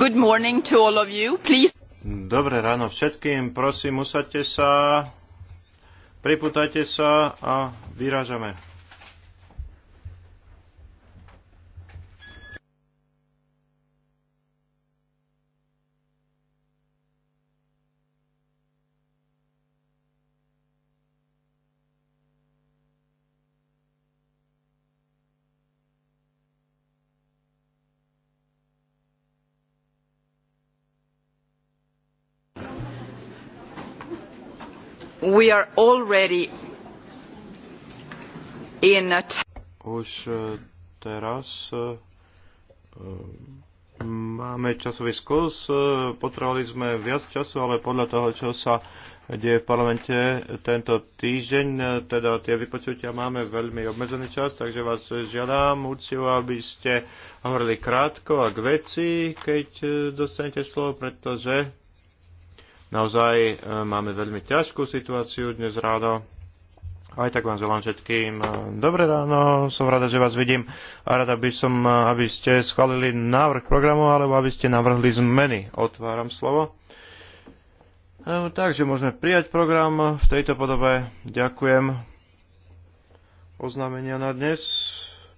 Good morning to all of you. Please. Dobré ráno všetkým. Prosím, usadte sa, priputajte sa a vyrážame. we are already in a Už eh, teraz eh, máme časový skús, eh, potrebovali sme viac času, ale podľa toho, čo sa deje v parlamente tento týždeň, teda tie vypočutia máme veľmi obmedzený čas, takže vás žiadam úciu, aby ste hovorili krátko a k veci, keď dostanete slovo, pretože Naozaj e, máme veľmi ťažkú situáciu dnes ráno. Aj tak vám želám všetkým e, dobré ráno, som rada, že vás vidím a rada by som, e, aby ste schválili návrh programu alebo aby ste navrhli zmeny. Otváram slovo. Takže môžeme prijať program v tejto podobe. Ďakujem. Oznámenia na dnes.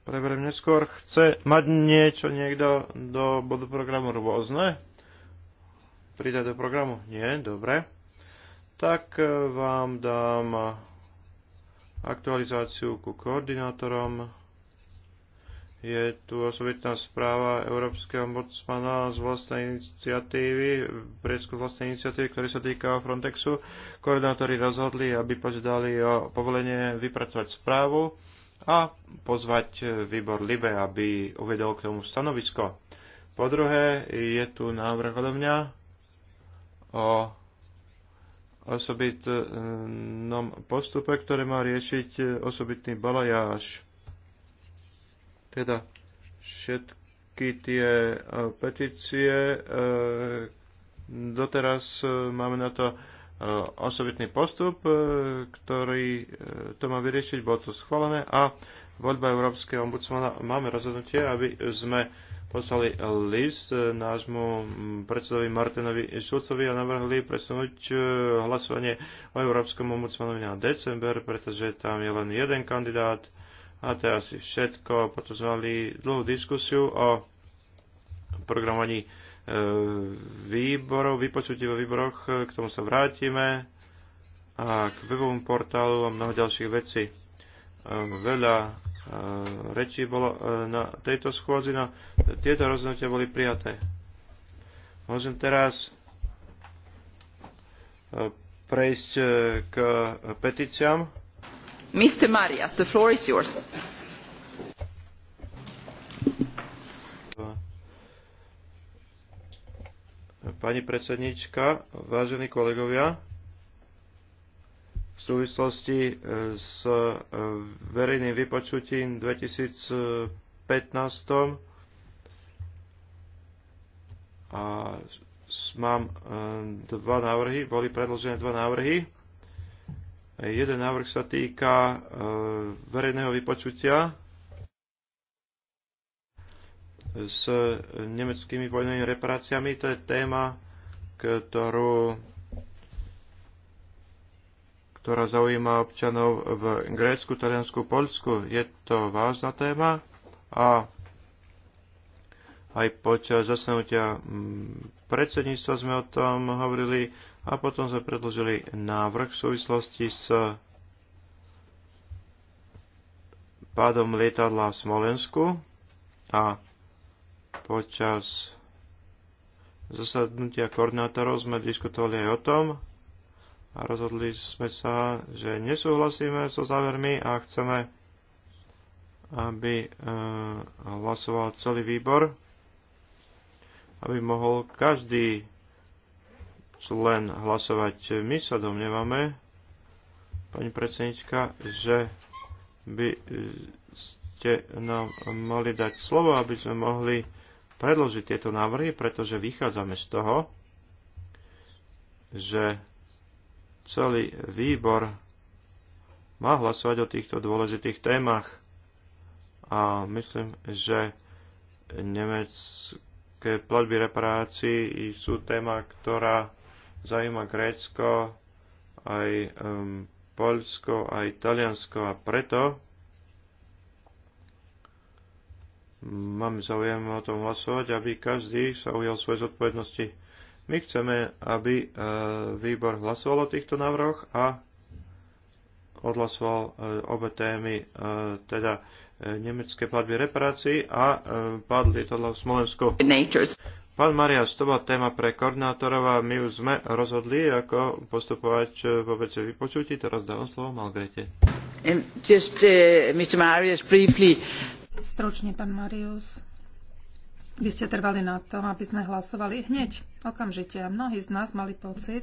Preberiem neskôr. Chce mať niečo niekto do bodu programu rôzne? pridať do programu? Nie, dobre. Tak e, vám dám aktualizáciu ku koordinátorom. Je tu osobitná správa Európskeho ombudsmana z vlastnej iniciatívy, priesku vlastnej iniciatívy, ktorý sa týka Frontexu. Koordinátori rozhodli, aby požiadali o povolenie vypracovať správu a pozvať výbor LIBE, aby uvedol k tomu stanovisko. Po druhé, je tu návrh odo mňa o osobitnom postupe, ktoré má riešiť osobitný balajáž. Teda všetky tie e, petície, e, doteraz e, máme na to osobitný postup, ktorý to má vyriešiť, bolo to schválené a voľba Európskeho ombudsmana máme rozhodnutie, aby sme poslali list e, nášmu mm, predsedovi Martinovi Šulcovi a navrhli presunúť e, hlasovanie o Európskom ombudsmanovi na december, pretože tam je len jeden kandidát a to je asi všetko. Potom sme mali dlhú diskusiu o programovaní e, výborov, vypočutí vo výboroch, k tomu sa vrátime a k webovom portálu a mnoho ďalších vecí. Veľa reči bolo e, na tejto schôdzi, na tieto rozhodnutia boli prijaté. Môžem teraz e, prejsť e, k petíciám. Mr. Marias, the floor is yours. Pani predsednička, vážení kolegovia, súvislosti e, s e, verejným vypočutím 2015 a mám e, dva návrhy, boli predložené dva návrhy. Jeden návrh sa týka verejného vypočutia s nemeckými vojnovými reparáciami. To je téma, ktorú ktorá zaujíma občanov v Grécku, Taliansku, Polsku. Je to vážna téma a aj počas zasadnutia mm, predsedníctva sme o tom hovorili a potom sme predložili návrh v súvislosti s pádom lietadla v Smolensku a počas zasadnutia koordinátorov sme diskutovali aj o tom a rozhodli sme sa, že nesúhlasíme so závermi a chceme, aby e, hlasoval celý výbor, aby mohol každý člen hlasovať. My sa domnievame, pani predsednička, že by e, ste nám mali dať slovo, aby sme mohli predložiť tieto návrhy, pretože vychádzame z toho, že celý výbor má hlasovať o týchto dôležitých témach. A myslím, že nemecké platby reparácií sú téma, ktorá zaujíma Grécko, aj um, Poľsko, aj Taliansko a preto mám zaujímavé o tom hlasovať, aby každý sa ujal svoje zodpovednosti my chceme, aby e, výbor hlasoval o týchto návrhoch a odhlasoval e, obe témy, e, teda nemecké platby reparácií a padli tohle v Smolensku. Pán Marias, to bola téma pre koordinátorov a my už sme rozhodli, ako postupovať vo veci vypočutí. Teraz dávam slovo Malgrete. Um, just, uh, Mr. briefly. Stručne, pán Marius. Vy ste trvali na tom, aby sme hlasovali hneď, okamžite. A mnohí z nás mali pocit,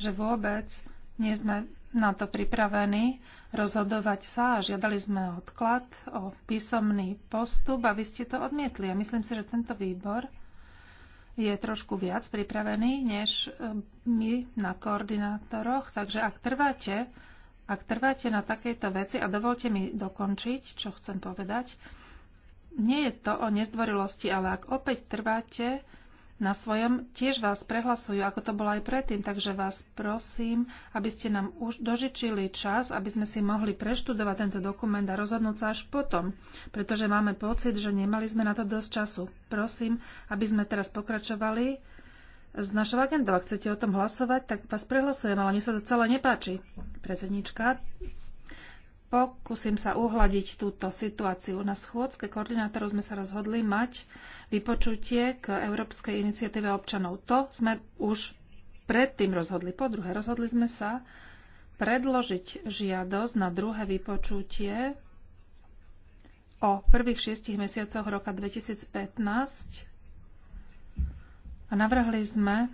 že vôbec nie sme na to pripravení rozhodovať sa. a Žiadali sme odklad o písomný postup a vy ste to odmietli. A myslím si, že tento výbor je trošku viac pripravený než e, my na koordinátoroch. Takže ak trváte, ak trváte na takejto veci a dovolte mi dokončiť, čo chcem povedať, nie je to o nezdvorilosti, ale ak opäť trváte na svojom, tiež vás prehlasujú, ako to bolo aj predtým. Takže vás prosím, aby ste nám už dožičili čas, aby sme si mohli preštudovať tento dokument a rozhodnúť sa až potom, pretože máme pocit, že nemali sme na to dosť času. Prosím, aby sme teraz pokračovali z našou agendou. Ak chcete o tom hlasovať, tak vás prehlasujem, ale mne sa to celé nepáči. Predsednička, Pokúsim sa uhladiť túto situáciu. Na schôdzke koordinátorov sme sa rozhodli mať vypočutie k Európskej iniciatíve občanov. To sme už predtým rozhodli. Po druhé, rozhodli sme sa predložiť žiadosť na druhé vypočutie o prvých šiestich mesiacoch roka 2015 a navrhli sme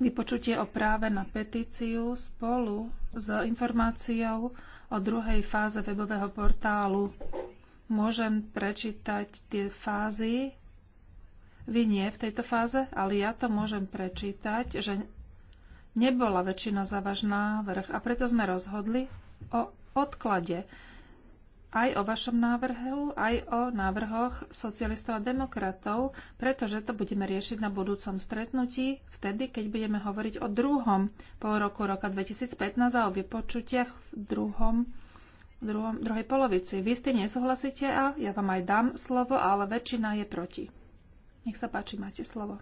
vypočutie o práve na petíciu spolu s informáciou o druhej fáze webového portálu. Môžem prečítať tie fázy. Vy nie v tejto fáze, ale ja to môžem prečítať, že nebola väčšina za váš návrh a preto sme rozhodli o odklade aj o vašom návrhu, aj o návrhoch socialistov a demokratov, pretože to budeme riešiť na budúcom stretnutí, vtedy, keď budeme hovoriť o druhom pol roku roka 2015 a o vypočutiach v druhom, druhom, druhej polovici. Vy ste nesúhlasíte a ja vám aj dám slovo, ale väčšina je proti. Nech sa páči, máte slovo.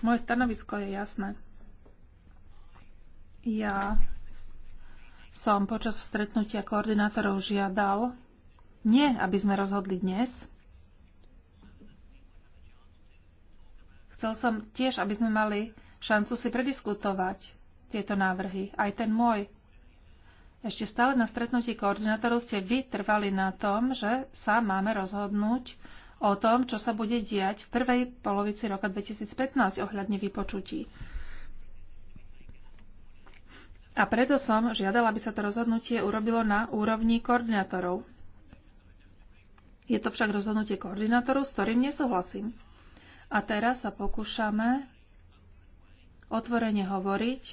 Moje stanovisko je jasné. Ja som počas stretnutia koordinátorov žiadal, nie aby sme rozhodli dnes, chcel som tiež, aby sme mali šancu si prediskutovať tieto návrhy, aj ten môj. Ešte stále na stretnutí koordinátorov ste vytrvali na tom, že sa máme rozhodnúť o tom, čo sa bude diať v prvej polovici roka 2015 ohľadne vypočutí. A preto som žiadala, aby sa to rozhodnutie urobilo na úrovni koordinátorov. Je to však rozhodnutie koordinátorov, s ktorým nesúhlasím. A teraz sa pokúšame otvorene hovoriť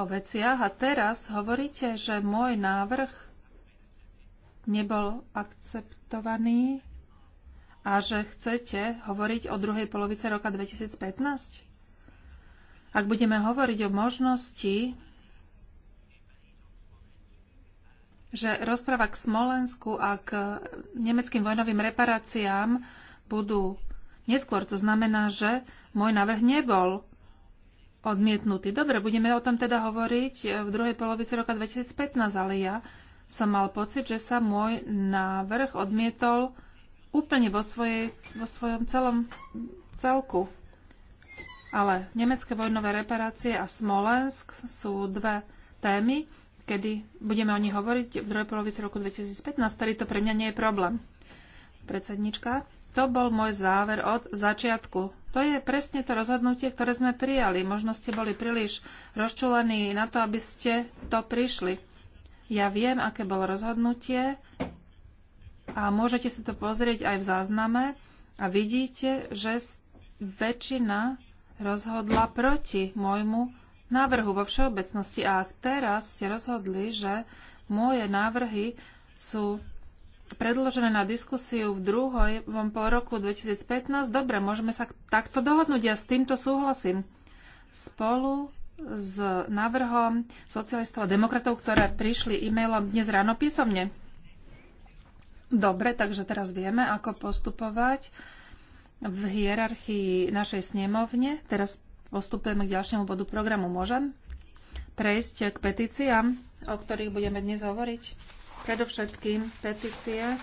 o veciach. A teraz hovoríte, že môj návrh nebol akceptovaný a že chcete hovoriť o druhej polovice roka 2015? Ak budeme hovoriť o možnosti že rozpráva k Smolensku a k nemeckým vojnovým reparáciám budú neskôr. To znamená, že môj návrh nebol odmietnutý. Dobre, budeme o tom teda hovoriť v druhej polovici roka 2015, ale ja som mal pocit, že sa môj návrh odmietol úplne vo, svojej, vo svojom celom celku. Ale nemecké vojnové reparácie a Smolensk sú dve témy, kedy budeme o nich hovoriť v druhej polovici roku 2015, ktorý to pre mňa nie je problém. Predsednička, to bol môj záver od začiatku. To je presne to rozhodnutie, ktoré sme prijali. Možno ste boli príliš rozčulení na to, aby ste to prišli. Ja viem, aké bolo rozhodnutie a môžete si to pozrieť aj v zázname a vidíte, že väčšina rozhodla proti môjmu návrhu vo všeobecnosti. A ak teraz ste rozhodli, že moje návrhy sú predložené na diskusiu v druhom pol roku 2015, dobre, môžeme sa takto dohodnúť. Ja s týmto súhlasím. Spolu s návrhom socialistov a demokratov, ktoré prišli e-mailom dnes ráno písomne. Dobre, takže teraz vieme, ako postupovať v hierarchii našej snemovne. Teraz postupujeme k ďalšiemu bodu programu. Môžem prejsť k petíciám, o ktorých budeme dnes hovoriť? Predovšetkým petície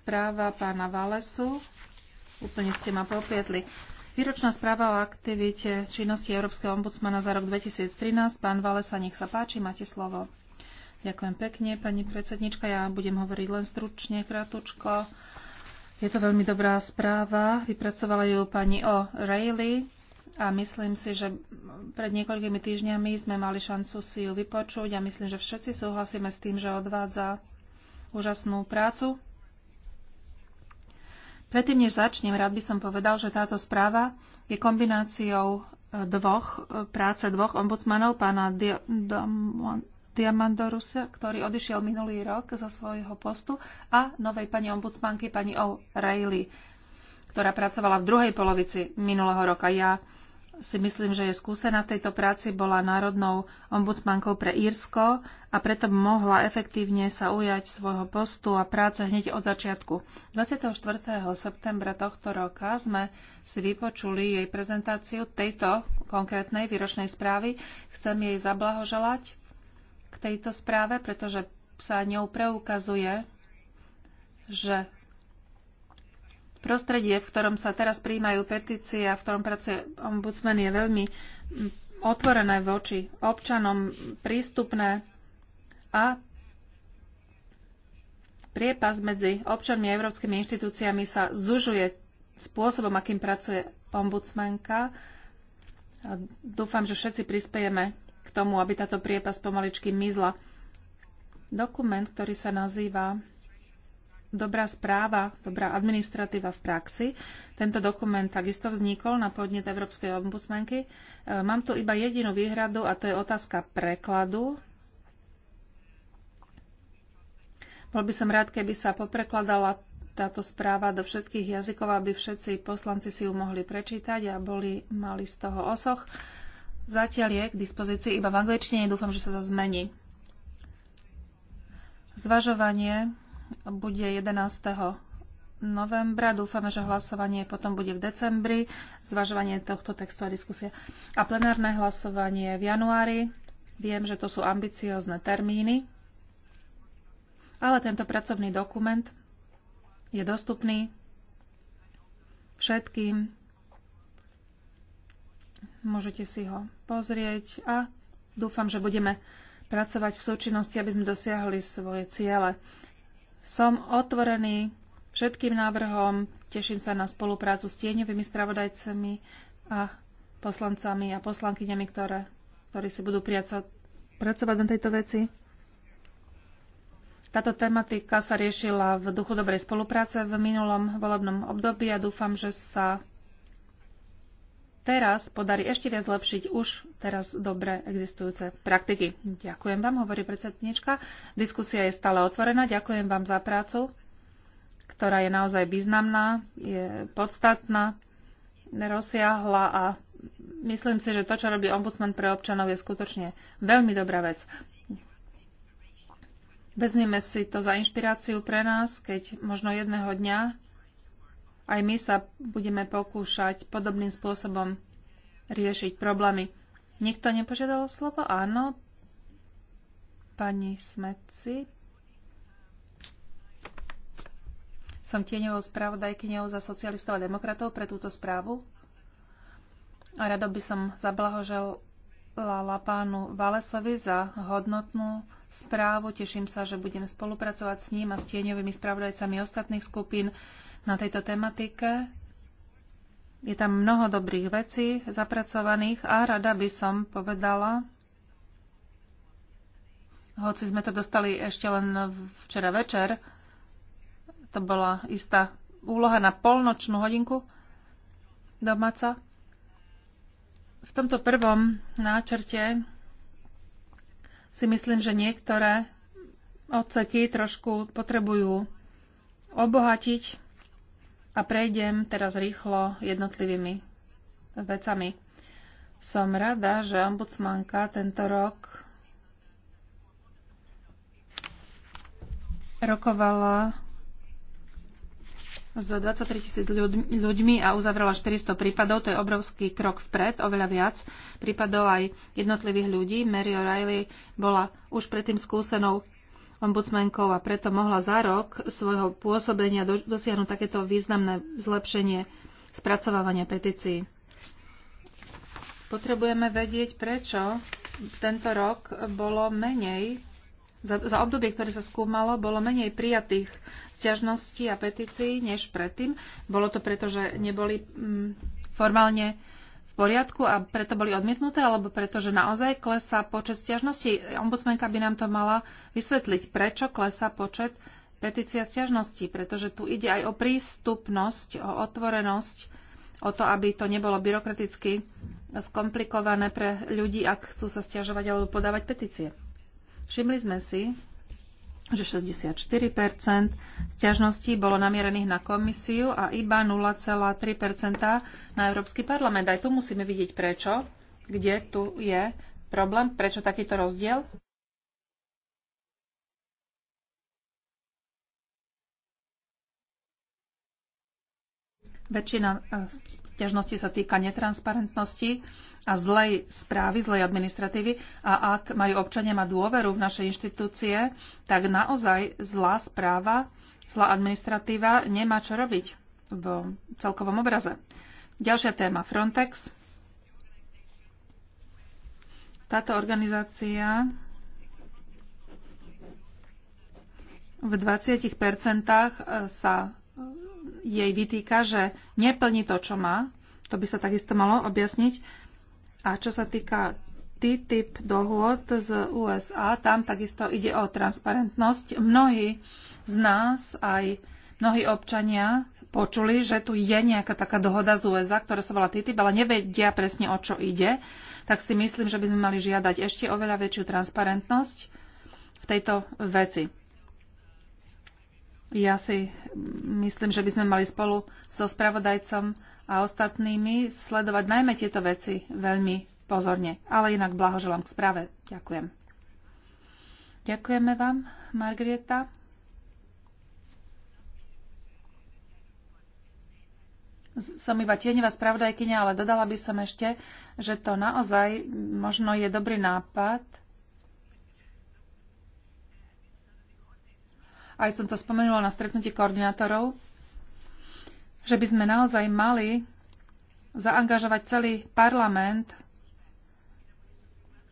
správa pána Valesu. Úplne ste ma popietli. Výročná správa o aktivite činnosti Európskeho ombudsmana za rok 2013. Pán Valesa, nech sa páči, máte slovo. Ďakujem pekne, pani predsednička. Ja budem hovoriť len stručne, kratučko. Je to veľmi dobrá správa. Vypracovala ju pani O. Rayleigh a myslím si, že pred niekoľkými týždňami sme mali šancu si ju vypočuť a myslím, že všetci súhlasíme s tým, že odvádza úžasnú prácu. Predtým, než začnem, rád by som povedal, že táto správa je kombináciou dvoch, práce dvoch ombudsmanov, pána Diamandorusa, ktorý odišiel minulý rok zo svojho postu, a novej pani ombudsmanky, pani O'Reilly, ktorá pracovala v druhej polovici minulého roka. Ja si myslím, že je skúsená v tejto práci, bola národnou ombudsmankou pre Írsko a preto mohla efektívne sa ujať svojho postu a práce hneď od začiatku. 24. septembra tohto roka sme si vypočuli jej prezentáciu tejto konkrétnej výročnej správy. Chcem jej zablahoželať tejto správe, pretože sa ňou preukazuje, že prostredie, v ktorom sa teraz príjmajú petície a v ktorom pracuje ombudsman, je veľmi otvorené voči občanom, prístupné a priepas medzi občanmi a európskymi inštitúciami sa zužuje spôsobom, akým pracuje ombudsmanka. Dúfam, že všetci prispiejeme k tomu, aby táto priepas pomaličky mizla. Dokument, ktorý sa nazýva Dobrá správa, dobrá administratíva v praxi. Tento dokument takisto vznikol na podnet Európskej ombudsmanky. E, mám tu iba jedinú výhradu a to je otázka prekladu. Bol by som rád, keby sa poprekladala táto správa do všetkých jazykov, aby všetci poslanci si ju mohli prečítať a boli, mali z toho osoch. Zatiaľ je k dispozícii iba v angličtine, dúfam, že sa to zmení. Zvažovanie bude 11. novembra. Dúfame, že hlasovanie potom bude v decembri. Zvažovanie tohto textu a diskusia. A plenárne hlasovanie v januári. Viem, že to sú ambiciozne termíny, ale tento pracovný dokument je dostupný všetkým Môžete si ho pozrieť a dúfam, že budeme pracovať v súčinnosti, aby sme dosiahli svoje ciele. Som otvorený všetkým návrhom, teším sa na spoluprácu s tieňovými spravodajcami a poslancami a poslankyňami, ktoré, ktorí si budú priaco, pracovať na tejto veci. Táto tematika sa riešila v duchu dobrej spolupráce v minulom volebnom období a dúfam, že sa teraz podarí ešte viac zlepšiť už teraz dobre existujúce praktiky. Ďakujem vám, hovorí predsednička. Diskusia je stále otvorená. Ďakujem vám za prácu, ktorá je naozaj významná, je podstatná, rozsiahla a myslím si, že to, čo robí ombudsman pre občanov, je skutočne veľmi dobrá vec. Vezmeme si to za inšpiráciu pre nás, keď možno jedného dňa aj my sa budeme pokúšať podobným spôsobom riešiť problémy. Nikto nepožiadal slovo? Áno. Pani Smeci. Som tieňovou spravodajkyňou za socialistov a demokratov pre túto správu. A rado by som zablahožel blahoželala pánu Valesovi za hodnotnú správu. Teším sa, že budem spolupracovať s ním a s tieňovými spravodajcami ostatných skupín na tejto tematike. Je tam mnoho dobrých vecí zapracovaných a rada by som povedala, hoci sme to dostali ešte len včera večer, to bola istá úloha na polnočnú hodinku domáca, v tomto prvom náčrte si myslím, že niektoré odseky trošku potrebujú obohatiť a prejdem teraz rýchlo jednotlivými vecami. Som rada, že ombudsmanka tento rok rokovala s 23 tisíc ľuďmi a uzavrela 400 prípadov. To je obrovský krok vpred, oveľa viac prípadov aj jednotlivých ľudí. Mary O'Reilly bola už predtým skúsenou ombudsmenkou a preto mohla za rok svojho pôsobenia dosiahnuť takéto významné zlepšenie spracovávania petícií. Potrebujeme vedieť, prečo tento rok bolo menej za, za obdobie, ktoré sa skúmalo, bolo menej prijatých stiažností a petícií než predtým. Bolo to preto, že neboli mm, formálne v poriadku a preto boli odmietnuté, alebo preto, že naozaj klesá počet stiažností. Ombudsmenka by nám to mala vysvetliť, prečo klesá počet petícia stiažností, pretože tu ide aj o prístupnosť, o otvorenosť o to, aby to nebolo byrokraticky skomplikované pre ľudí, ak chcú sa stiažovať alebo podávať petície. Všimli sme si, že 64 stiažností bolo namierených na komisiu a iba 0,3 na Európsky parlament. Aj tu musíme vidieť prečo, kde tu je problém, prečo takýto rozdiel. Väčšina e, stiažností sa týka netransparentnosti a zlej správy, zlej administratívy a ak majú občania mať dôveru v naše inštitúcie, tak naozaj zlá správa, zlá administratíva nemá čo robiť v celkovom obraze. Ďalšia téma Frontex. Táto organizácia v 20% e, sa e, jej vytýka, že neplní to, čo má. To by sa takisto malo objasniť. A čo sa týka TTIP dohôd z USA, tam takisto ide o transparentnosť. Mnohí z nás, aj mnohí občania počuli, že tu je nejaká taká dohoda z USA, ktorá sa volá TTIP, ale nevedia presne o čo ide, tak si myslím, že by sme mali žiadať ešte oveľa väčšiu transparentnosť v tejto veci. Ja si myslím, že by sme mali spolu so spravodajcom a ostatnými sledovať najmä tieto veci veľmi pozorne. Ale inak blahoželám k správe. Ďakujem. Ďakujeme vám, Margrieta. som iba tieňová spravodajkynia, ale dodala by som ešte, že to naozaj možno je dobrý nápad aj som to spomenula na stretnutí koordinátorov, že by sme naozaj mali zaangažovať celý parlament,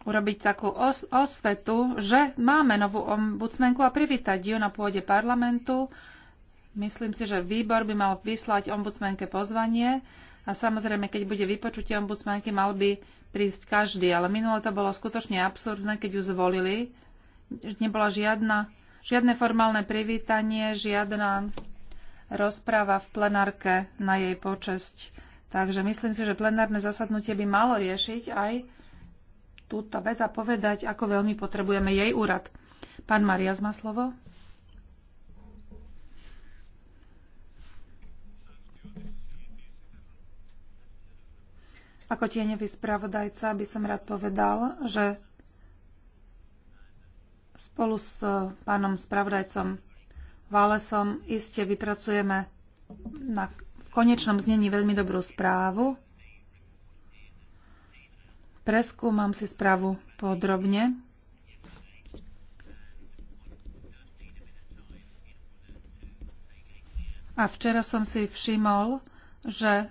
urobiť takú os- osvetu, že máme novú ombudsmenku a privítať ju na pôde parlamentu. Myslím si, že výbor by mal vyslať ombudsmenke pozvanie a samozrejme, keď bude vypočutie ombudsmenky, mal by prísť každý. Ale minule to bolo skutočne absurdné, keď ju zvolili. Nebola žiadna Žiadne formálne privítanie, žiadna rozpráva v plenárke na jej počesť. Takže myslím si, že plenárne zasadnutie by malo riešiť aj túto vec a povedať, ako veľmi potrebujeme jej úrad. Pán Marias má slovo. Ako tieňový spravodajca by som rád povedal, že Spolu s eh, pánom spravodajcom Válesom iste vypracujeme na konečnom znení veľmi dobrú správu. Preskúmam si správu podrobne. A včera som si všimol, že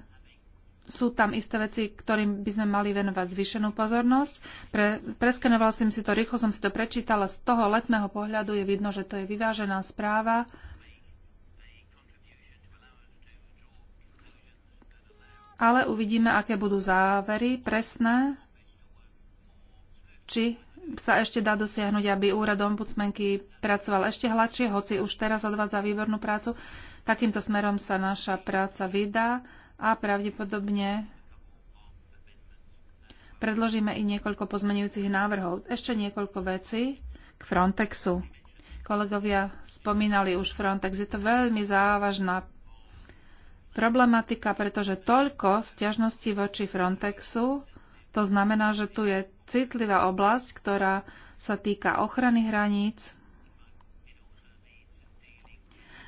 sú tam isté veci, ktorým by sme mali venovať zvýšenú pozornosť. Pre, preskenoval som si to, rýchlo som si to prečítala. Z toho letného pohľadu je vidno, že to je vyvážená správa. Ale uvidíme, aké budú závery presné, či sa ešte dá dosiahnuť, aby úrad ombudsmenky pracoval ešte hladšie, hoci už teraz odvádza výbornú prácu. Takýmto smerom sa naša práca vydá a pravdepodobne predložíme i niekoľko pozmenujúcich návrhov. Ešte niekoľko vecí k Frontexu. Kolegovia spomínali už Frontex. Je to veľmi závažná problematika, pretože toľko stiažností voči Frontexu, to znamená, že tu je citlivá oblasť, ktorá sa týka ochrany hraníc,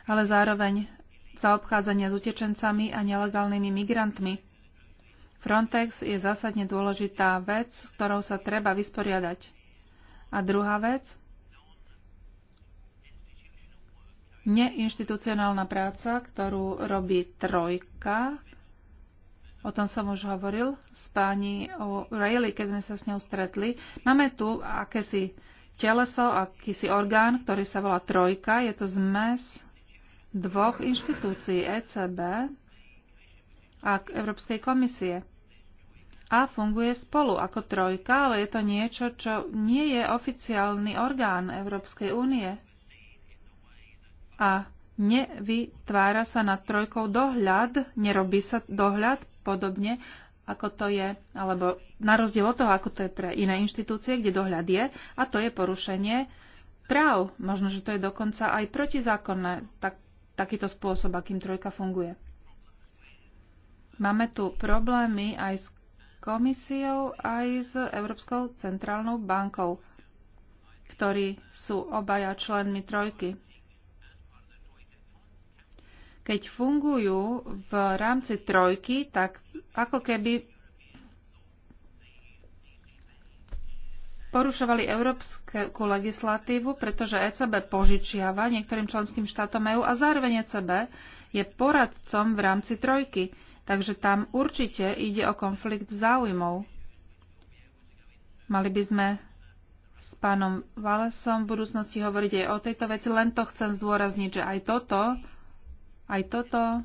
ale zároveň zaobchádzania s utečencami a nelegálnymi migrantmi. Frontex je zásadne dôležitá vec, s ktorou sa treba vysporiadať. A druhá vec, neinstitucionálna práca, ktorú robí trojka, o tom som už hovoril s páni O'Reilly, keď sme sa s ňou stretli. Máme tu akési teleso, akýsi orgán, ktorý sa volá trojka, je to zmes dvoch inštitúcií ECB a Európskej komisie. A funguje spolu ako trojka, ale je to niečo, čo nie je oficiálny orgán Európskej únie. A nevytvára sa nad trojkou dohľad, nerobí sa dohľad podobne, ako to je, alebo na rozdiel od toho, ako to je pre iné inštitúcie, kde dohľad je, a to je porušenie práv. Možno, že to je dokonca aj protizákonné. Tak takýto spôsob, akým trojka funguje. Máme tu problémy aj s komisiou, aj s Európskou centrálnou bankou, ktorí sú obaja členmi trojky. Keď fungujú v rámci trojky, tak ako keby porušovali európsku legislatívu, pretože ECB požičiava niektorým členským štátom EÚ a zároveň ECB je poradcom v rámci trojky, takže tam určite ide o konflikt záujmov. Mali by sme s pánom Valesom v budúcnosti hovoriť aj o tejto veci, len to chcem zdôrazniť, že aj toto, aj toto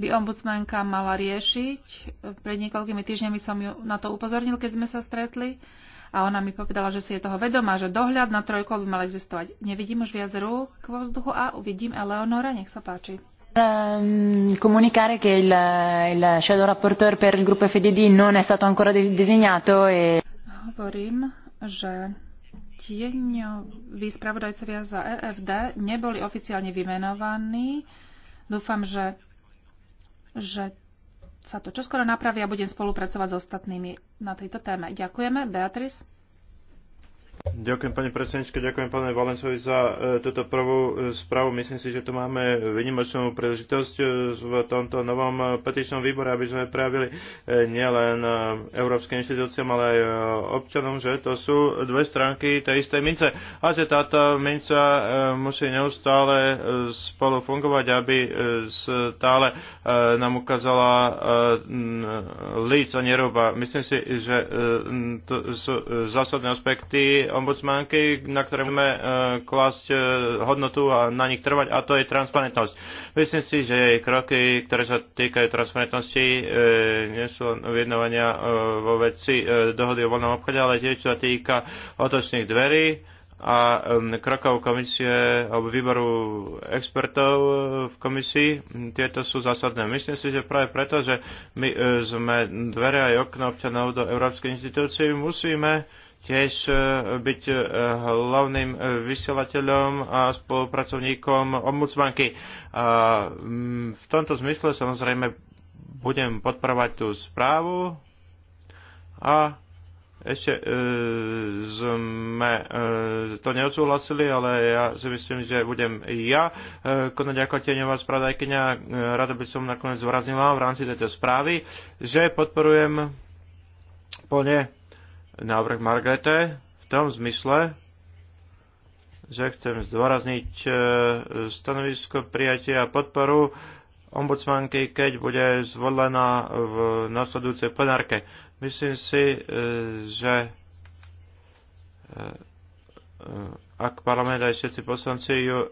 by ombudsmanka mala riešiť. Pred niekoľkými týždňami som ju na to upozornil, keď sme sa stretli a ona mi povedala, že si je toho vedomá, že dohľad na trojkou by mal existovať. Nevidím už viac rúk vo vzduchu a uvidím Eleonora, nech sa páči. Ehm, comunicare che il, il shadow rapporteur per il gruppo FDD non è stato ancora designato e... Hovorím, že tieňoví spravodajcovia za EFD neboli oficiálne vymenovaní. Dúfam, že že sa to čoskoro napraví a budem spolupracovať s ostatnými na tejto téme. Ďakujeme, Beatrice. Ďakujem pani predsedničke, ďakujem pane Valencovi za e, túto prvú e, správu. Myslím si, že tu máme vynimočnú príležitosť e, v tomto novom petičnom výbore, aby sme prejavili nielen európskym inštitúciám, ale aj občanom, že to sú dve stránky tej istej mince a že táto minca musí neustále spolu fungovať, aby stále nám ukázala líc a nerúba. Myslím si, že to sú zásadné aspekty ombudsmanky, na ktoré máme e, klásť e, hodnotu a na nich trvať, a to je transparentnosť. Myslím si, že jej kroky, ktoré sa týkajú transparentnosti, e, nie sú len uh, vo veci dohody o voľnom obchode, ale tiež sa týka otočných dverí a krokov komisie alebo výboru expertov v komisii. Tieto sú zásadné. Myslím si, že práve preto, že my sme dvere aj okno občanov do európskej inštitúcie, musíme tiež e, byť e, hlavným e, vysielateľom a spolupracovníkom ombudsmanky. v tomto zmysle samozrejme budem podporovať tú správu a ešte e, sme e, to neodsúhlasili, ale ja si myslím, že budem ja e, konať ako tieňová spravodajkynia. E, rada by som nakoniec zvraznila v rámci tejto správy, že podporujem plne návrh Margrete v tom zmysle, že chcem zdôrazniť e, stanovisko prijatia a podporu ombudsmanky, keď bude zvolená v nasledujúcej plenárke. Myslím si, e, že e, ak parlament aj všetci poslanci ju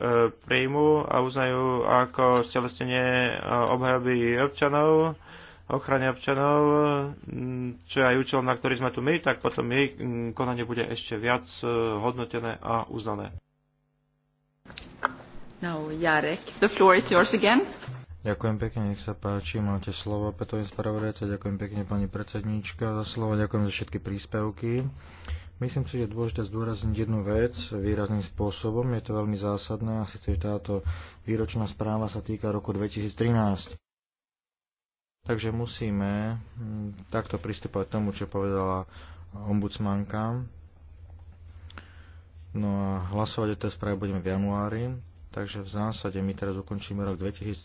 príjmu a uznajú ako stelesnenie obhajoby občanov, ochrane občanov, mm, čo je aj účel, na ktorý sme tu my, tak potom jej mm, konanie bude ešte viac e, hodnotené a uznané. Now, Jarek, the floor is yours again. Ďakujem pekne, nech sa páči, máte slovo, Petovin spravodajca, ďakujem pekne pani predsedníčka za slovo, ďakujem za všetky príspevky. Myslím si, že je dôležité zdôrazniť jednu vec výrazným spôsobom. Je to veľmi zásadné a síce, že táto výročná správa sa týka roku 2013. Takže musíme hm, takto pristupovať tomu, čo povedala ombudsmanka. No a hlasovať o tej správe budeme v januári. Takže v zásade my teraz ukončíme rok 2013.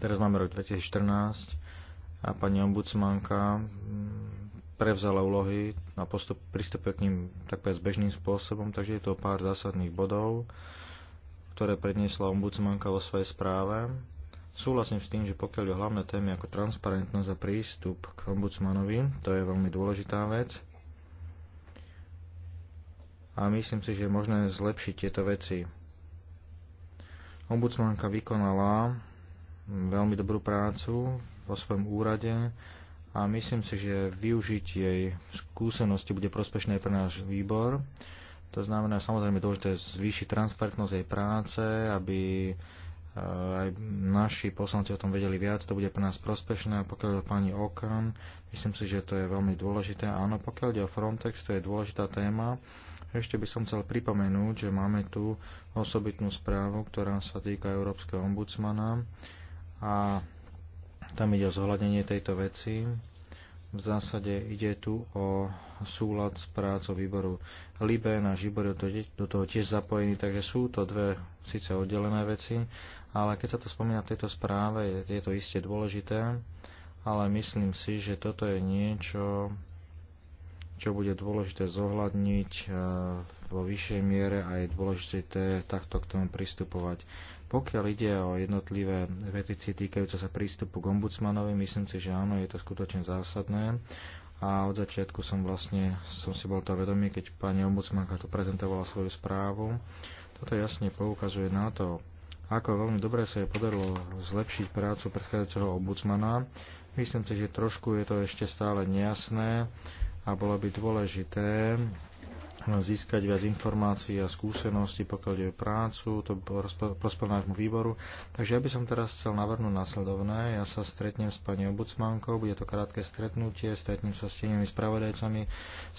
Teraz máme rok 2014 a pani ombudsmanka hm, prevzala úlohy a postup, pristupuje k ním tak bežným spôsobom, takže je to pár zásadných bodov, ktoré predniesla ombudsmanka vo svojej správe. Súhlasím s tým, že pokiaľ je hlavné témy ako transparentnosť a prístup k ombudsmanovi, to je veľmi dôležitá vec. A myslím si, že je možné zlepšiť tieto veci. Ombudsmanka vykonala veľmi dobrú prácu vo svojom úrade a myslím si, že využiť jej skúsenosti bude prospešné pre náš výbor. To znamená, samozrejme, dôležité zvýšiť transparentnosť jej práce, aby Eh, aj naši poslanci o tom vedeli viac, to bude pre nás prospešné. A pokiaľ ide o pani Okan, myslím si, že to je veľmi dôležité. Áno, pokiaľ ide o Frontex, to je dôležitá téma. Ešte by som chcel pripomenúť, že máme tu osobitnú správu, ktorá sa týka Európskeho ombudsmana a tam ide o zohľadenie tejto veci v zásade ide tu o súlad s prácou výboru Libe, náš výbor je do toho tiež zapojený, takže sú to dve síce oddelené veci, ale keď sa to spomína v tejto správe, je to iste dôležité, ale myslím si, že toto je niečo, čo bude dôležité zohľadniť eh, vo vyššej miere a je dôležité takto k tomu pristupovať. Pokiaľ ide o jednotlivé vetici týkajúce sa prístupu k ombudsmanovi, myslím si, že áno, je to skutočne zásadné. A od začiatku som vlastne, som si bol to vedomý, keď pani ombudsmanka tu prezentovala svoju správu. Toto jasne poukazuje na to, ako veľmi dobre sa je podarilo zlepšiť prácu predchádzajúceho ombudsmana. Myslím si, že trošku je to ešte stále nejasné a bolo by dôležité získať viac informácií a skúseností, pokiaľ je prácu, to prospel nášmu výboru. Takže ja by som teraz chcel navrhnúť následovné. Ja sa stretnem s pani obudsmankou, bude to krátke stretnutie, stretnem sa s tými spravodajcami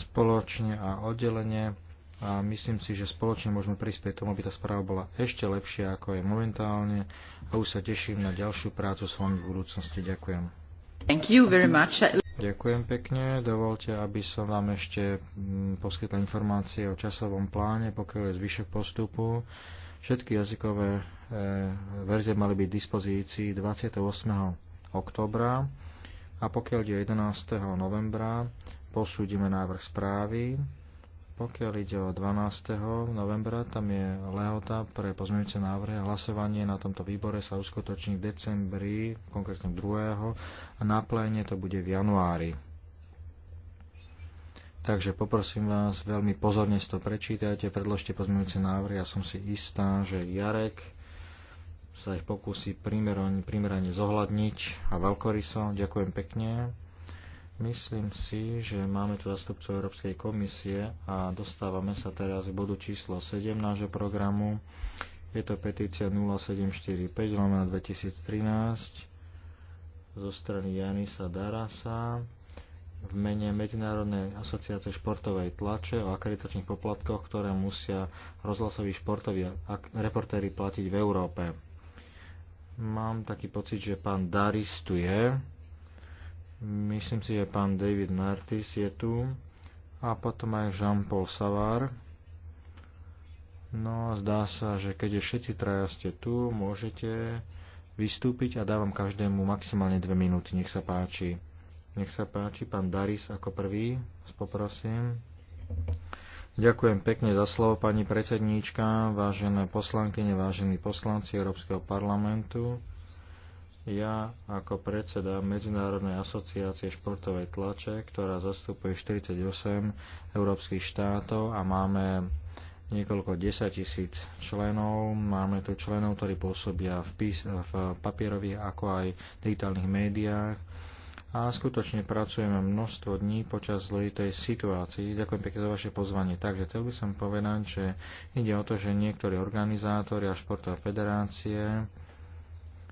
spoločne a oddelenie a myslím si, že spoločne môžeme prispieť tomu, aby tá správa bola ešte lepšia, ako je momentálne a už sa teším na ďalšiu prácu s vami v budúcnosti. Ďakujem. Thank you very much. Ďakujem pekne. Dovolte, aby som vám ešte mm, poskytla informácie o časovom pláne, pokiaľ je zvyšok postupu. Všetky jazykové e, verzie mali byť v dispozícii 28. oktobra a pokiaľ je 11. novembra, posúdime návrh správy pokiaľ ide o 12. novembra, tam je lehota pre pozmeňujúce návrhy a hlasovanie na tomto výbore sa uskutoční v decembri, konkrétne 2. a na pléne to bude v januári. Takže poprosím vás, veľmi pozorne si to prečítajte, predložte pozmeňujúce návrhy. Ja som si istá, že Jarek sa ich pokusí primerane, primerane zohľadniť a veľkoryso. Ďakujem pekne. Myslím si, že máme tu zastupcov Európskej komisie a dostávame sa teraz k bodu číslo 7 nášho programu. Je to petícia 0745 2013 zo strany Janisa Darasa v mene Medzinárodnej asociácie športovej tlače o akreditačných poplatkoch, ktoré musia rozhlasoví športoví reportéry platiť v Európe. Mám taký pocit, že pán Daris tu je. Myslím si, že pán David Martis je tu a potom aj Jean-Paul Savard. No a zdá sa, že keď je všetci traja ste tu, môžete vystúpiť a dávam každému maximálne dve minúty. Nech sa páči. Nech sa páči, pán Daris ako prvý, poprosím. Ďakujem pekne za slovo, pani predsedníčka, vážené poslankyne, vážení poslanci Európskeho parlamentu. Ja ako predseda Medzinárodnej asociácie športovej tlače, ktorá zastupuje 48 európskych štátov a máme niekoľko tisíc členov. Máme tu členov, ktorí pôsobia v, pís- v papierových ako aj digitálnych médiách. A skutočne pracujeme množstvo dní počas zložitej situácii. Ďakujem pekne za vaše pozvanie. Takže chcel by som povedať, že ide o to, že niektorí organizátori a športové federácie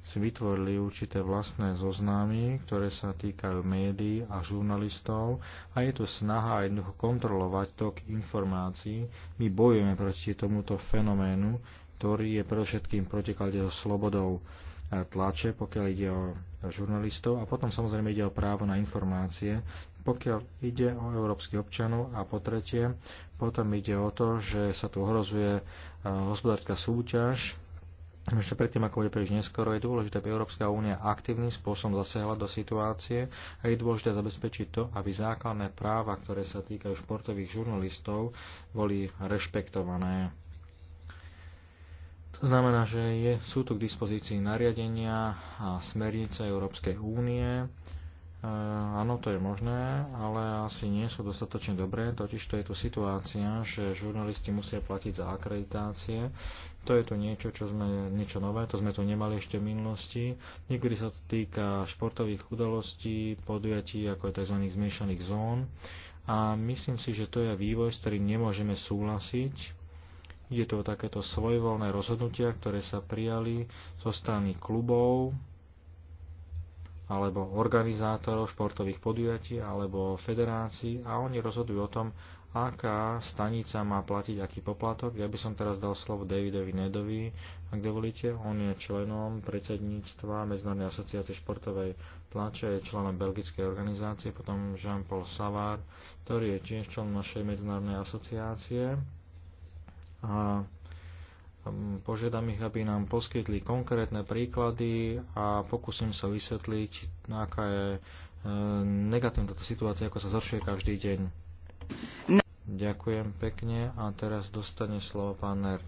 si vytvorili určité vlastné zoznámy, ktoré sa týkajú médií a žurnalistov a je tu snaha jednoducho kontrolovať tok informácií. My bojujeme proti tomuto fenoménu, ktorý je predovšetkým protiklade so slobodou e, tlače, pokiaľ ide o žurnalistov a potom samozrejme ide o právo na informácie, pokiaľ ide o európskych občanov a po tretie, potom ide o to, že sa tu ohrozuje e, hospodárska súťaž, ešte predtým, ako bude príliš neskoro, je dôležité, aby Európska únia aktívnym spôsobom zasiahla do situácie a je dôležité zabezpečiť to, aby základné práva, ktoré sa týkajú športových žurnalistov, boli rešpektované. To znamená, že je, sú tu k dispozícii nariadenia a smernice Európskej únie, E, áno, to je možné, ale asi nie sú dostatočne dobré, totiž to je tu situácia, že žurnalisti musia platiť za akreditácie. To je tu niečo, čo sme, niečo nové, to sme tu nemali ešte v minulosti. Niekedy sa to týka športových udalostí, podujatí ako je tzv. zmiešaných zón. A myslím si, že to je vývoj, s ktorým nemôžeme súhlasiť. Je tu o takéto svojvoľné rozhodnutia, ktoré sa prijali zo strany klubov, alebo organizátorov športových podujatí alebo federácií a oni rozhodujú o tom, aká stanica má platiť aký poplatok. Ja by som teraz dal slovo Davidovi Nedovi, ak dovolíte. On je členom predsedníctva Medzinárodnej asociácie športovej tlače, je členom belgickej organizácie, potom Jean-Paul Savard, ktorý je tiež členom našej medzinárodnej asociácie. A Mm, požiadam ich, aby nám poskytli konkrétne príklady a pokúsim sa vysvetliť, aká je e, negatívna táto situácia, ako sa zhoršuje každý deň. Ďakujem pekne a teraz dostane slovo pán Nerd.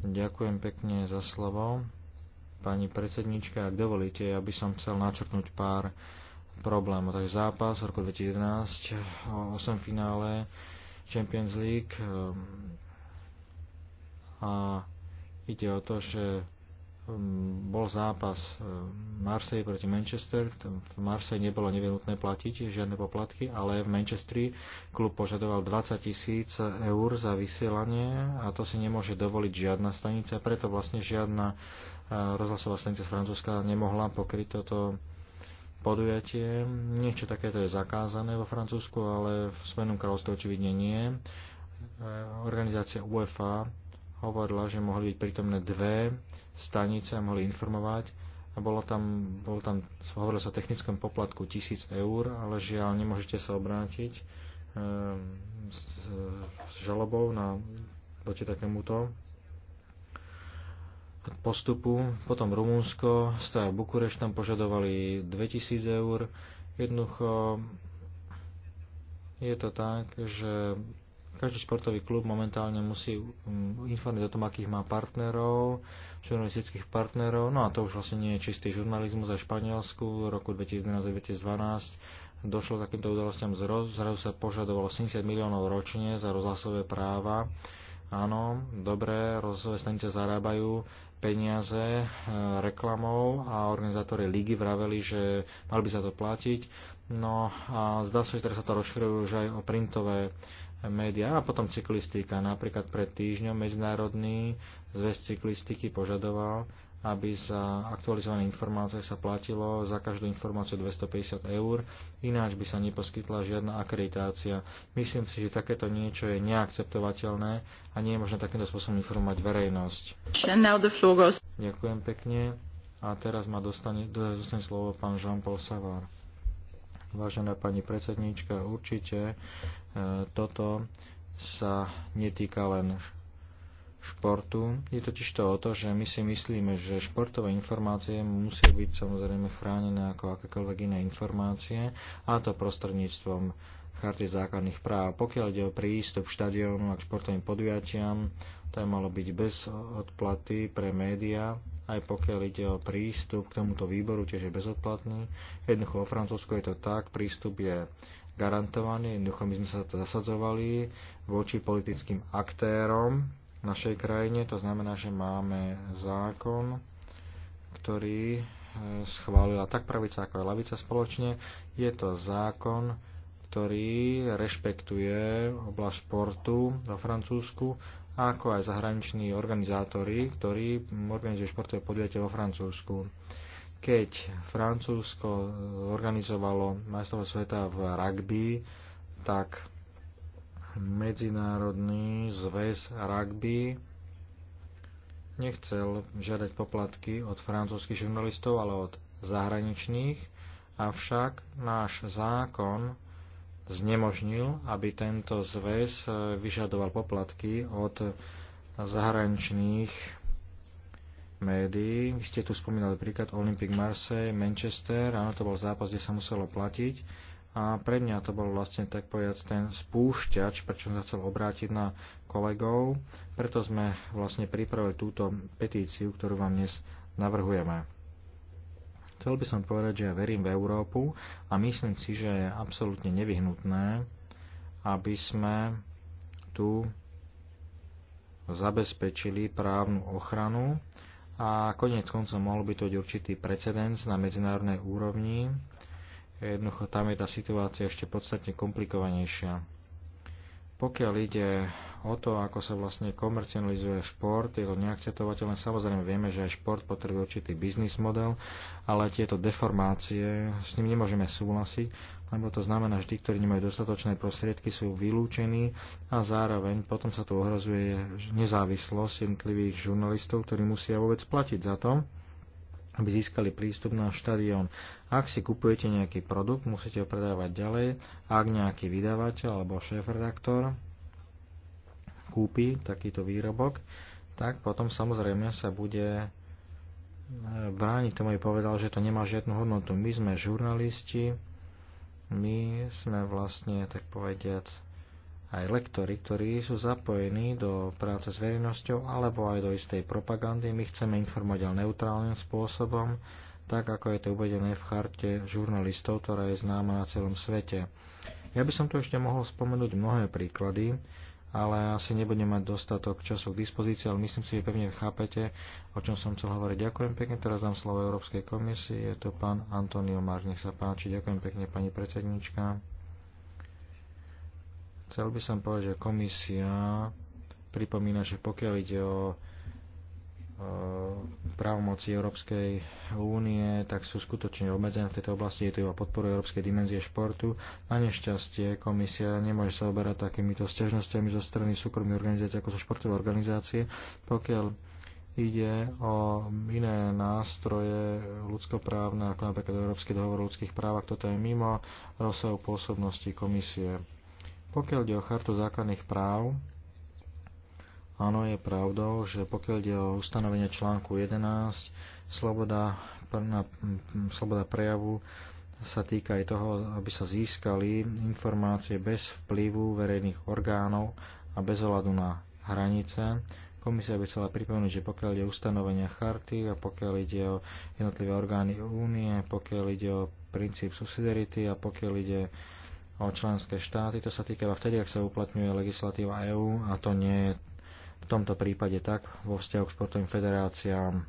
Ďakujem pekne za slovo. Pani predsednička, ak dovolíte, ja by som chcel načrtnúť pár problémov. Takže zápas v roku 2011, 8 finále Champions League, a ide o to, že um, bol zápas um, Marseille proti Manchester. V Marseille nebolo nevyhnutné platiť žiadne poplatky, ale v Manchestri klub požadoval 20 tisíc eur za vysielanie a to si nemôže dovoliť žiadna stanica, preto vlastne žiadna uh, rozhlasová stanica z Francúzska nemohla pokryť toto podujatie. Niečo takéto je zakázané vo Francúzsku, ale v Spojenom kráľovstve očividne nie. E, organizácia UEFA hovorila, že mohli byť prítomné dve stanice a mohli informovať a bolo tam, bolo tam hovorilo sa o technickom poplatku 1000 eur, ale žiaľ nemôžete sa obrátiť e, s, s žalobou na proti takémuto postupu. Potom Rumunsko, staja Bukureš, tam požadovali 2000 eur. Jednoducho je to tak, že každý športový klub momentálne musí mm, informovať o tom, akých má partnerov, žurnalistických partnerov. No a to už vlastne nie je čistý žurnalizmus aj Španielsku. V roku 2011-2012 došlo k takýmto udalostiam zroz. Zrazu sa požadovalo 70 miliónov ročne za rozhlasové práva. Áno, dobré, rozhlasové stanice zarábajú peniaze e, reklamou a organizátori ligy vraveli, že mali by sa to platiť. No a zdá sa, že teraz sa to rozširuje už aj o printové médiá a potom cyklistika. Napríklad pred týždňom Medzinárodný zväz cyklistiky požadoval, aby za aktualizované informácie sa platilo za každú informáciu 250 eur, ináč by sa neposkytla žiadna akreditácia. Myslím si, že takéto niečo je neakceptovateľné a nie je možné takýmto spôsobom informovať verejnosť. Ďakujem pekne a teraz ma dostane, dostane slovo pán Jean-Paul Savard. Vážená pani predsedníčka, určite e, toto sa netýka len športu. Je totiž to o to, že my si myslíme, že športové informácie musia byť samozrejme chránené ako akékoľvek iné informácie a to prostredníctvom charty základných práv. Pokiaľ ide o prístup k štadiónu a k športovým podujatiam, to malo byť bez odplaty pre médiá, aj pokiaľ ide o prístup k tomuto výboru, tiež je bezodplatný. Jednoducho vo Francúzsku je to tak, prístup je garantovaný, jednoducho my sme sa to zasadzovali voči politickým aktérom v našej krajine, to znamená, že máme zákon, ktorý e, schválila tak pravica ako aj lavica spoločne. Je to zákon, ktorý rešpektuje oblasť športu vo Francúzsku ako aj zahraniční organizátori, ktorí organizujú športové podujatie vo Francúzsku. Keď Francúzsko organizovalo majstrovstvo sveta v rugby, tak Medzinárodný zväz rugby nechcel žiadať poplatky od francúzskych žurnalistov, ale od zahraničných, avšak náš zákon znemožnil, aby tento zväz e, vyžadoval poplatky od zahraničných médií. Vy ste tu spomínali príklad Olympic Marseille, Manchester, áno, to bol zápas, kde sa muselo platiť. A pre mňa to bol vlastne tak povedať ten spúšťač, prečo som sa chcel obrátiť na kolegov. Preto sme vlastne pripravili túto petíciu, ktorú vám dnes navrhujeme. Chcel by som povedať, že ja verím v Európu a myslím si, že je absolútne nevyhnutné, aby sme tu zabezpečili právnu ochranu a konec koncov mohol by to byť určitý precedens na medzinárodnej úrovni. Jednoducho tam je tá situácia ešte podstatne komplikovanejšia. Pokiaľ ide o to, ako sa vlastne komercializuje šport, je to neakceptovateľné. Samozrejme vieme, že aj šport potrebuje určitý biznis model, ale tieto deformácie, s ním nemôžeme súhlasiť, lebo to znamená, že tí, ktorí nemajú dostatočné prostriedky, sú vylúčení a zároveň potom sa tu ohrozuje nezávislosť jednotlivých žurnalistov, ktorí musia vôbec platiť za to aby získali prístup na štadión. Ak si kupujete nejaký produkt, musíte ho predávať ďalej. Ak nejaký vydavateľ alebo šéf-redaktor kúpi takýto výrobok, tak potom samozrejme sa bude e, brániť tomu, aby povedal, že to nemá žiadnu hodnotu. My sme žurnalisti, my sme vlastne, tak povediac, aj lektory, ktorí sú zapojení do práce s verejnosťou alebo aj do istej propagandy. My chceme informovať ale neutrálnym spôsobom, tak ako je to uvedené v charte žurnalistov, ktorá je známa na celom svete. Ja by som tu ešte mohol spomenúť mnohé príklady, ale asi nebudem mať dostatok času k dispozícii, ale myslím si, že pevne chápete, o čom som chcel hovoriť. Ďakujem pekne, teraz dám slovo Európskej komisii, je to pán Antonio Mar, nech sa páči. Ďakujem pekne, pani predsednička. Chcel by som povedať, že komisia pripomína, že pokiaľ ide o právomoci Európskej únie, tak sú skutočne obmedzené v tejto oblasti, je to iba podporu Európskej dimenzie športu. Na nešťastie komisia nemôže sa oberať takýmito stiažnosťami zo strany súkromných organizácií, ako sú športové organizácie, pokiaľ ide o iné nástroje ľudskoprávne, ako napríklad Európsky dohovor o ľudských právach, toto je mimo rozsahu pôsobnosti komisie. Pokiaľ ide o chartu základných práv, áno, je pravdou, že pokiaľ ide o ustanovenie článku 11, sloboda, na, sloboda prejavu sa týka aj toho, aby sa získali informácie bez vplyvu verejných orgánov a bez ohľadu na hranice. Komisia by chcela pripomenúť, že pokiaľ ide o ustanovenia charty a pokiaľ ide o jednotlivé orgány únie, pokiaľ ide o princíp subsidiarity a pokiaľ ide o o členské štáty. To sa týka vtedy, ak sa uplatňuje legislatíva EÚ a to nie je v tomto prípade tak vo vzťahu k športovým federáciám.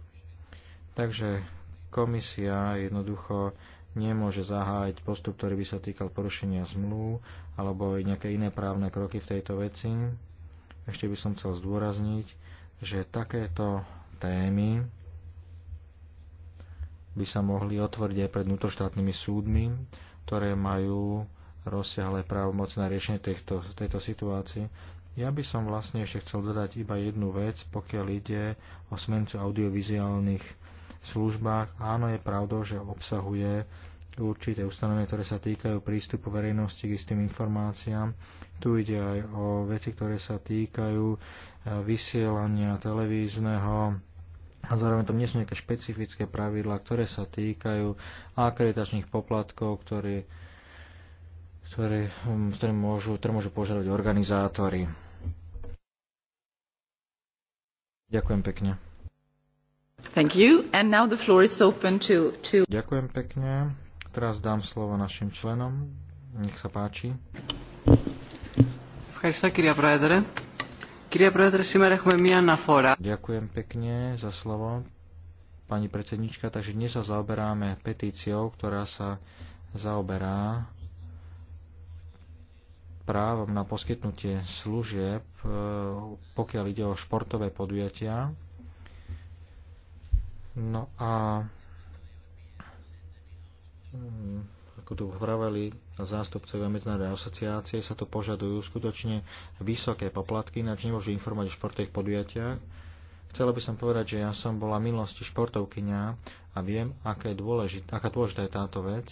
Takže komisia jednoducho nemôže zahájiť postup, ktorý by sa týkal porušenia zmluv alebo aj nejaké iné právne kroky v tejto veci. Ešte by som chcel zdôrazniť, že takéto témy by sa mohli otvoriť aj pred vnútroštátnymi súdmi, ktoré majú rozsiahle právomoc na riešenie tejto, tejto situácie. Ja by som vlastne ešte chcel dodať iba jednu vec, pokiaľ ide o smernicu audiovizuálnych službách. Áno, je pravdou, že obsahuje určité ustanovenia, ktoré sa týkajú prístupu verejnosti k istým informáciám. Tu ide aj o veci, ktoré sa týkajú e, vysielania televízneho a zároveň tam nie sú nejaké špecifické pravidlá, ktoré sa týkajú akreditačných poplatkov, ktoré ktoré, hm, ktoré, môžu, ktoré môžu požiadať organizátori. Ďakujem pekne. Thank you. And now the floor is open to, to... Ďakujem pekne. Teraz dám slovo našim členom. Nech sa páči. Ďakujem pekne za slovo, pani predsednička. Takže dnes sa zaoberáme petíciou, ktorá sa zaoberá právom na poskytnutie služieb, e, pokiaľ ide o športové podujatia. No a mm, ako tu hovorili zástupcovia Medzinárodnej asociácie, sa tu požadujú skutočne vysoké poplatky, ináč nemôžu informovať o športových podujatiach. Chcela by som povedať, že ja som bola minulosti športovkyňa a viem, aká dôležitá je táto vec.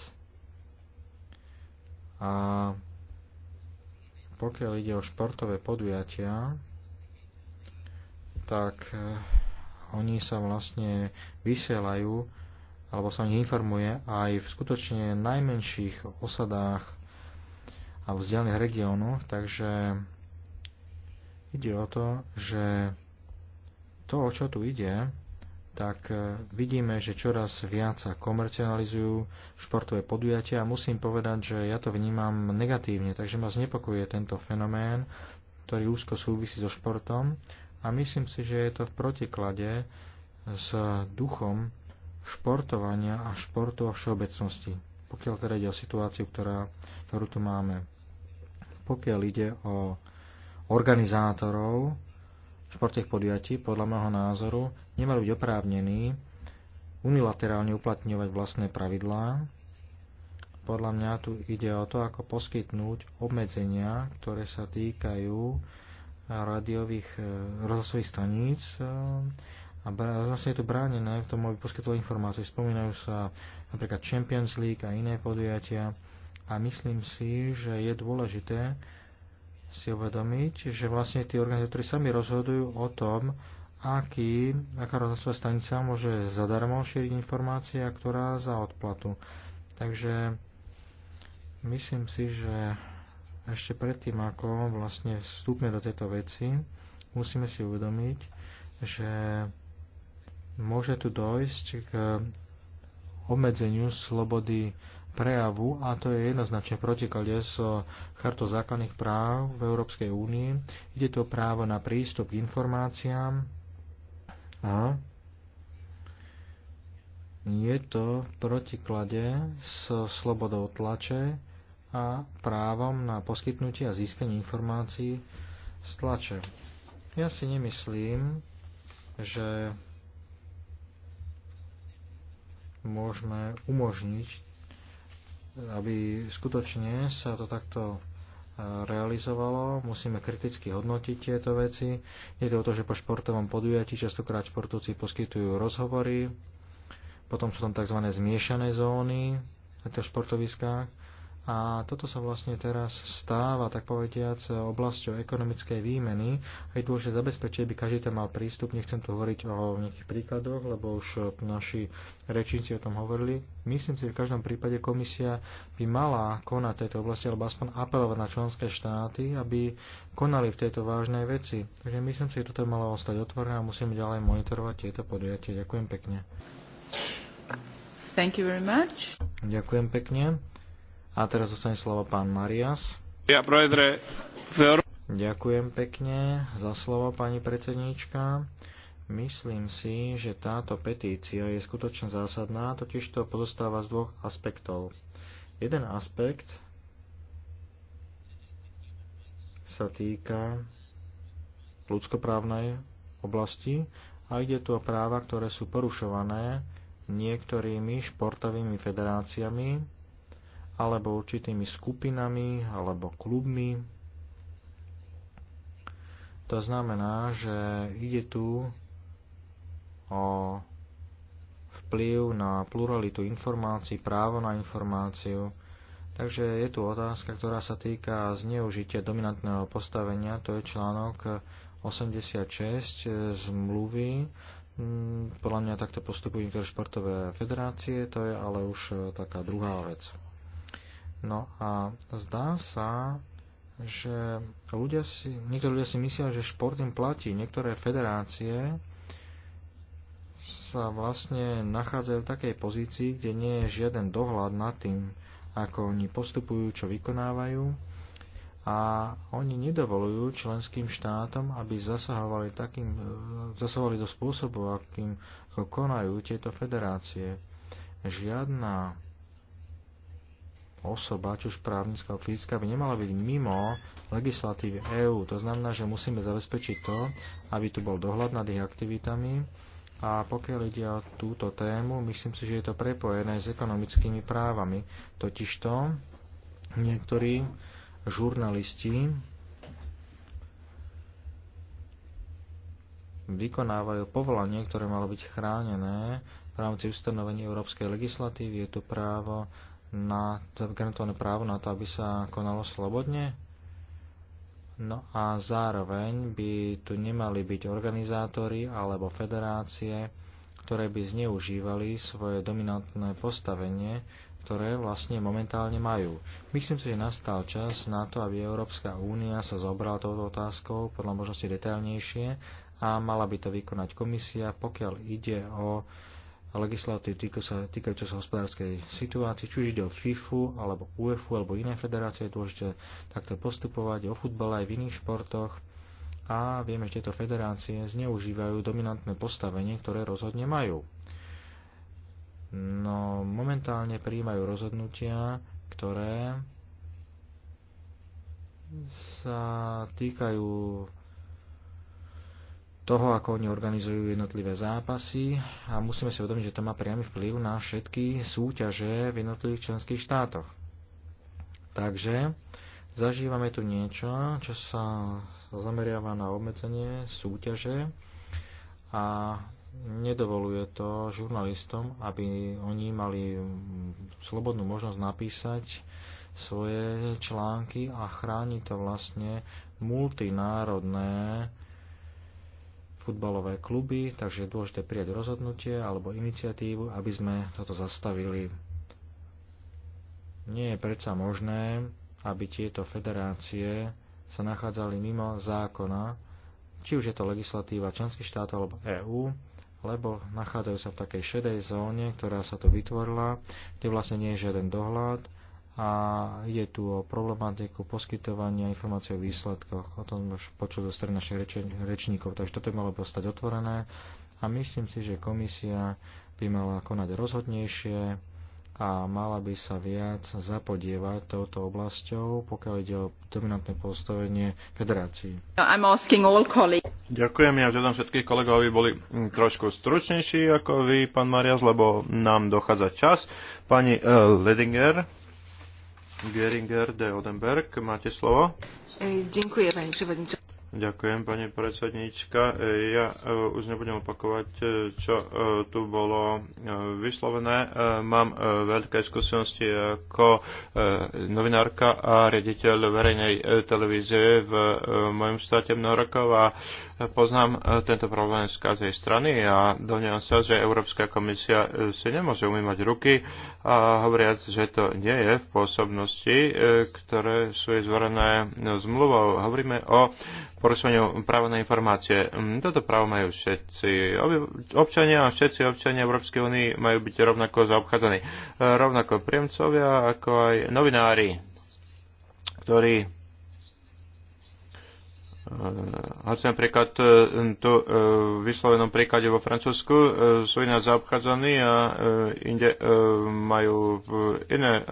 A pokiaľ ide o športové podujatia, tak eh, oni sa vlastne vysielajú alebo sa o nich informuje aj v skutočne najmenších osadách a vzdialených regiónoch, takže ide o to, že to, o čo tu ide, tak e, vidíme, že čoraz viac sa komercializujú športové podujatia a musím povedať, že ja to vnímam negatívne, takže ma znepokojuje tento fenomén, ktorý úzko súvisí so športom a myslím si, že je to v protiklade s duchom športovania a športu a všeobecnosti, pokiaľ teda ide o situáciu, ktorá, ktorú tu máme. Pokiaľ ide o organizátorov športových podujatí podľa môjho názoru nemali byť oprávnení unilaterálne uplatňovať vlastné pravidlá. Podľa mňa tu ide o to, ako poskytnúť obmedzenia, ktoré sa týkajú eh, radiových eh, rozhlasových staníc eh, a vlastne je tu bránené k tomu, aby poskytovali informácie. Spomínajú sa napríklad Champions League a iné podujatia a myslím si, že je dôležité, si uvedomiť, že vlastne tí organizátori sami rozhodujú o tom, aký, aká rozhlasová stanica môže zadarmo šíriť informácie a ktorá za odplatu. Takže myslím si, že ešte predtým, ako vlastne vstúpne do tejto veci, musíme si uvedomiť, že môže tu dojsť k obmedzeniu slobody prejavu a to je jednoznačne protikladie s so chartou základných práv v Európskej únii. Ide to právo na prístup k informáciám a je to v protiklade s so slobodou tlače a právom na poskytnutie a získanie informácií z tlače. Ja si nemyslím, že môžeme umožniť aby skutočne sa to takto e, realizovalo. Musíme kriticky hodnotiť tieto veci. Je to o to, že po športovom podujatí častokrát športovci poskytujú rozhovory, potom sú tam tzv. zmiešané zóny na tých športoviskách a toto sa vlastne teraz stáva, tak povediac, oblasťou ekonomickej výmeny. A je dôležité zabezpečiť, aby každý tam mal prístup. Nechcem tu hovoriť o nejakých príkladoch, lebo už naši rečníci o tom hovorili. Myslím si, že v každom prípade komisia by mala konať tejto oblasti, alebo aspoň apelovať na členské štáty, aby konali v tejto vážnej veci. Takže myslím si, že toto malo ostať otvorené a musíme ďalej monitorovať tieto podujatie. Ďakujem pekne. Thank you very much. Ďakujem pekne. A teraz dostane slovo pán Marias. Ja, projedre, Ďakujem pekne za slovo, pani predsedníčka. Myslím si, že táto petícia je skutočne zásadná, totiž to pozostáva z dvoch aspektov. Jeden aspekt sa týka ľudskoprávnej oblasti a ide tu o práva, ktoré sú porušované niektorými športovými federáciami, alebo určitými skupinami alebo klubmi. To znamená, že ide tu o vplyv na pluralitu informácií, právo na informáciu. Takže je tu otázka, ktorá sa týka zneužitia dominantného postavenia, to je článok 86 zmluvy. Podľa mňa takto postupujú niektoré športové federácie, to je ale už taká druhá vec. No a zdá sa, že ľudia si, niektorí ľudia si myslia, že šport im platí. Niektoré federácie sa vlastne nachádzajú v takej pozícii, kde nie je žiaden dohľad nad tým, ako oni postupujú, čo vykonávajú a oni nedovolujú členským štátom, aby zasahovali, takým, zasahovali do spôsobu, akým konajú tieto federácie. Žiadna osoba, či už právnická alebo fyzická, by nemala byť mimo legislatívy EÚ. To znamená, že musíme zabezpečiť to, aby tu bol dohľad nad ich aktivitami a pokiaľ ide o túto tému, myslím si, že je to prepojené s ekonomickými právami. Totižto niektorí žurnalisti vykonávajú povolanie, ktoré malo byť chránené v rámci ustanovení európskej legislatívy. Je to právo na to garantované právo na to, aby sa konalo slobodne. No a zároveň by tu nemali byť organizátori alebo federácie, ktoré by zneužívali svoje dominantné postavenie, ktoré vlastne momentálne majú. Myslím si, že nastal čas na to, aby Európska únia sa zobrala touto otázkou podľa možnosti detailnejšie a mala by to vykonať komisia, pokiaľ ide o a legislatív týkajúce sa hospodárskej situácie, či už ide o FIFU, alebo UEFu, alebo iné federácie, je dôležité takto postupovať o futbale aj v iných športoch. A vieme, že tieto federácie zneužívajú dominantné postavenie, ktoré rozhodne majú. No, momentálne prijímajú rozhodnutia, ktoré sa týkajú toho, ako oni organizujú jednotlivé zápasy a musíme si uvedomiť, že to má priamy vplyv na všetky súťaže v jednotlivých členských štátoch. Takže zažívame tu niečo, čo sa zameriava na obmedzenie súťaže a nedovoluje to žurnalistom, aby oni mali slobodnú možnosť napísať svoje články a chráni to vlastne multinárodné futbalové kluby, takže je dôležité prijať rozhodnutie alebo iniciatívu, aby sme toto zastavili. Nie je predsa možné, aby tieto federácie sa nachádzali mimo zákona, či už je to legislatíva členských štátov alebo EÚ, lebo nachádzajú sa v takej šedej zóne, ktorá sa tu vytvorila, kde vlastne nie je žiaden dohľad a ide tu o problematiku poskytovania informácií o výsledkoch. O tom už počul zo strany našich reč- rečníkov, takže toto by malo postať otvorené a myslím si, že komisia by mala konať rozhodnejšie a mala by sa viac zapodievať touto oblasťou, pokiaľ ide o dominantné postavenie federácií. Ďakujem, ja žiadam všetkých kolegov, aby boli mm, trošku stručnejší ako vy, pán Marias, lebo nám dochádza čas. Pani uh, Ledinger. Geringer de Odenberg. Máte slovo? Ďakujem, pani przewodnicząca. Ďakujem, pani Ja e, už nebudem opakovať, e, čo e, tu bolo vyslovené. Mám veľké skúsenosti ako novinárka a riaditeľ verejnej televízie v mojom štáte mnoho rokov a poznám e, tento problém z každej strany a domnievam sa, že Európska komisia e, si nemôže umývať ruky a hovoriac, že to nie je v pôsobnosti, e, ktoré sú jej zvorené zmluvou. Hovoríme o porušovaniu práva na informácie. Mm, toto právo majú všetci občania a všetci občania Európskej únie majú byť rovnako zaobchádzaní. Rovnako príjemcovia, ako aj novinári, ktorí Eh, hoci napríklad eh, tu eh, v vyslovenom príklade vo Francúzsku sú iná zaobchádzaní a inde majú iné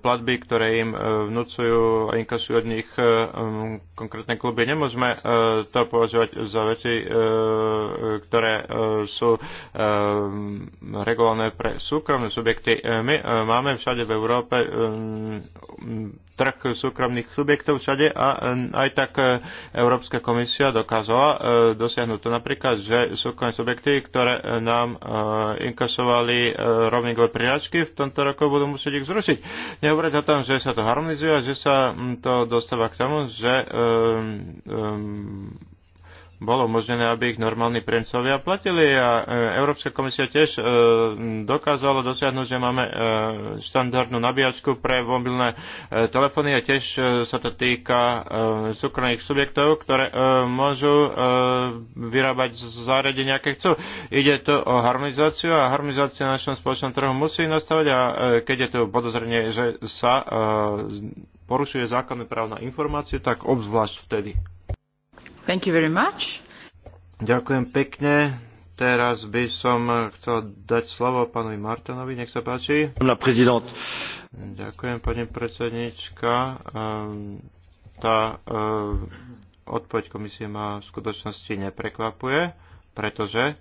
platby, ktoré im vnúcujú a inkasujú od nich konkrétne kluby. Nemôžeme to považovať za veci, ktoré sú regulované pre súkromné subjekty. My máme všade v Európe trh súkromných subjektov všade a aj tak Európska komisia dokázala e, dosiahnuť to napríklad, že súkromné subjekty, ktoré e, nám e, inkasovali rovningové priračky, v tomto roku budú musieť ich zrušiť. Nehovoriť o tom, že sa to harmonizuje a že sa mm, to dostáva k tomu, že um, um, bolo umožnené, aby ich normálni príjemcovia platili a e, Európska komisia tiež e, dokázala dosiahnuť, že máme e, štandardnú nabíjačku pre mobilné telefóny a tiež sa to týka súkromných subjektov, ktoré môžu vyrábať zariadenia, aké chcú. Ide to o harmonizáciu a harmonizácia na našom spoločnom trhu musí nastavať a keď je to podozrenie, že sa porušuje zákonné právo na informáciu, tak obzvlášť vtedy. Thank you very much. Ďakujem pekne. Teraz by som chcel dať slovo pánovi Martinovi. nech sa páči. Ďakujem, pani predsednička. Ehm, tá ehm, odpoveď komisie ma v skutočnosti neprekvapuje, pretože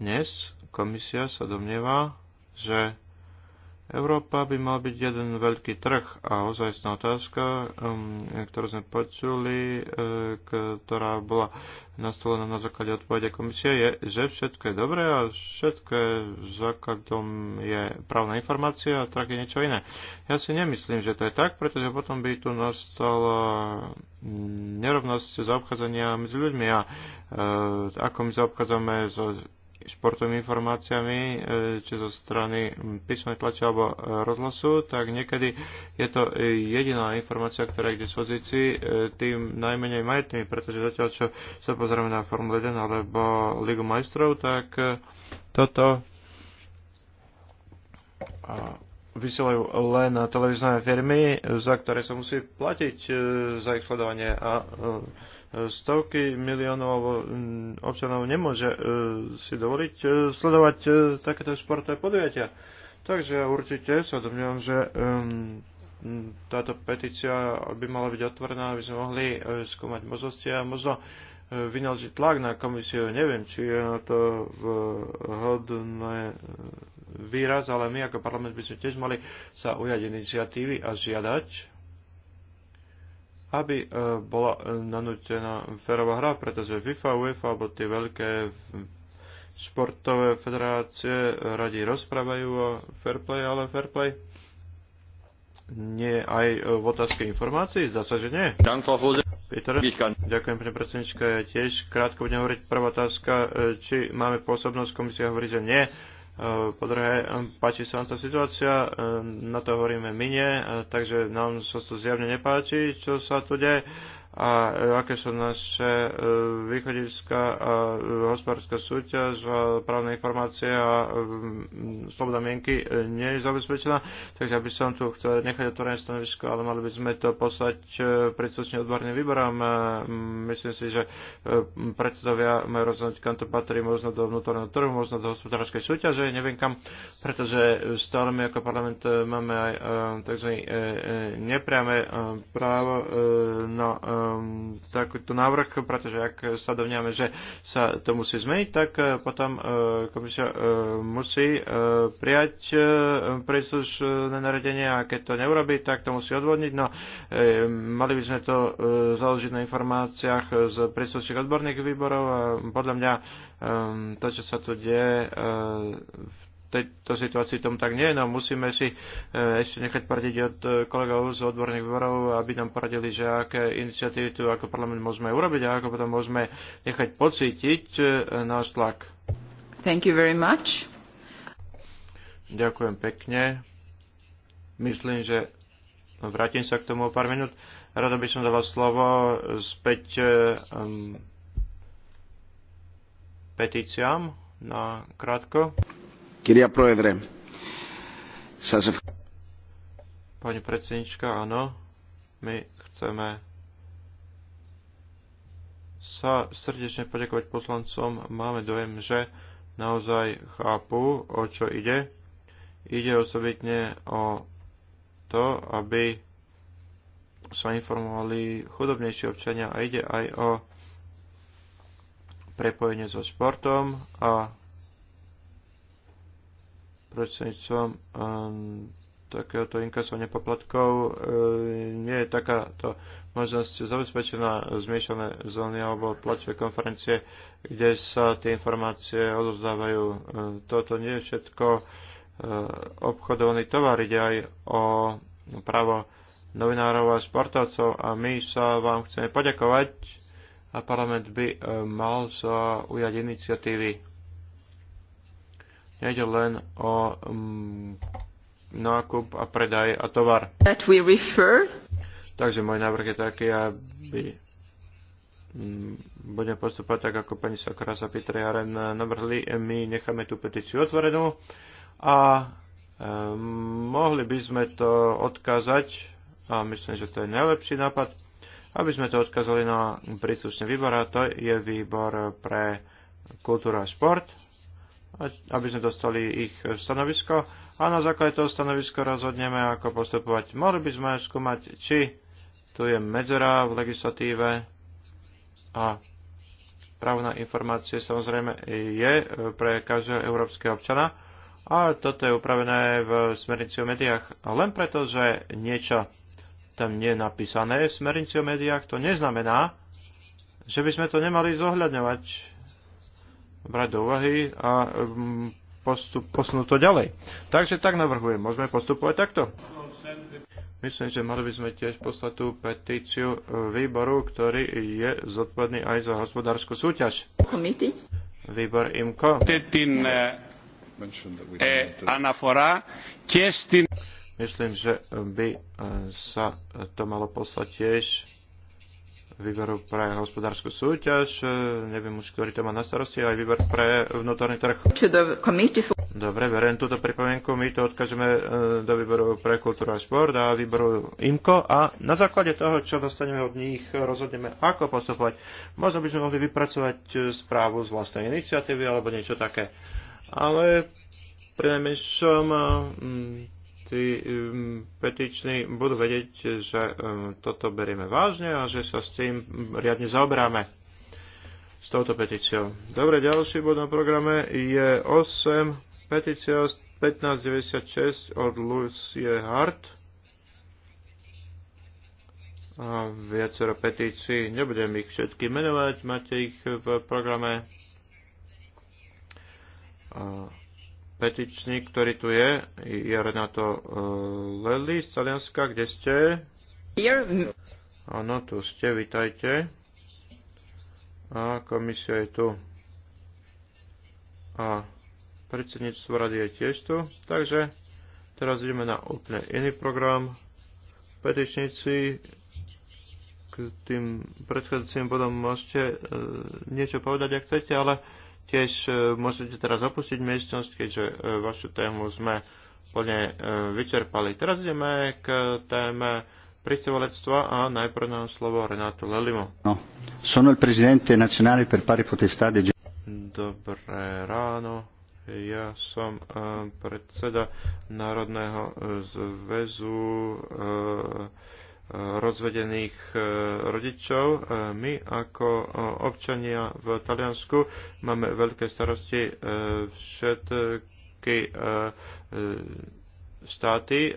dnes komisia sa domnieva, že Európa by mal byť jeden veľký trh a ozajstná otázka, um ktorú sme počuli, eh, ktorá bola nastolená na základe odpovede komisie, je, že všetko je dobré a všetko je základom je právna informácia a trh je niečo iné. Ja si nemyslím, že to je tak, pretože potom by tu nastala nerovnosť zaobchádzania medzi ľuďmi a eh, ako my zaobchádzame so športovými informáciami, e, či zo strany písmenej tlače alebo e, rozhlasu, tak niekedy je to e, jediná informácia, ktorá je k dispozícii tým najmenej majetnými, pretože zatiaľ, čo sa pozrieme na Formule 1 alebo Ligu majstrov, tak toto vysielajú len na televízne firmy, za ktoré sa musí platiť za ich sledovanie a stovky miliónov mm, občanov nemôže e, si dovoliť e, sledovať e, takéto športové podujatia. Takže určite sa domňujem, že táto petícia by mala byť otvorená, aby sme mohli skúmať možnosti a možno vynaložiť tlak na komisiu. Neviem, či je na to vhodné výraz, ale my ako parlament by sme tiež mali sa ujať iniciatívy a žiadať aby e, bola e, nanútená férová hra, pretože FIFA, UEFA alebo tie veľké športové federácie radi rozprávajú o fair play, ale fair play nie aj v otázke informácií? Zdá sa, že nie. Peter, ďakujem pani predsednička. Ja tiež krátko budem hovoriť prvá otázka, e, či máme pôsobnosť, komisia hovorí, že nie Eh, po druhé, eh, páči sa vám tá situácia, eh, na to hovoríme my nie, takže nám sa to zjavne nepáči, čo sa tu deje a e, aké sú naše e, východiska a e, hospodárska súťaž a právne informácie a sloboda mienky nie je zabezpečená. Takže aby som tu chcel nechať otvorené stanovisko, ale mali by sme to poslať príslušne odborným výborom. Myslím si, že predsedovia majú rozhodnúť, kam to patrí, možno do vnútorného trhu, možno do hospodárskej súťaže, neviem kam, pretože stále my ako parlament máme aj tzv. nepriame právo na um, ehm, takýto návrh, pretože ak sa dovňame, že sa to musí zmeniť, tak eh, potom uh, komisia uh, musí uh, prijať uh, príslušné naredenie a keď to neurobí, tak to musí odvodniť. No, uh, mali by sme to uh, založiť na informáciách z príslušných odborných výborov a podľa mňa um, to, čo sa tu deje uh, v tejto situácii tomu tak nie, no musíme si e, ešte nechať poradiť od e, kolegov z odborných výborov, aby nám poradili, že aké iniciatívy tu ako parlament môžeme urobiť a ako potom môžeme nechať pocítiť e, náš tlak. Thank you very much. Ďakujem pekne. Myslím, že no, vrátim sa k tomu o pár minút. Rada by som dala slovo späť um, petíciám na krátko. Pani predsednička, áno, my chceme sa srdečne poďakovať poslancom. Máme dojem, že naozaj chápu, o čo ide. Ide osobitne o to, aby sa informovali chudobnejší občania a ide aj o prepojenie so športom a prostredníctvom um, takéhoto inkasovania poplatkov e, nie je takáto možnosť zabezpečená zmiešané zóny alebo tlačové konferencie, kde sa tie informácie odozdávajú. E, ehm, toto nie je všetko e, obchodovaný tovar, ide aj o právo novinárov a sportovcov a my sa vám chceme poďakovať a parlament by e, mal sa ujať iniciatívy Nejde len o um, nákup a predaj a tovar. That we refer. Takže môj návrh je taký, aby mm, budem postupovať tak, ako pani Sakura a Petra Jaren navrhli. My necháme tú petíciu otvorenú a e, mohli by sme to odkázať a myslím, že to je najlepší nápad, aby sme to odkázali na príslušný výbor a to je výbor pre kultúru a šport aby sme dostali ich stanovisko a na základe toho stanovisko rozhodneme, ako postupovať. Mohli by sme skúmať, či tu je medzera v legislatíve a právo na informácie samozrejme je pre každého európskeho občana a toto je upravené v smernici o médiách len preto, že niečo tam nie je napísané v smernici o médiách, to neznamená, že by sme to nemali zohľadňovať brať do úvahy a mm, postup, posunúť to ďalej. Takže tak navrhujem. Môžeme postupovať takto? Myslím, že mali by sme tiež poslať tú petíciu e, výboru, ktorý je zodpovedný aj za hospodárskú súťaž. Komity? Výbor IMCO. E, e, Myslím, že by sa to malo poslať tiež výberu pre hospodárskú súťaž, e, neviem už, ktorý to má na starosti, aj výber pre vnútorný trh. Dobre, verím túto pripomienku, my to odkážeme e, do výboru pre kultúru a šport a výboru IMKO a na základe toho, čo dostaneme od nich, rozhodneme, ako postupovať. Možno by sme mohli vypracovať e, správu z vlastnej iniciatívy alebo niečo také. Ale pri najmenšom tí um, petiční budú vedieť, že um, toto berieme vážne a že sa s tým riadne zaoberáme s touto petíciou. Dobre, ďalší bod na programe je 8 petícia 1596 od Lucie Hart. A viacero petícií, nebudem ich všetky menovať, máte ich v programe. A petičník, ktorý tu je, je Renato uh, e, Lely z Talianska, kde ste? Áno, tu ste, vitajte. A komisia je tu. A predsedníctvo rady je tiež tu. Takže teraz ideme na úplne iný program. Petičníci k tým predchádzajúcim bodom môžete uh, niečo povedať, ak chcete, ale uh, Tiež e, môžete teraz opustiť miestnosť, keďže e, vašu tému sme plne e, vyčerpali. Teraz ideme k téme pristovalectva a najprv nám slovo Renato Lelimo. No, sono il presidente nazionale per pari potestà de... Dobré ráno, ja som predseda Národného zväzu uh, rozvedených e, rodičov. E, my ako e, občania v Taliansku máme veľké starosti všetky štáty e,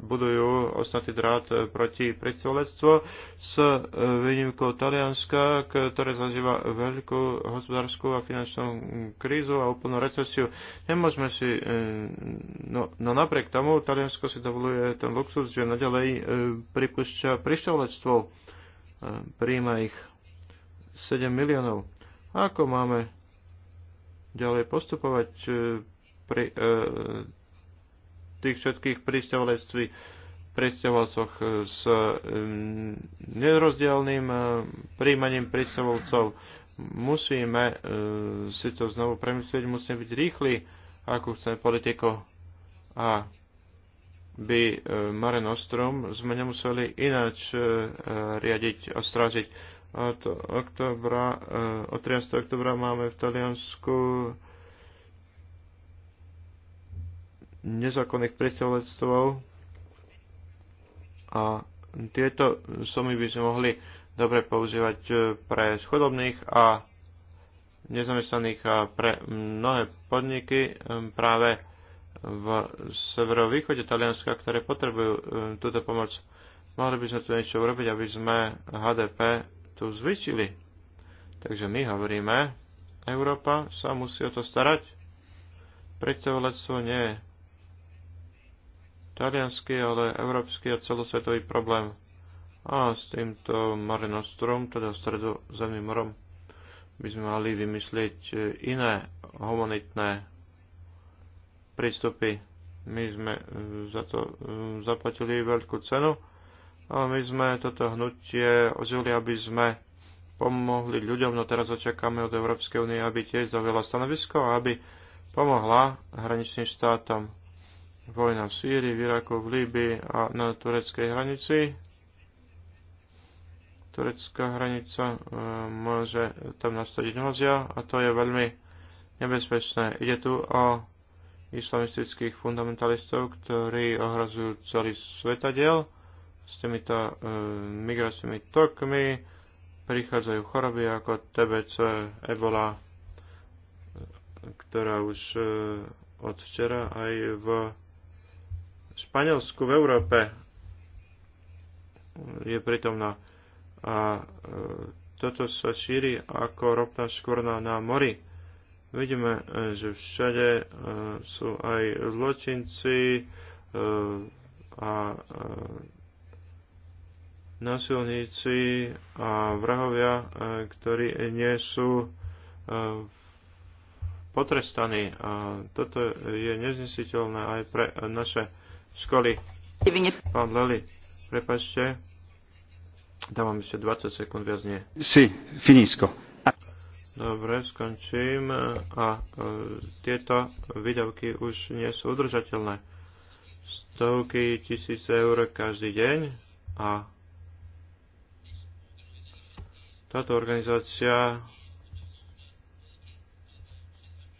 budujú ostatný drát e, proti predstavolectvo s e, výnimkou Talianska, ktoré zažíva veľkú hospodárskú a finančnú krízu a úplnú recesiu. Nemôžeme si, no, no napriek tomu Taliansko si dovoluje ten luxus, že e, pripúšťa E, príjma ich 7 miliónov. Ako máme ďalej postupovať pri e, tých všetkých pristahovalectví pristahovalcoch s nerozdielným príjmaním pristahovalcov. Musíme si to znovu premyslieť, musíme byť rýchli, ako chceme politiko a by Maren Ostrom sme nemuseli ináč riadiť a strážiť. Od, oktobra, od 13. oktobra máme v Taliansku nezákonných presťahovalectvov a tieto sumy by sme mohli dobre používať eh, pre schodobných a nezamestnaných a pre mnohé podniky eh, práve v severovýchode Talianska, ktoré potrebujú eh, túto pomoc. Mohli by sme tu niečo urobiť, aby sme HDP tu zvyšili. Takže my hovoríme, Európa sa musí o to starať. Predstavovalectvo nie je talianský, ale európsky a celosvetový problém. A s týmto marinostrom, teda stredozemným morom, by sme mali vymyslieť iné humanitné prístupy. My sme eh, za to eh, zaplatili veľkú cenu, ale my sme toto hnutie ozili, aby sme pomohli ľuďom, no teraz očakáme od Európskej únie, aby tiež zaujala stanovisko a aby pomohla hraničným štátom vojna v Sýrii, v Iraku, v Líbii a na tureckej hranici. Turecká hranica e, môže tam nastaviť hrozia a to je veľmi nebezpečné. Ide tu o islamistických fundamentalistov, ktorí ohrazujú celý svetadiel s týmito e, migračnými tokmi. Prichádzajú choroby ako TBC, Ebola, e, ktorá už e, od včera aj v Španielsku, v Európe je pritomná. A e, toto sa šíri ako ropná škvrna na mori. Vidíme, e, že všade e, sú aj zločinci a nasilníci a vrahovia, ktorí nie sú potrestaní. A toto je neznesiteľné aj pre naše školy. Pán Lely, prepačte. Dávam ešte 20 sekúnd, viac nie. Si, finísko. Dobre, skončím. A e, tieto výdavky už nie sú udržateľné. Stovky tisíc eur každý deň a táto organizácia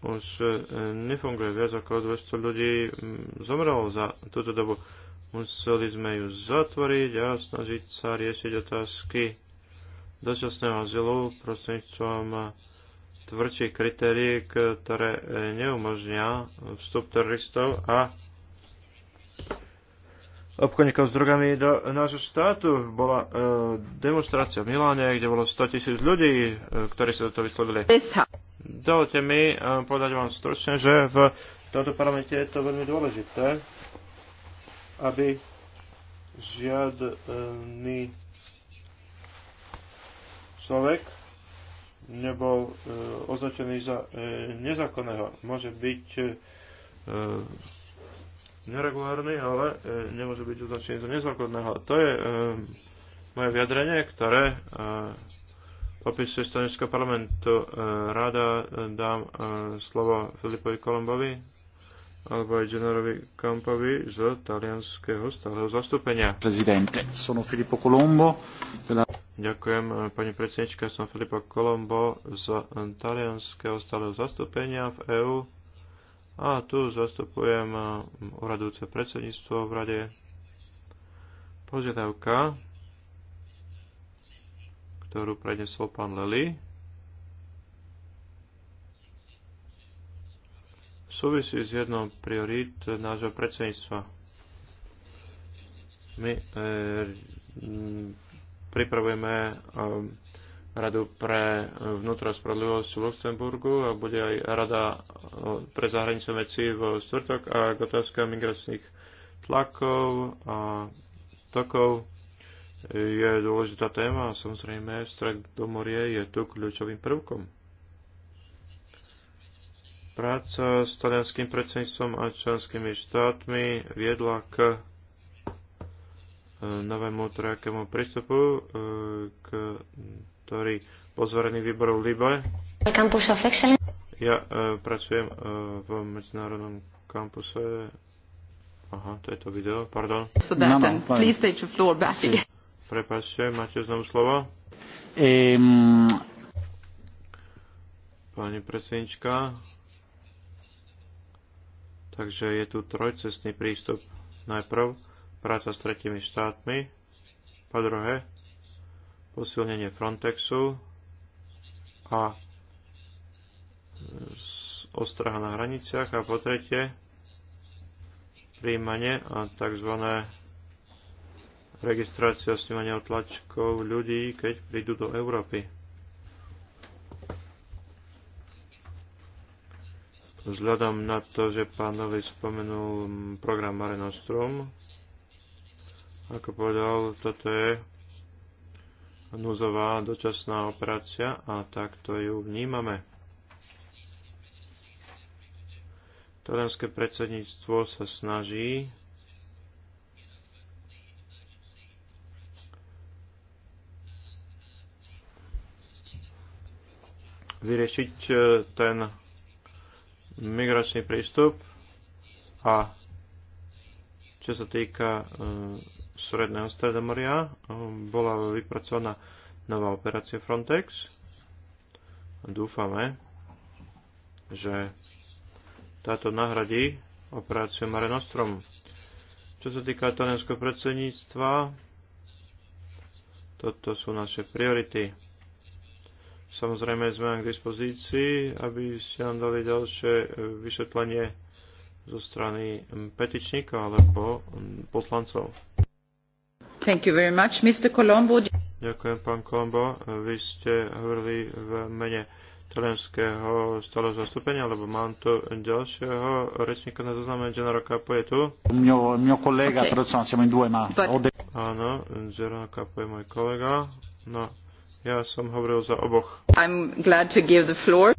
už e, nefunguje. Viac ako 200 ľudí zomrelo za túto dobu. Museli sme ju zatvoriť a snažiť sa riešiť otázky dočasného azylu prostredníctvom tvrdších kritérií, ktoré e, neumožnia vstup teroristov a obchodníkov s drogami do nášho štátu. Bola e, demonstrácia v Miláne, kde bolo 100 tisíc ľudí, e, ktorí sa to vyslovili. Dovolte mi e, povedať vám stručne, že v tomto parlamente je to veľmi dôležité, aby žiadny človek nebol e, označený za e, nezákonného. Môže byť e, neregulárny, ale e, nemôže byť označený za nezákonného. To je e, moje vyjadrenie, ktoré popisuje e, stanovisko parlamentu. Rada dám slovo Filipovi Kolombovi alebo aj Generovi Kampovi z talianského stáleho zastúpenia. Prezidente, som Filippo Colombo. Della... Ďakujem, pani predsednička, som Filippo Colombo z talianského stáleho zastúpenia v EÚ a tu zastupujem uradujúce eh, predsedníctvo v rade. Požiadavka, ktorú prednesol pán Lely, súvisí s jednou priorít nášho predsedníctva. My e, pripravujeme e, radu pre vnútro spravodlivosť v Luxemburgu a bude aj rada e, pre zahraničné veci v štvrtok a k otázka migračných tlakov a tokov je dôležitá téma a samozrejme strach do morie je tu kľúčovým prvkom. Práca s talianským predsedníctvom a členskými štátmi viedla k e, novému trojakému prístupu e, k ktorý bol zverený výborom LIBE. Ja e, pracujem e, v medzinárodnom kampuse. Aha, to je to video, pardon. No, no, Prepačte, máte znovu slovo? Um... Pani predsednička, takže je tu trojcestný prístup. Najprv práca s tretimi štátmi, po druhé posilnenie Frontexu a ostraha na hraniciach a po tretie príjmanie a tzv. registrácia snímania otlačkov ľudí, keď prídu do Európy. Vzhľadom na to, že pán spomenul program Mare Nostrum, ako povedal, toto je núzová dočasná operácia a takto ju vnímame. Talianské predsedníctvo sa snaží vyriešiť e, ten migračný prístup a čo sa týka e, Sredného stredomoria ehm, bola vypracovaná nová operácia Frontex. Dúfame, že táto nahradí operáciu Mare Nostrum. Čo sa týka italianského predsedníctva, toto sú naše priority. Samozrejme sme k dispozícii, aby ste nám dali ďalšie e, vysvetlenie zo strany petičníka alebo poslancov. Much, Ďakujem, pán Colombo. Vy ste hovorili v mene talianského stáleho zastúpenia, lebo mám tu ďalšieho rečníka na zozname, Gennaro Capo je tu. Mio, mio kolega, okay. predsa siamo in due, ma... But... Áno, Gennaro Capo je môj kolega. No, ja som hovoril za oboch. I'm glad to give the floor.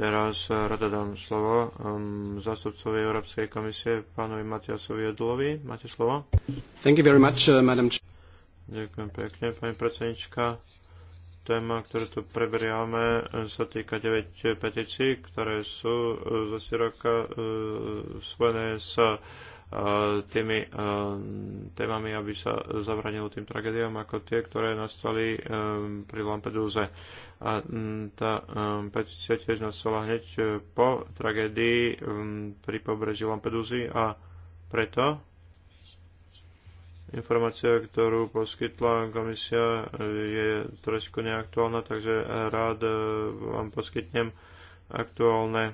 Teraz eh, rada dám slovo um, zástupcovi Európskej komisie, pánovi Matiasovi Jodulovi. Máte slovo? Thank you very much, uh, madam. Ďakujem pekne, pani predsednička. Téma, ktorú tu preberiame, eh, sa týka 9 petícií, ktoré sú uh, zase roka uh, spojené s uh, Eh, tými eh, témami, aby sa zabranilo tým tragédiám ako tie, ktoré nastali eh, pri Lampeduze. A mm, tá petícia tiež nastala hneď po tragédii mm, pri pobreží Lampedúzy a preto informácia, ktorú poskytla komisia, je trošku neaktuálna, takže rád vám poskytnem aktuálne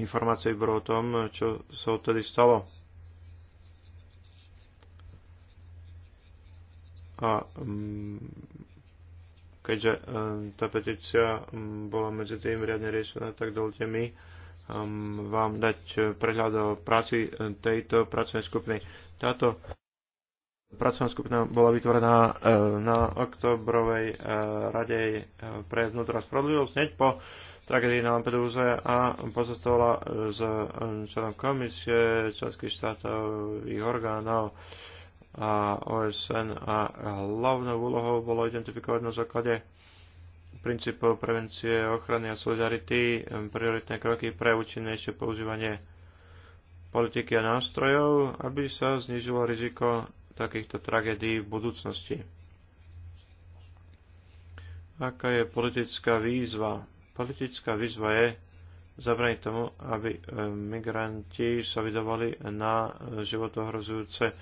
informácie iba o tom, čo sa odtedy stalo. A mm, keďže e, tá petícia mm, bola medzi tým riadne riešená, tak dovolte mi e, mm, vám dať prehľad o práci e, tejto pracovnej skupiny. Táto pracovná skupina bola vytvorená na oktobrovej rade pre vnútra spravodlivosť hneď po Tragédie na Lampedusa a pozostala e, s e, členom komisie členských štátových orgánov a OSN a hlavnou úlohou bolo identifikovať na základe princípov prevencie, ochrany a solidarity e, prioritné kroky pre účinnejšie používanie politiky a nástrojov, aby sa znižilo riziko takýchto tragédií v budúcnosti. Aká je politická výzva Politická výzva je zabraniť tomu, aby e, migranti sa vydovali na e, životohrozujúce e,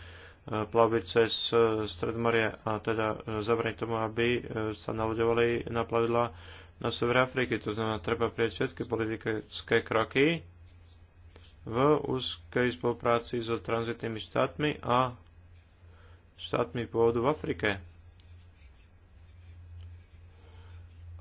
plavby cez Stredmorie a teda zabraniť tomu, aby sa naloďovali na plavidla na sever Afriky. To znamená, treba prieť všetky politické kroky v úzkej spolupráci so tranzitnými štátmi a štátmi pôvodu v Afrike.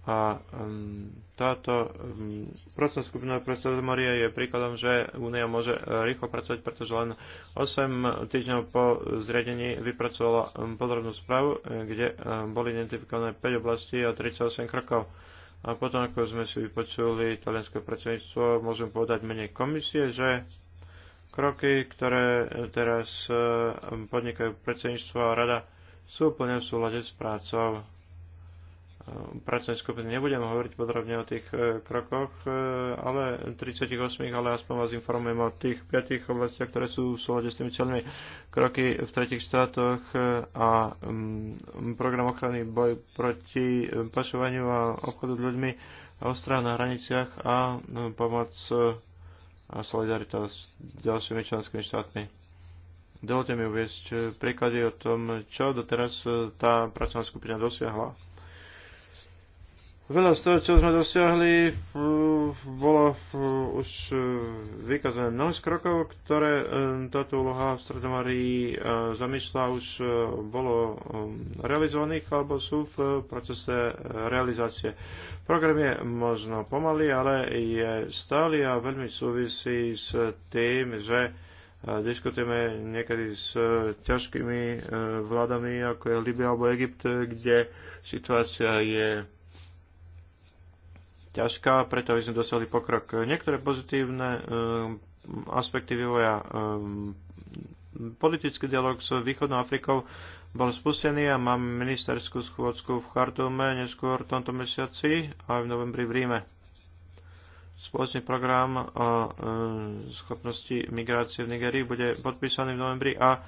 A um, táto um, pracovná skupina profesora Maria je príkladom, že Únia môže e, rýchlo pracovať, pretože len 8 týždňov po zriadení vypracovala um, podrobnú správu, e, kde um, boli identifikované 5 oblastí a 38 krokov. A potom, ako sme si vypočuli italianské predsedníctvo, môžem povedať menej komisie, že kroky, ktoré teraz podnikajú predsedníctvo a rada, sú úplne v súlade s prácou pracovnej skupiny. Nebudem hovoriť podrobne o tých e, krokoch, e, ale 38, ale aspoň vás informujem o tých 5 oblastiach, ktoré sú v súlade s tými celmi kroky v tretich štátoch e, a mm, program ochrany boj proti pašovaniu a obchodu s ľuďmi a na hraniciach a pomoc a solidarita s ďalšími členskými štátmi. Dovolte mi uviesť príklady o tom, čo doteraz tá pracovná skupina dosiahla. Veľa z toho, čo sme dosiahli, bolo už e, vykazané mnoho z krokov, ktoré e, táto úloha v Stredomarii e, zamýšľa, už bolo realizovaných alebo sú v procese realizácie. Program je možno pomalý, ale je stály a veľmi súvisí s tým, že diskutujeme niekedy s ťažkými vládami, ako je Libia alebo Egypt, kde situácia je ťažká, preto aby sme dosiahli pokrok. Niektoré pozitívne um, aspekty vývoja um, politický dialog s Východnou Afrikou bol spustený a mám ministerskú schôdzku v Chartume neskôr v tomto mesiaci a v novembri v Ríme. Spoločný program o um, schopnosti migrácie v Nigerii bude podpísaný v novembri a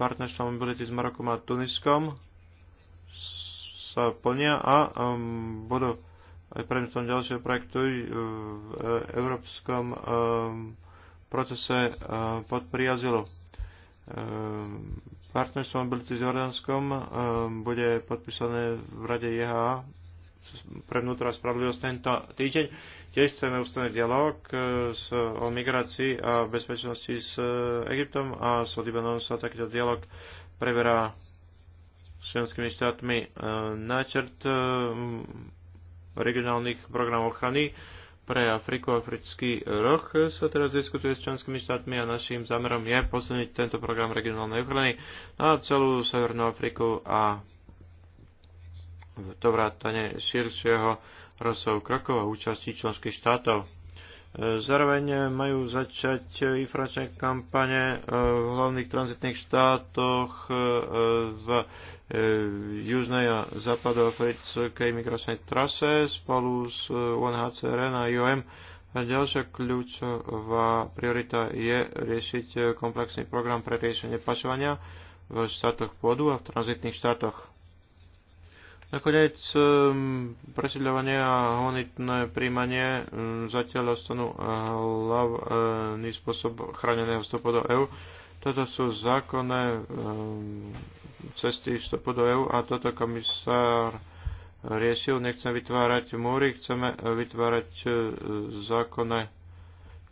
partnerstvo mobility s Marokom a Tuniskom sa plnia a um, budú aj predmetom ďalšie projektu e, v európskom e, procese e, pod priazilou. Partnerstvo mobility s Jordánskom bude podpísané v Rade JHA pre vnútra spravodlivosť tento týždeň. Tiež chceme ustanoviť dialog o migrácii a bezpečnosti s Egyptom a s Libanom sa takýto dialog preberá s členskými štátmi. Načrt regionálnych programov ochrany pre Afriku, Africký roh sa teraz diskutuje s členskými štátmi a našim zámerom je posunúť tento program regionálnej ochrany na celú Severnú Afriku a to vrátane širšieho rozsahu krokov a účasti členských štátov. E, zároveň majú začať informačné kampane e, v hlavných tranzitných štátoch e, v Eh, južnej a západoafrickej migračnej trase spolu s eh, UNHCR a IOM. A ďalšia kľúčová priorita je riešiť eh, komplexný program pre riešenie pašovania v štátoch pôdu a v tranzitných štátoch. Nakoniec ehm, presidľovanie a honitné príjmanie ehm, zatiaľ ostanú hlavný spôsob chráneného vstupu do EÚ toto sú zákonné ehm, cesty vstupu do EU a toto komisár riešil. Nechceme vytvárať múry, chceme eh, vytvárať eh, zákonné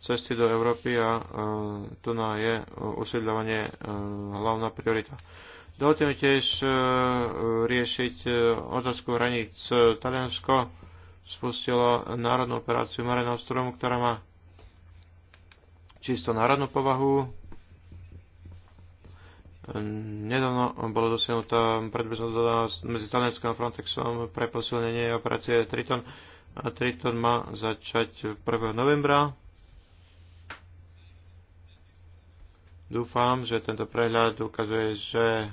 cesty do Európy a eh, tu na je usiedľovanie hlavná priorita. Dovolte mi tiež riešiť otázku hraníc. Taliansko spustilo národnú operáciu Mare Nostrum, ktorá má čisto národnú povahu. Nedávno bola dosiahnutá predbežná medzi Talianskom a Frontexom pre posilnenie operácie Triton. A Triton má začať 1. novembra. Dúfam, že tento prehľad ukazuje, že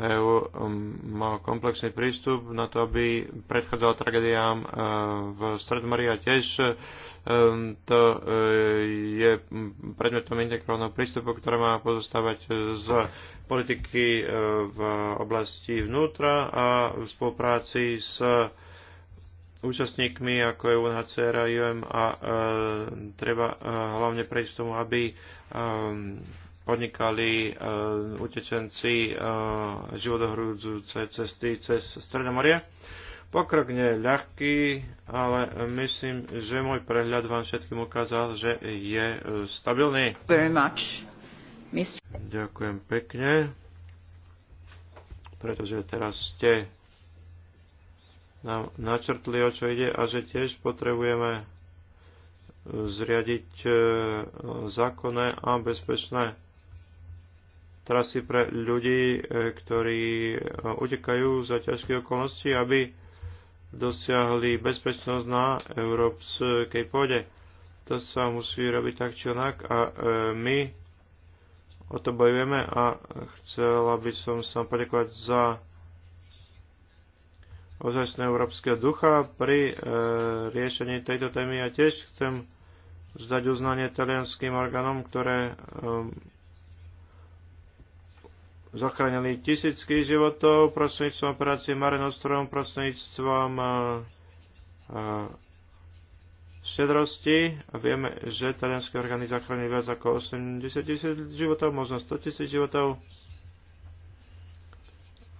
EU um, má komplexný prístup na to, aby predchádzala tragédiám e, v Stredomorí a tiež Ehm, to eh, je predmetom integrovaného prístupu, ktoré má pozostávať eh, z politiky eh, v oblasti vnútra a v spolupráci s účastníkmi ako je UNHCR a UM a e, treba e, hlavne prejsť tomu, aby e, podnikali e, utečenci e, životohrúdzujúce cesty cez Stredomorie Pokrok nie je ľahký, ale myslím, že môj prehľad vám všetkým ukázal, že je e, stabilný. Very much. Mr. Ďakujem pekne, pretože teraz ste nám načrtli, o čo ide a že tiež potrebujeme e, zriadiť e, zákonné a bezpečné trasy pre ľudí, ktorí utekajú za ťažké okolnosti, aby dosiahli bezpečnosť na európskej pôde. To sa musí robiť tak či onak a e, my o to bojujeme a chcela by som sa poďakovať za ozajstné európskeho ducha pri e, riešení tejto témy. Ja tiež chcem vzdať uznanie talianským orgánom, ktoré e, zachránili tisícky životov prostredníctvom operácie Marenostrom, prostredníctvom eh, eh, šedrosti a vieme, že talianské orgány zachránili viac ako 80 tisíc životov, možno 100 tisíc životov.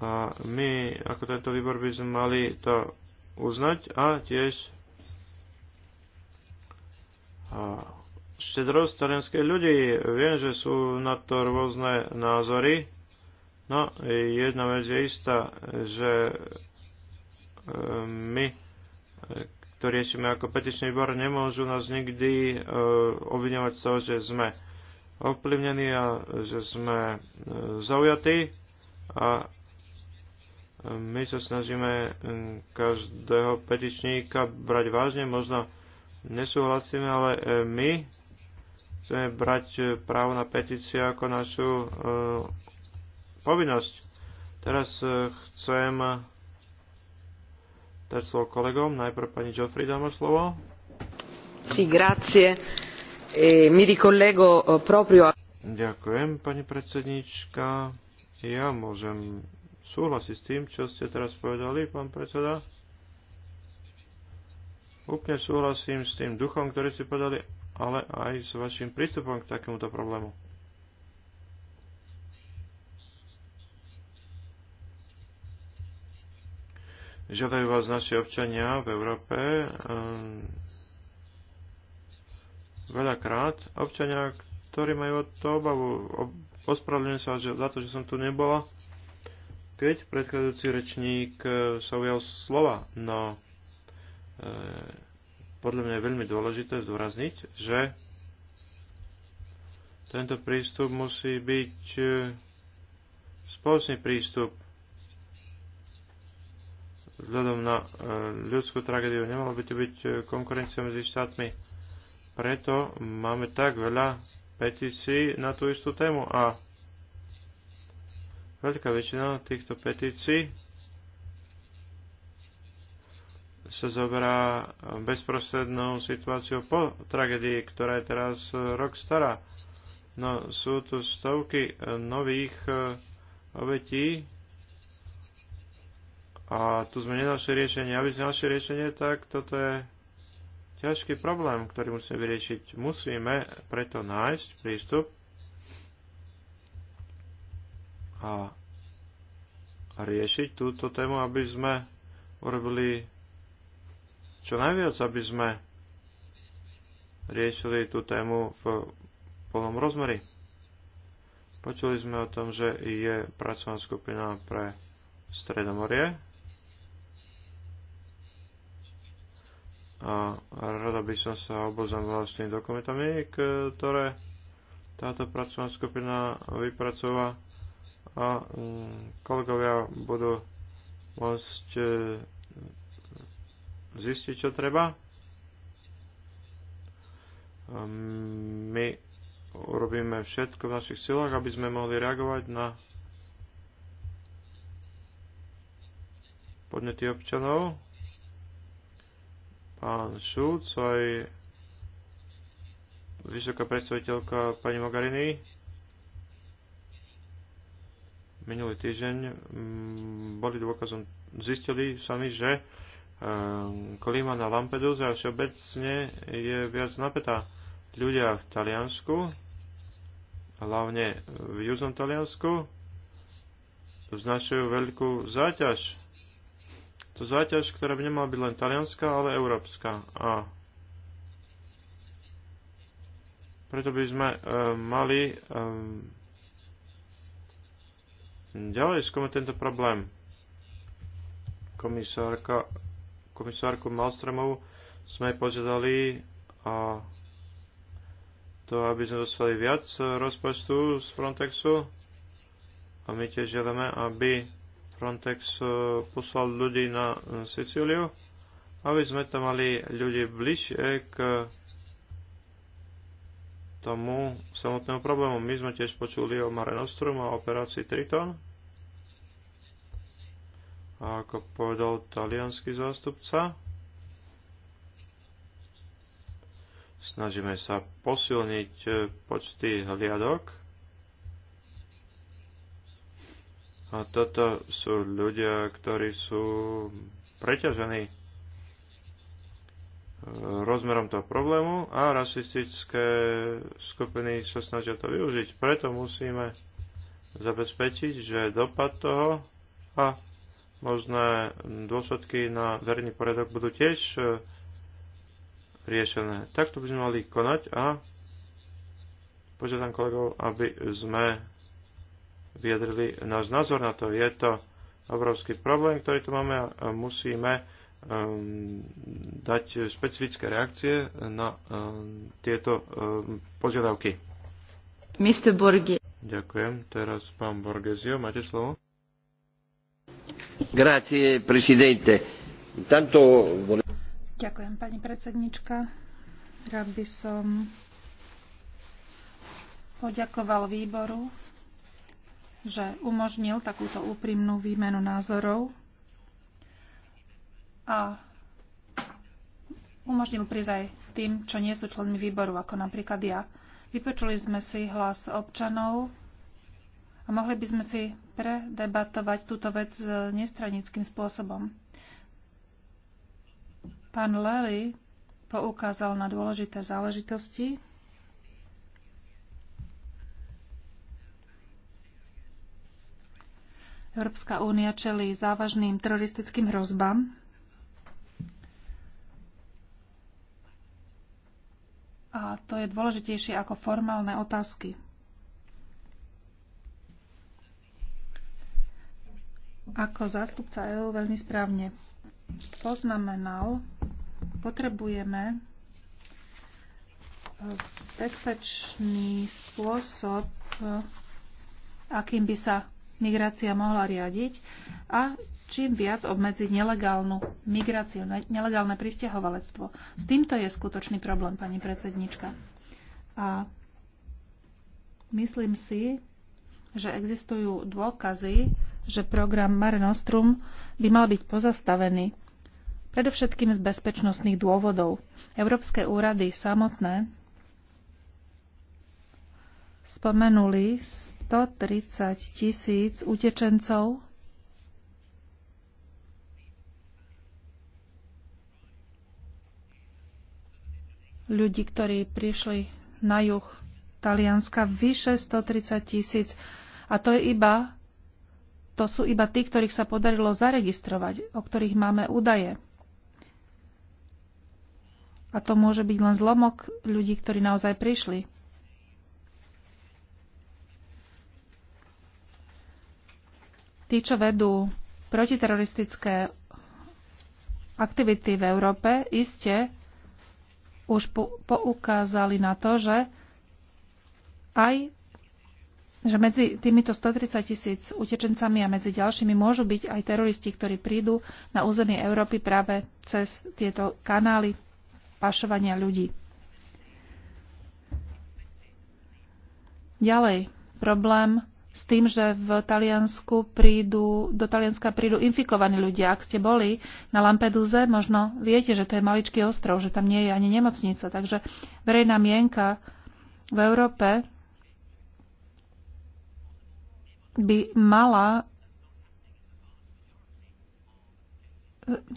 A my, ako tento výbor, by sme mali to uznať a tiež a eh, štedrosť talianských ľudí. Viem, že sú na to rôzne názory, No, jedna vec je istá, že e, my, to riešime ako petičný výbor, nemôžu nás nikdy e, obviňovať z toho, že sme ovplyvnení a že sme e, zaujatí a my sa snažíme každého petičníka brať vážne, možno nesúhlasíme, ale my chceme brať právo na petíciu ako našu povinnosť. Teraz e, chcem dať slovo kolegom. Najprv pani Joffrey dáme slovo. Sí, grazie. E, mi ricollego e, proprio a... Ďakujem, pani predsednička. Ja môžem súhlasiť s tým, čo ste teraz povedali, pán predseda. Úplne súhlasím s tým duchom, ktorý ste povedali, ale aj s vašim prístupom k takémuto problému. Žiadajú vás naši občania v Európe um, veľakrát. Občania, ktorí majú od toho obavu, ospravedlňujem sa že, za to, že som tu nebola, keď predchádzajúci rečník e, sa ujal slova, no e, podľa mňa je veľmi dôležité zdôrazniť, že tento prístup musí byť e, spoločný prístup vzhľadom na e, ľudskú tragédiu. Nemalo by to byť e, konkurencia medzi štátmi. Preto máme tak veľa petícií na tú istú tému a veľká väčšina týchto petícií sa zoberá bezprostrednou situáciou po tragédii, ktorá je teraz e, rok stará. No sú tu stovky nových obetí, a tu sme nenašli riešenie. Aby sme našli riešenie, tak toto je ťažký problém, ktorý musíme vyriešiť. Musíme preto nájsť prístup a riešiť túto tému, aby sme urobili čo najviac, aby sme riešili tú tému v plnom rozmeri. Počuli sme o tom, že je pracovná skupina pre Stredomorie, A rada by som sa oboznámila s tými dokumentami, ktoré táto pracovná skupina vypracová a mm, kolegovia budú môcť e, zistiť, čo treba. My urobíme všetko v našich silách, aby sme mohli reagovať na podnety občanov pán Šulc, aj vysoká predstaviteľka pani Mogarini. Minulý týždeň mm, boli dôkazom, zistili sami, že ehm, klíma na Lampedusa a všeobecne je viac napätá. Ľudia v Taliansku, hlavne v južnom Taliansku, znašajú veľkú záťaž to záťaž, ktorá by nemala byť len talianská, ale európska. A preto by sme e, mali e, ďalej skúmať tento problém. Komisárka, komisárku Malstromovu sme požiadali a to, aby sme dostali viac rozpočtu z Frontexu a my tiež želeme, aby Frontex e, poslal ľudí na e, Sicíliu, aby sme tam mali ľudí bližšie k tomu samotnému problému. My sme tiež počuli o Mare Nostrum a operácii Triton. A ako povedal talianský zástupca, snažíme sa posilniť e, počty hliadok A toto sú ľudia, ktorí sú preťažení eh, rozmerom toho problému a rasistické skupiny sa snažia to využiť. Preto musíme zabezpečiť, že dopad toho a možné dôsledky na verejný poriadok budú tiež eh, riešené. Takto by sme mali konať a požiadam kolegov, aby sme vyjadrili náš názor na to. Je to obrovský problém, ktorý tu máme a musíme ehm, dať špecifické reakcie na ehm, tieto ehm, požiadavky. Mr. Borgi. Ďakujem. Teraz pán Borgesio, máte slovo. Grazie, presidente. Tanto... Ďakujem, pani predsednička. Rád by som poďakoval výboru že umožnil takúto úprimnú výmenu názorov a umožnil prísť aj tým, čo nie sú členmi výboru, ako napríklad ja. Vypočuli sme si hlas občanov a mohli by sme si predebatovať túto vec nestranickým spôsobom. Pán Lely poukázal na dôležité záležitosti, Európska únia čelí závažným teroristickým hrozbám. A to je dôležitejšie ako formálne otázky. Ako zástupca EÚ veľmi správne poznamenal, potrebujeme bezpečný spôsob, akým by sa migrácia mohla riadiť a čím viac obmedziť nelegálnu migráciu, nelegálne pristahovalectvo. S týmto je skutočný problém, pani predsednička. A myslím si, že existujú dôkazy, že program Mare Nostrum by mal byť pozastavený, predovšetkým z bezpečnostných dôvodov. Európske úrady samotné spomenuli 130 tisíc utečencov. Ľudí, ktorí prišli na juh Talianska, vyše 130 tisíc. A to je iba to sú iba tí, ktorých sa podarilo zaregistrovať, o ktorých máme údaje. A to môže byť len zlomok ľudí, ktorí naozaj prišli. Tí, čo vedú protiteroristické aktivity v Európe, iste už poukázali na to, že aj že medzi týmito 130 tisíc utečencami a medzi ďalšími môžu byť aj teroristi, ktorí prídu na územie Európy práve cez tieto kanály pašovania ľudí. Ďalej, problém s tým, že v Taliansku prídu, do Talianska prídu infikovaní ľudia. Ak ste boli na Lampeduze, možno viete, že to je maličký ostrov, že tam nie je ani nemocnica. Takže verejná mienka v Európe by mala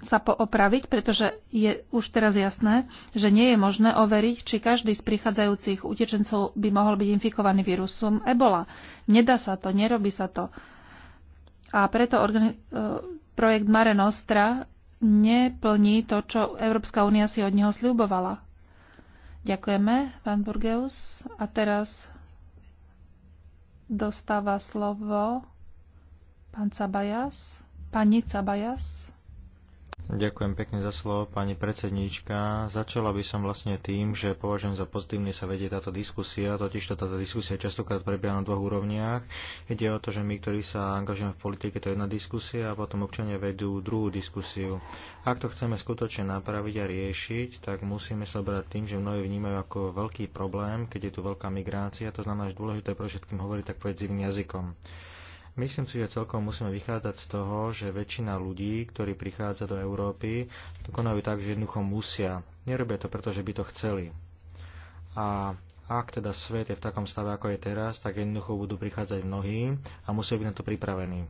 sa poopraviť, pretože je už teraz jasné, že nie je možné overiť, či každý z prichádzajúcich utečencov by mohol byť infikovaný vírusom Ebola. Nedá sa to, nerobí sa to. A preto e, projekt Mare Nostra neplní to, čo Európska únia si od neho sľubovala. Ďakujeme, pán Burgeus. A teraz dostáva slovo pán Cabajas, pani Cabajas. Ďakujem pekne za slovo, pani predsedníčka. Začala by som vlastne tým, že považujem za pozitívne sa vedie táto diskusia, totiž to táto diskusia častokrát prebieha na dvoch úrovniach. Ide o to, že my, ktorí sa angažujeme v politike, to je jedna diskusia a potom občania vedú druhú diskusiu. Ak to chceme skutočne napraviť a riešiť, tak musíme sa brať tým, že mnohí vnímajú ako veľký problém, keď je tu veľká migrácia, to znamená, že dôležité pre všetkým hovoriť tak povedať jazykom. Myslím si, že celkom musíme vychádzať z toho, že väčšina ľudí, ktorí prichádza do Európy, to konajú tak, že jednoducho musia. Nerobia to, pretože by to chceli. A ak teda svet je v takom stave, ako je teraz, tak jednoducho budú prichádzať mnohí a musia byť na to pripravení.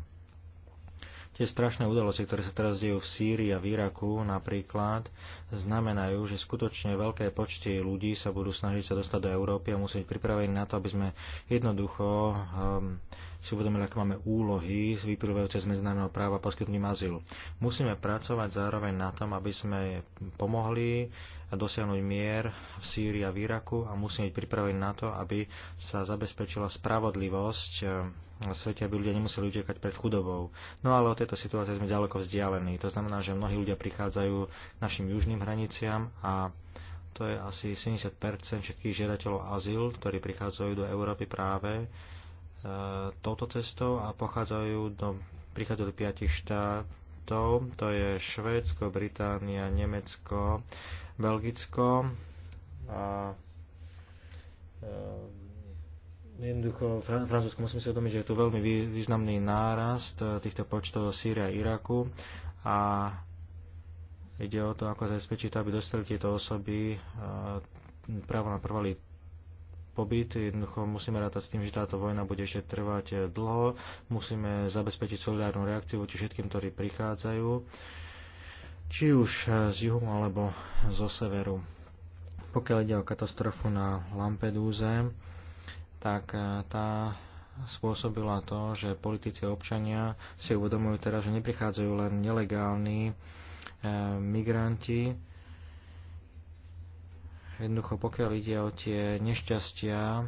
Tie strašné udalosti, ktoré sa teraz dejú v Sýrii a v Iraku napríklad, znamenajú, že skutočne veľké počty ľudí sa budú snažiť sa dostať do Európy a musieť pripravení na to, aby sme jednoducho um, si uvedomili, aké máme úlohy vyprúvajúce z medzinárodného práva poskytnutím azylu. Musíme pracovať zároveň na tom, aby sme pomohli dosiahnuť mier v Sýrii a v Iraku a musíme byť pripravení na to, aby sa zabezpečila spravodlivosť eh, na svete, aby ľudia nemuseli utekať pred chudobou. No ale od tejto situácie sme ďaleko vzdialení. To znamená, že mnohí ľudia prichádzajú k našim južným hraniciam a to je asi 70 všetkých žiadateľov azyl, ktorí prichádzajú do Európy práve E, touto cestou a pochádzajú do, prichádzajú do piatich štátov, to je Švédsko, Británia, Nemecko, Belgicko a e, Jednoducho, Francúzsko musím si uvedomiť, že je tu veľmi významný nárast e, týchto počtov Sýria a Iraku a ide o to, ako zabezpečiť, aby dostali tieto osoby právo na prvalý pobyt. Jednoducho musíme rátať s tým, že táto vojna bude ešte trvať eh, dlho. Musíme zabezpečiť solidárnu reakciu voči všetkým, ktorí prichádzajú, či už eh, z juhu alebo zo severu. Pokiaľ ide o katastrofu na Lampedúze, tak eh, tá spôsobila to, že politici a občania si uvedomujú teraz, že neprichádzajú len nelegálni migranti, Jednoducho, pokiaľ ide o tie nešťastia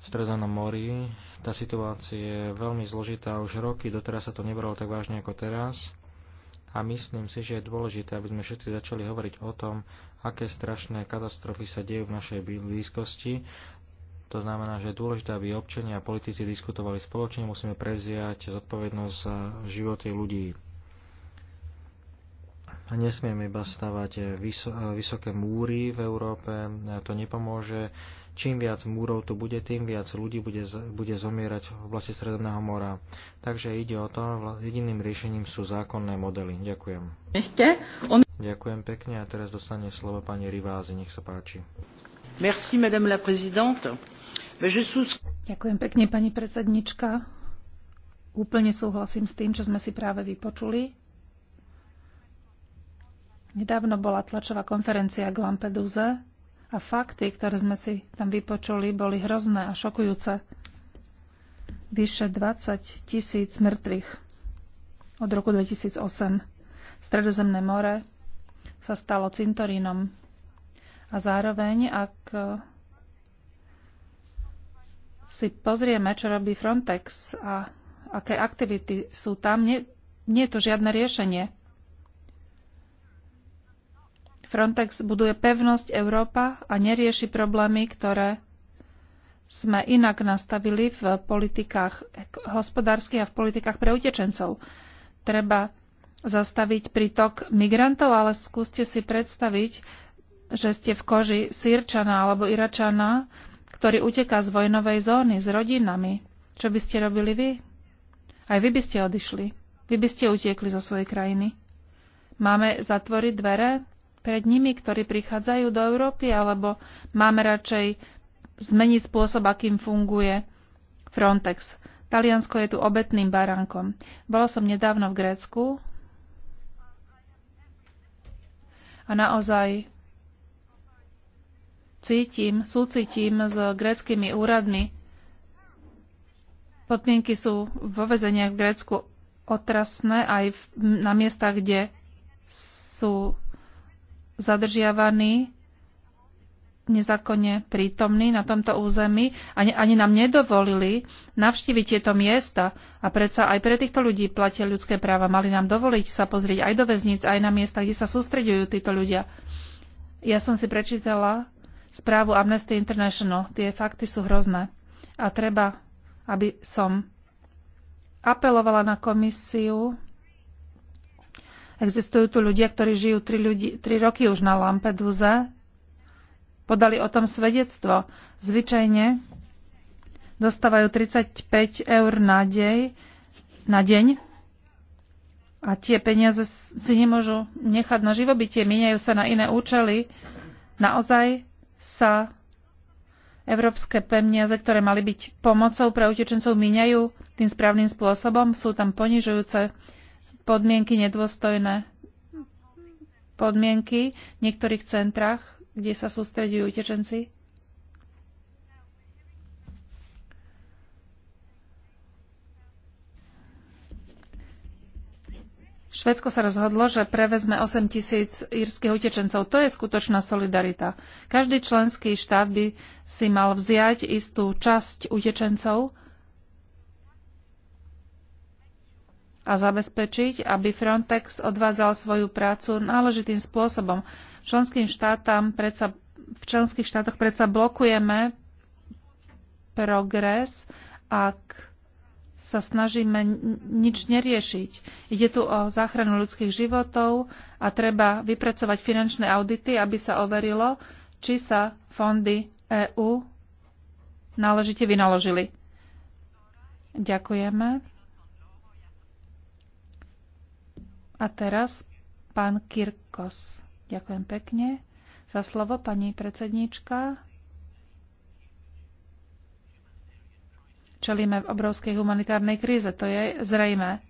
v Strezanom mori, tá situácia je veľmi zložitá už roky, doteraz sa to nebralo tak vážne ako teraz. A myslím si, že je dôležité, aby sme všetci začali hovoriť o tom, aké strašné katastrofy sa dejú v našej blízkosti. To znamená, že je dôležité, aby občania a politici diskutovali spoločne, musíme prevziať zodpovednosť za životy ľudí. A nesmieme iba stavať eh, eh, vysoké múry v Európe, eh, to nepomôže. Čím viac múrov tu bude, tým viac ľudí bude, bude zomierať v oblasti Stredného mora. Takže ide o to, jediným riešením sú zákonné modely. Ďakujem. Ešte? On... Ďakujem pekne a teraz dostane slovo pani Rivázy, nech sa páči. Merci, madame la présidente. Ďakujem pekne, pani predsednička. Úplne súhlasím s tým, čo sme si práve vypočuli Nedávno bola tlačová konferencia k Lampeduze a fakty, ktoré sme si tam vypočuli, boli hrozné a šokujúce. Vyše 20 tisíc mŕtvych od roku 2008. Stredozemné more sa stalo cintorínom. A zároveň, ak si pozrieme, čo robí Frontex a aké aktivity sú tam, nie, nie je to žiadne riešenie. Frontex buduje pevnosť Európa a nerieši problémy, ktoré sme inak nastavili v politikách hospodárskych a v politikách pre utečencov. Treba zastaviť prítok migrantov, ale skúste si predstaviť, že ste v koži sírčana alebo iračana, ktorý uteká z vojnovej zóny s rodinami. Čo by ste robili vy? Aj vy by ste odišli. Vy by ste utiekli zo svojej krajiny. Máme zatvoriť dvere pred nimi, ktorí prichádzajú do Európy, alebo máme radšej zmeniť spôsob, akým funguje Frontex. Taliansko je tu obetným baránkom. Bolo som nedávno v Grécku a naozaj cítim, súcitím s gréckými úradmi. Podmienky sú vo vezeniach v Grécku otrasné aj v, na miestach, kde sú zadržiavaní nezákonne prítomní na tomto území a ani, ani nám nedovolili navštíviť tieto miesta. A predsa aj pre týchto ľudí platia ľudské práva. Mali nám dovoliť sa pozrieť aj do väzníc, aj na miesta, kde sa sústreďujú títo ľudia. Ja som si prečítala správu Amnesty International. Tie fakty sú hrozné. A treba, aby som apelovala na komisiu, Existujú tu ľudia, ktorí žijú 3, ľudí, 3 roky už na Lampeduze. Podali o tom svedectvo. Zvyčajne dostávajú 35 eur na, dej, na deň a tie peniaze si nemôžu nechať na živobytie, míňajú sa na iné účely. Naozaj sa európske peniaze, ktoré mali byť pomocou pre utečencov, míňajú tým správnym spôsobom. Sú tam ponižujúce podmienky, nedôstojné podmienky v niektorých centrách, kde sa sústredujú utečenci? Švedsko sa rozhodlo, že prevezme 8 tisíc írskych utečencov. To je skutočná solidarita. Každý členský štát by si mal vziať istú časť utečencov, a zabezpečiť, aby Frontex odvádzal svoju prácu náležitým spôsobom. Členským štátam predsa, v členských štátoch predsa blokujeme progres, ak sa snažíme nič neriešiť. Ide tu o záchranu ľudských životov a treba vypracovať finančné audity, aby sa overilo, či sa fondy EÚ náležite vynaložili. Ďakujeme. A teraz pán Kirkos. Ďakujem pekne za slovo, pani predsednička. Čelíme v obrovskej humanitárnej kríze, to je zrejme.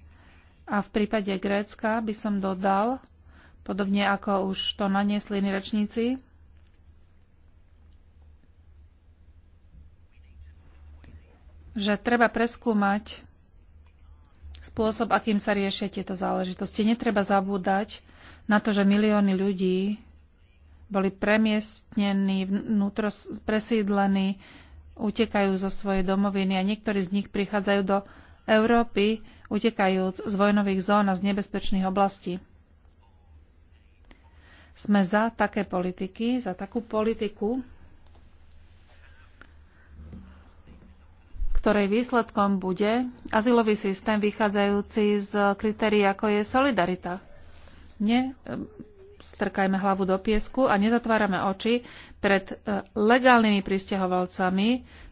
A v prípade Grécka by som dodal, podobne ako už to naniesli iní rečníci, že treba preskúmať spôsob, akým sa riešia tieto záležitosti. Netreba zabúdať na to, že milióny ľudí boli premiestnení, vnútro presídlení, utekajú zo svojej domoviny a niektorí z nich prichádzajú do Európy, utekajúc z vojnových zón a z nebezpečných oblastí. Sme za také politiky, za takú politiku, ktorej výsledkom bude azylový systém vychádzajúci z kritérií, ako je solidarita. Ne, strkajme hlavu do piesku a nezatvárame oči pred e, legálnymi pristahovalcami.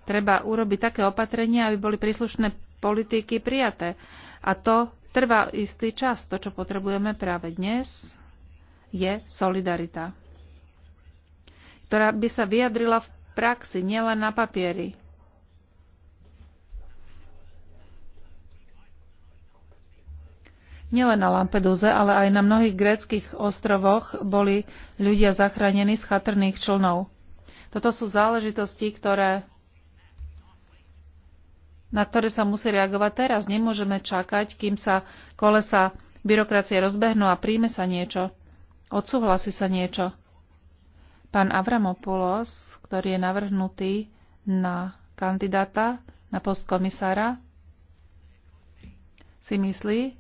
Treba urobiť také opatrenia, aby boli príslušné politiky prijaté. A to trvá istý čas. To, čo potrebujeme práve dnes, je solidarita, ktorá by sa vyjadrila v praxi, nielen na papieri. Nielen na Lampeduze, ale aj na mnohých gréckých ostrovoch boli ľudia zachránení z chatrných člnov. Toto sú záležitosti, ktoré, na ktoré sa musí reagovať teraz. Nemôžeme čakať, kým sa kolesa byrokracie rozbehnú a príjme sa niečo. Odsúhlasí sa niečo. Pán Avramopoulos, ktorý je navrhnutý na kandidáta na post komisára, si myslí,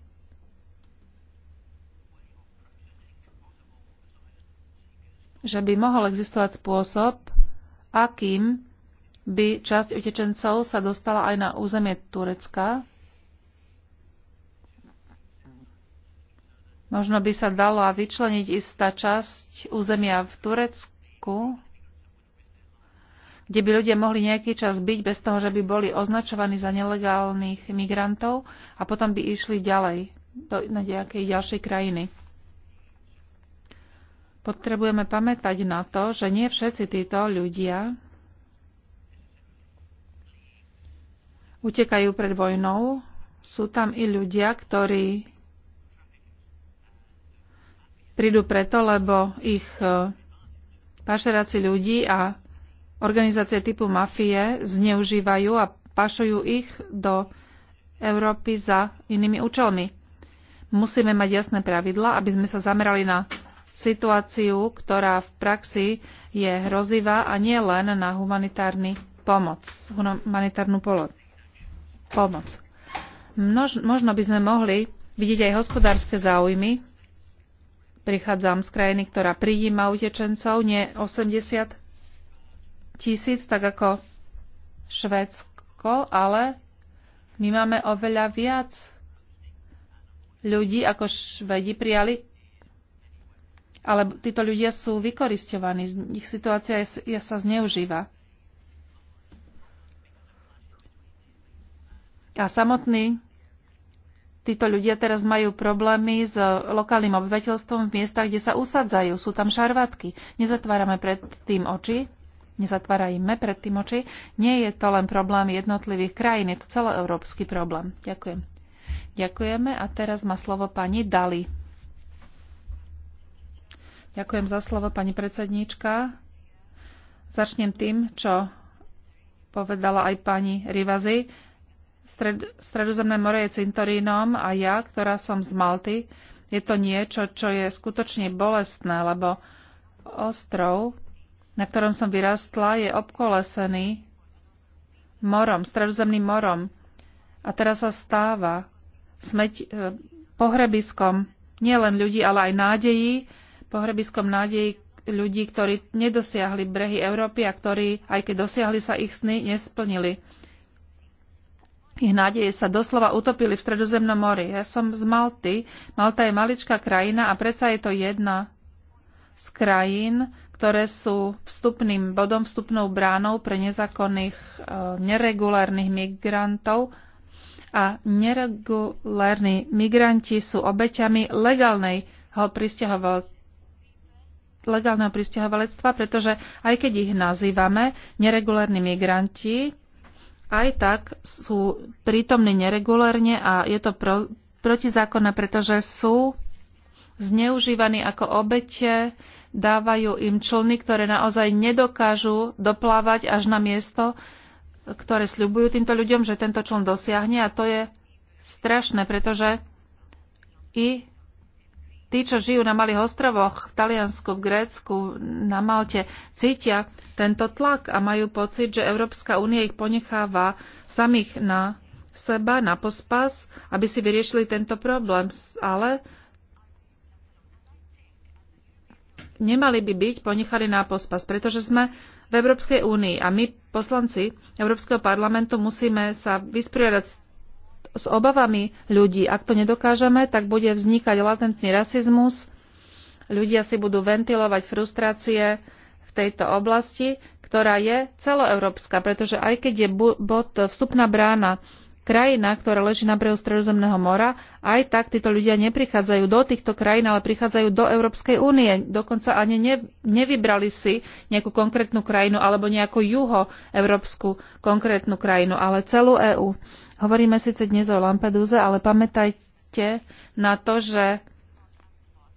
že by mohol existovať spôsob, akým by časť utečencov sa dostala aj na územie Turecka. Možno by sa dalo vyčleniť istá časť územia v Turecku, kde by ľudia mohli nejaký čas byť bez toho, že by boli označovaní za nelegálnych migrantov a potom by išli ďalej do, na nejakej ďalšej krajiny. Potrebujeme pamätať na to, že nie všetci títo ľudia utekajú pred vojnou. Sú tam i ľudia, ktorí prídu preto, lebo ich e, pašeráci ľudí a organizácie typu mafie zneužívajú a pašujú ich do Európy za inými účelmi. Musíme mať jasné pravidla, aby sme sa zamerali na situáciu, ktorá v praxi je hrozivá a nie len na humanitárny pomoc, humanitárnu pomoc. Množ, možno by sme mohli vidieť aj hospodárske záujmy. Prichádzam z krajiny, ktorá prijíma utečencov, nie 80 tisíc, tak ako Švédsko, ale my máme oveľa viac ľudí, ako Švedi prijali ale títo ľudia sú vykoristovaní, ich situácia je, je, sa zneužíva. A samotní títo ľudia teraz majú problémy s lokálnym obyvateľstvom v miestach, kde sa usadzajú. Sú tam šarvátky. Nezatvárame pred tým oči, nezatvárajme pred tým oči. Nie je to len problém jednotlivých krajín, je to celoeurópsky problém. Ďakujem. Ďakujeme a teraz má slovo pani Dali. Ďakujem za slovo, pani predsedníčka. Začnem tým, čo povedala aj pani Rivazy. Stred, Stredozemné more je cintorínom a ja, ktorá som z Malty, je to niečo, čo je skutočne bolestné, lebo ostrov, na ktorom som vyrastla, je obkolesený morom, stredozemným morom. A teraz sa stáva smeť, eh, pohrebiskom nielen ľudí, ale aj nádejí, pohrebiskom nádej ľudí, ktorí nedosiahli brehy Európy a ktorí, aj keď dosiahli sa ich sny, nesplnili. Ich nádeje sa doslova utopili v Stredozemnom mori. Ja som z Malty. Malta je maličká krajina a predsa je to jedna z krajín, ktoré sú vstupným bodom, vstupnou bránou pre nezákonných, e, neregulárnych migrantov. A neregulárni migranti sú obeťami legálnej pristahovalstva legálneho pristahovalectva, pretože aj keď ich nazývame neregulárni migranti, aj tak sú prítomní neregulárne a je to pro, protizákonné, pretože sú zneužívaní ako obete, dávajú im člny, ktoré naozaj nedokážu doplávať až na miesto, ktoré sľubujú týmto ľuďom, že tento čln dosiahne a to je strašné, pretože i tí, čo žijú na malých ostrovoch v Taliansku, v Grécku, na Malte, cítia tento tlak a majú pocit, že Európska únia ich ponecháva samých na seba, na pospas, aby si vyriešili tento problém. Ale nemali by byť ponechali na pospas, pretože sme v Európskej únii a my, poslanci Európskeho parlamentu, musíme sa vysporiadať s s obavami ľudí. Ak to nedokážeme, tak bude vznikať latentný rasizmus, ľudia si budú ventilovať frustrácie v tejto oblasti, ktorá je celoeurópska, pretože aj keď je bod vstupná brána krajina, ktorá leží na brehu Stredozemného mora, aj tak títo ľudia neprichádzajú do týchto krajín, ale prichádzajú do Európskej únie. Dokonca ani ne, nevybrali si nejakú konkrétnu krajinu alebo nejakú juhoeurópsku konkrétnu krajinu, ale celú EÚ. Hovoríme síce dnes o Lampeduze, ale pamätajte na to, že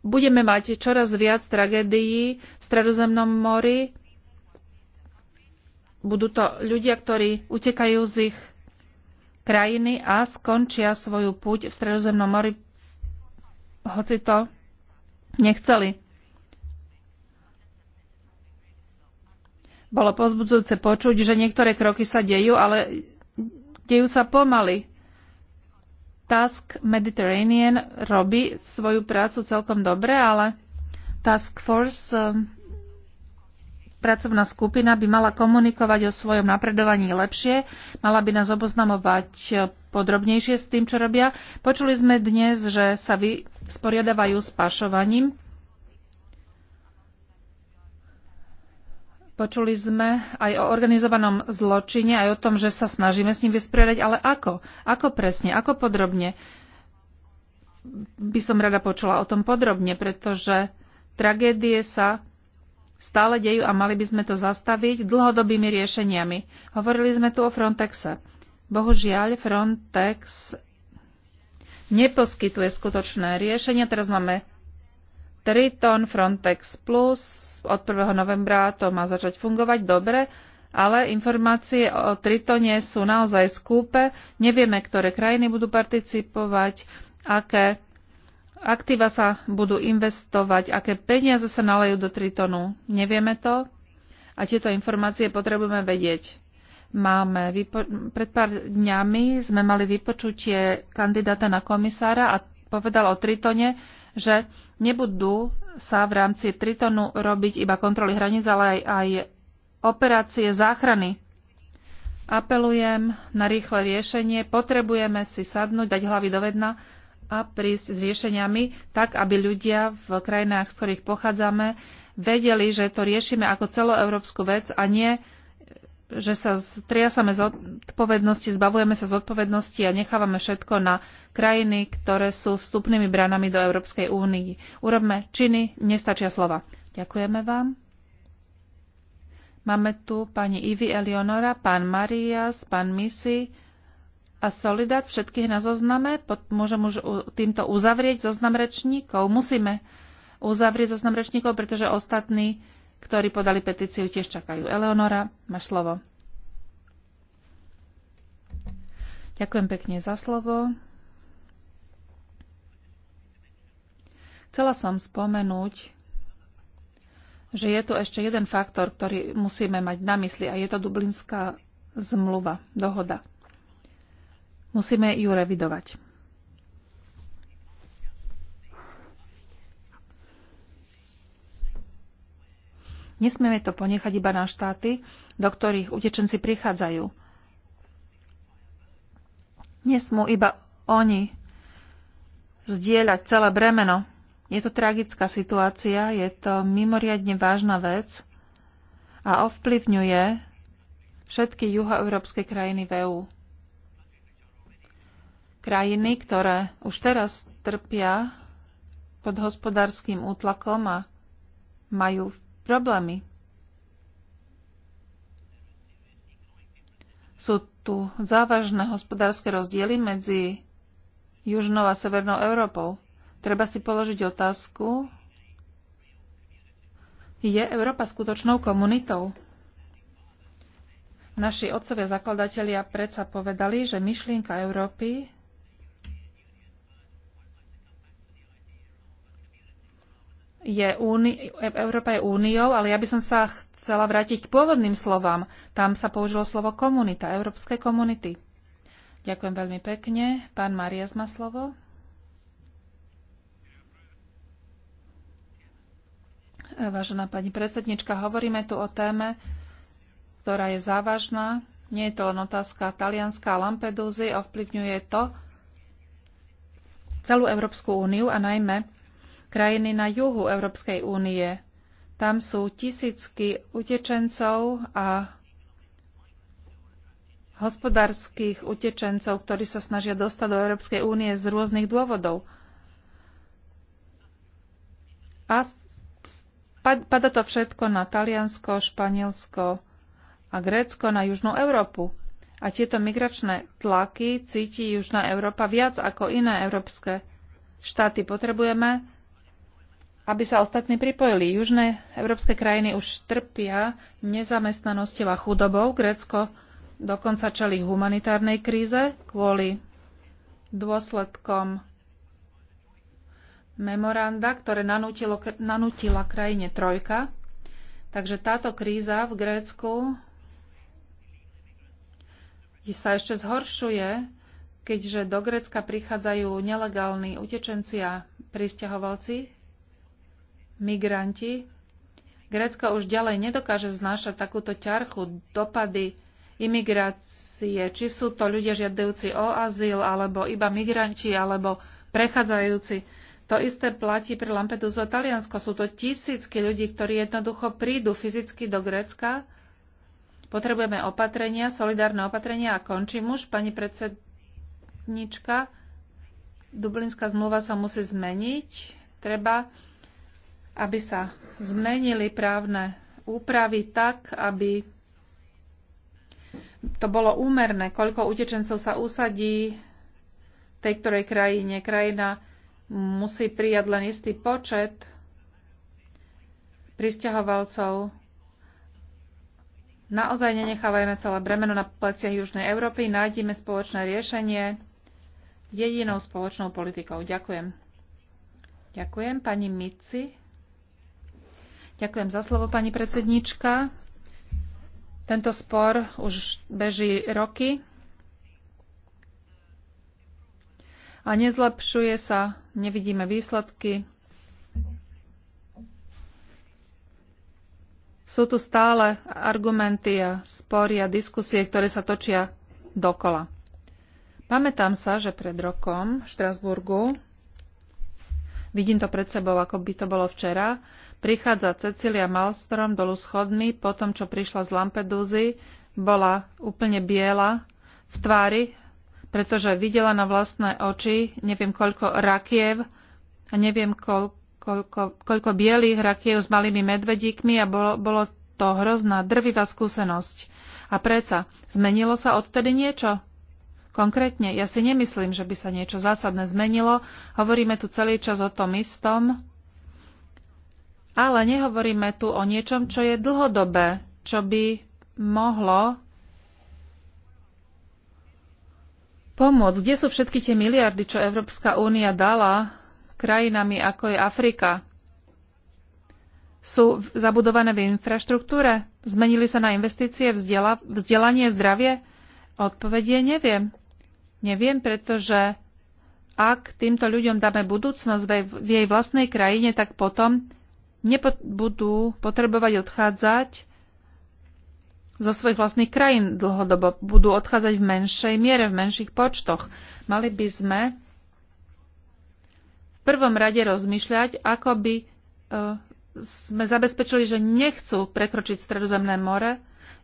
budeme mať čoraz viac tragédií v Stredozemnom mori. Budú to ľudia, ktorí utekajú z ich krajiny a skončia svoju púť v Stredozemnom mori, hoci to nechceli. Bolo pozbudzujúce počuť, že niektoré kroky sa dejú, ale dejú sa pomaly. Task Mediterranean robí svoju prácu celkom dobre, ale Task Force pracovná skupina by mala komunikovať o svojom napredovaní lepšie, mala by nás oboznamovať e, podrobnejšie s tým, čo robia. Počuli sme dnes, že sa vysporiadavajú s pašovaním. Počuli sme aj o organizovanom zločine, aj o tom, že sa snažíme s ním vysporiadať, ale ako? Ako presne? Ako podrobne? By som rada počula o tom podrobne, pretože tragédie sa stále dejú a mali by sme to zastaviť dlhodobými riešeniami. Hovorili sme tu o Frontexe. Bohužiaľ, Frontex neposkytuje skutočné riešenia. Teraz máme Triton Frontex Plus. Od 1. novembra to má začať fungovať dobre, ale informácie o Tritone sú naozaj skúpe. Nevieme, ktoré krajiny budú participovať, aké aktíva sa budú investovať, aké peniaze sa nalejú do Tritonu. Nevieme to a tieto informácie potrebujeme vedieť. Máme vypo- pred pár dňami sme mali vypočutie kandidáta na komisára a povedal o Tritone, že nebudú sa v rámci Tritonu robiť iba kontroly hraníc, ale aj, aj operácie záchrany. Apelujem na rýchle riešenie, potrebujeme si sadnúť, dať hlavy do vedna a prísť s riešeniami tak, aby ľudia v krajinách, z ktorých pochádzame, vedeli, že to riešime ako celoeurópsku vec a nie, že sa triasame z odpovednosti, zbavujeme sa z odpovednosti a nechávame všetko na krajiny, ktoré sú vstupnými branami do Európskej únie. Urobme činy, nestačia slova. Ďakujeme vám. Máme tu pani Ivy Eleonora, pán Marias, pán Misi, a Solidat všetkých na zozname. Pod, môžem už týmto uzavrieť zoznam rečníkov. Musíme uzavrieť zoznam rečníkov, pretože ostatní, ktorí podali petíciu, tiež čakajú. Eleonora, máš slovo. Ďakujem pekne za slovo. Chcela som spomenúť, že je tu ešte jeden faktor, ktorý musíme mať na mysli a je to Dublinská zmluva, dohoda. Musíme ju revidovať. Nesmieme to ponechať iba na štáty, do ktorých utečenci prichádzajú. Nesmú iba oni zdieľať celé bremeno. Je to tragická situácia, je to mimoriadne vážna vec a ovplyvňuje všetky juhoeurópske krajiny v EÚ. Krajiny, ktoré už teraz trpia pod hospodárským útlakom a majú problémy. Sú tu závažné hospodárske rozdiely medzi Južnou a Severnou Európou. Treba si položiť otázku, je Európa skutočnou komunitou? Naši otcovia zakladatelia predsa povedali, že myšlienka Európy je úni- Európa je úniou, ale ja by som sa chcela vrátiť k pôvodným slovám. Tam sa použilo slovo komunita, európske komunity. Ďakujem veľmi pekne. Pán Marias má slovo. Vážená pani predsednička, hovoríme tu o téme, ktorá je závažná. Nie je to len otázka talianská Lampedúzy, ovplyvňuje to celú Európsku úniu a najmä krajiny na juhu Európskej únie. Tam sú tisícky utečencov a hospodárskych utečencov, ktorí sa snažia dostať do Európskej únie z rôznych dôvodov. A pada to všetko na Taliansko, Španielsko a Grécko, na Južnú Európu. A tieto migračné tlaky cíti Južná Európa viac ako iné európske štáty. Potrebujeme aby sa ostatní pripojili. Južné európske krajiny už trpia nezamestnanosťou a chudobou. Grécko dokonca čeli humanitárnej kríze kvôli dôsledkom memoranda, ktoré nanútilo, nanútila krajine trojka. Takže táto kríza v Grécku sa ešte zhoršuje, keďže do Grécka prichádzajú nelegálni utečenci a pristahovalci migranti. Grécko už ďalej nedokáže znášať takúto ťarchu, dopady imigrácie, či sú to ľudia žiadajúci o azyl, alebo iba migranti, alebo prechádzajúci. To isté platí pre Lampedusu a Taliansko. Sú to tisícky ľudí, ktorí jednoducho prídu fyzicky do Grécka. Potrebujeme opatrenia, solidárne opatrenia a končím už, pani predsednička. Dublinská zmluva sa musí zmeniť. Treba aby sa zmenili právne úpravy tak, aby to bolo úmerné, koľko utečencov sa usadí v tej ktorej krajine. Krajina musí prijať len istý počet pristahovalcov. Naozaj nenechávajme celé bremeno na pleciach Južnej Európy, nájdime spoločné riešenie jedinou spoločnou politikou. Ďakujem. Ďakujem pani Mici. Ďakujem za slovo, pani predsednička. Tento spor už beží roky a nezlepšuje sa, nevidíme výsledky. Sú tu stále argumenty a spory a diskusie, ktoré sa točia dokola. Pamätám sa, že pred rokom v Štrasburgu, vidím to pred sebou, ako by to bolo včera, Prichádza Cecilia Malstrom dolu schodmi, po tom, čo prišla z Lampedúzy, bola úplne biela v tvári, pretože videla na vlastné oči neviem koľko rakiev a neviem koľko, koľko, koľko bielých rakiev s malými medvedíkmi a bolo, bolo to hrozná, drvivá skúsenosť. A preca, zmenilo sa odtedy niečo? Konkrétne, ja si nemyslím, že by sa niečo zásadné zmenilo. Hovoríme tu celý čas o tom istom. Ale nehovoríme tu o niečom, čo je dlhodobé, čo by mohlo pomôcť. Kde sú všetky tie miliardy, čo Európska únia dala krajinami, ako je Afrika? Sú zabudované v infraštruktúre? Zmenili sa na investície, vzdiela, vzdelanie, zdravie? Odpovedie neviem. Neviem, pretože ak týmto ľuďom dáme budúcnosť v jej vlastnej krajine, tak potom nebudú potrebovať odchádzať zo svojich vlastných krajín dlhodobo. Budú odchádzať v menšej miere, v menších počtoch. Mali by sme v prvom rade rozmýšľať, ako by e, sme zabezpečili, že nechcú prekročiť Stredozemné more.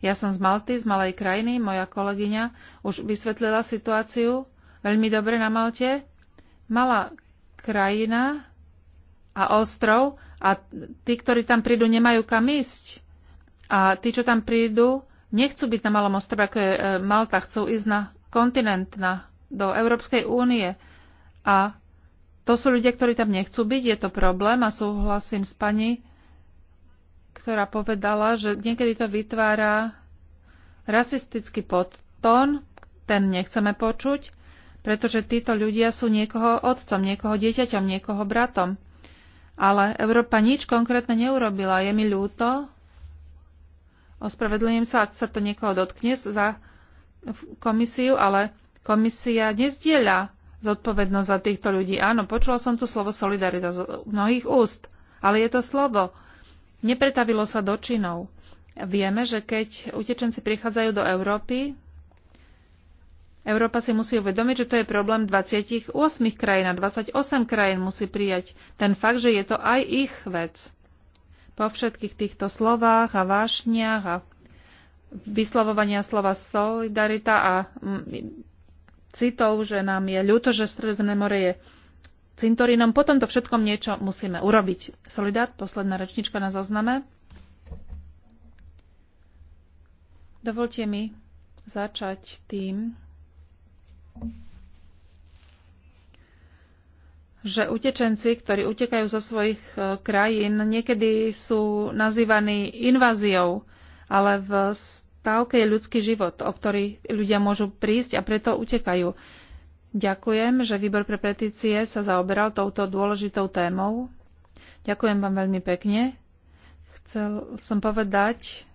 Ja som z Malty, z malej krajiny, moja kolegyňa už vysvetlila situáciu veľmi dobre na Malte. Malá krajina a ostrov a tí, ktorí tam prídu, nemajú kam ísť. A tí, čo tam prídu, nechcú byť na malom ostrove, ako je e, Malta, chcú ísť na kontinent, na, do Európskej únie. A to sú ľudia, ktorí tam nechcú byť, je to problém a súhlasím s pani, ktorá povedala, že niekedy to vytvára rasistický podtón, ten nechceme počuť, pretože títo ľudia sú niekoho otcom, niekoho dieťaťom, niekoho bratom. Ale Európa nič konkrétne neurobila. Je mi ľúto. Ospravedlňujem sa, ak sa to niekoho dotkne za komisiu, ale komisia nezdieľa zodpovednosť za týchto ľudí. Áno, počula som tu slovo solidarita z mnohých úst, ale je to slovo. Nepretavilo sa do činov. Vieme, že keď utečenci prichádzajú do Európy, Európa si musí uvedomiť, že to je problém 28 krajín a 28 krajín musí prijať ten fakt, že je to aj ich vec. Po všetkých týchto slovách a vášniach a vyslovovania slova solidarita a mm, citov, že nám je ľúto, že Stredozemné more je cintorínom. Potom to všetkom niečo musíme urobiť. Solidát, posledná rečnička na zozname. Dovolte mi začať tým, že utečenci, ktorí utekajú zo svojich e, krajín, niekedy sú nazývaní inváziou, ale v stávke je ľudský život, o ktorý ľudia môžu prísť a preto utekajú. Ďakujem, že výbor pre petície sa zaoberal touto dôležitou témou. Ďakujem vám veľmi pekne. Chcel som povedať,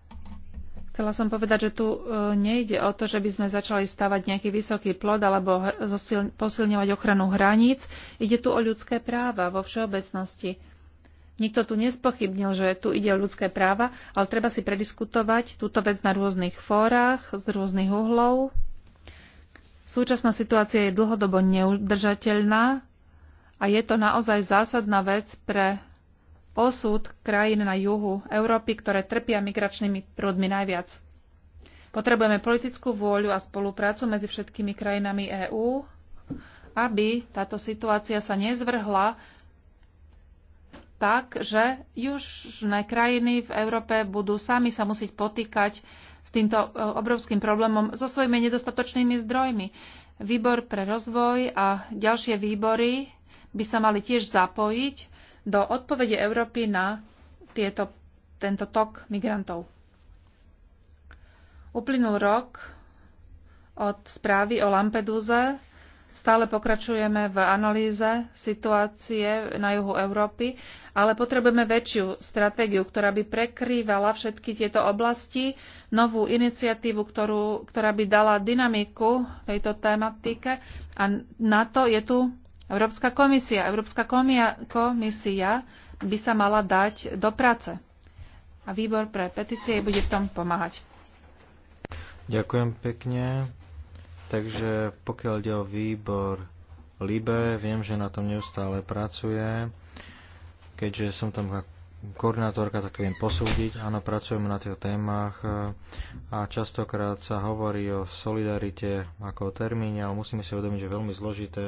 Chcela som povedať, že tu e, nejde o to, že by sme začali stavať nejaký vysoký plod alebo posilňovať ochranu hraníc. Ide tu o ľudské práva vo všeobecnosti. Nikto tu nespochybnil, že tu ide o ľudské práva, ale treba si prediskutovať túto vec na rôznych fórach, z rôznych uhlov. Súčasná situácia je dlhodobo neudržateľná a je to naozaj zásadná vec pre osud krajín na juhu Európy, ktoré trpia migračnými prúdmi najviac. Potrebujeme politickú vôľu a spoluprácu medzi všetkými krajinami EÚ, aby táto situácia sa nezvrhla tak, že južné krajiny v Európe budú sami sa musieť potýkať s týmto e, obrovským problémom so svojimi nedostatočnými zdrojmi. Výbor pre rozvoj a ďalšie výbory by sa mali tiež zapojiť do odpovede Európy na tieto, tento tok migrantov. Uplynul rok od správy o Lampeduze. Stále pokračujeme v analýze situácie na juhu Európy, ale potrebujeme väčšiu stratégiu, ktorá by prekrývala všetky tieto oblasti, novú iniciatívu, ktorú, ktorá by dala dynamiku tejto tematike. A na to je tu Európska komisia. Európska komia, komisia by sa mala dať do práce. A výbor pre petície bude v tom pomáhať. Ďakujem pekne. Takže pokiaľ ide o výbor Libe, viem, že na tom neustále pracuje, keďže som tam koordinátorka, tak to viem posúdiť. Áno, pracujeme na týchto témach eh, a častokrát sa hovorí o solidarite ako o termíne, ale musíme si uvedomiť, že je veľmi zložité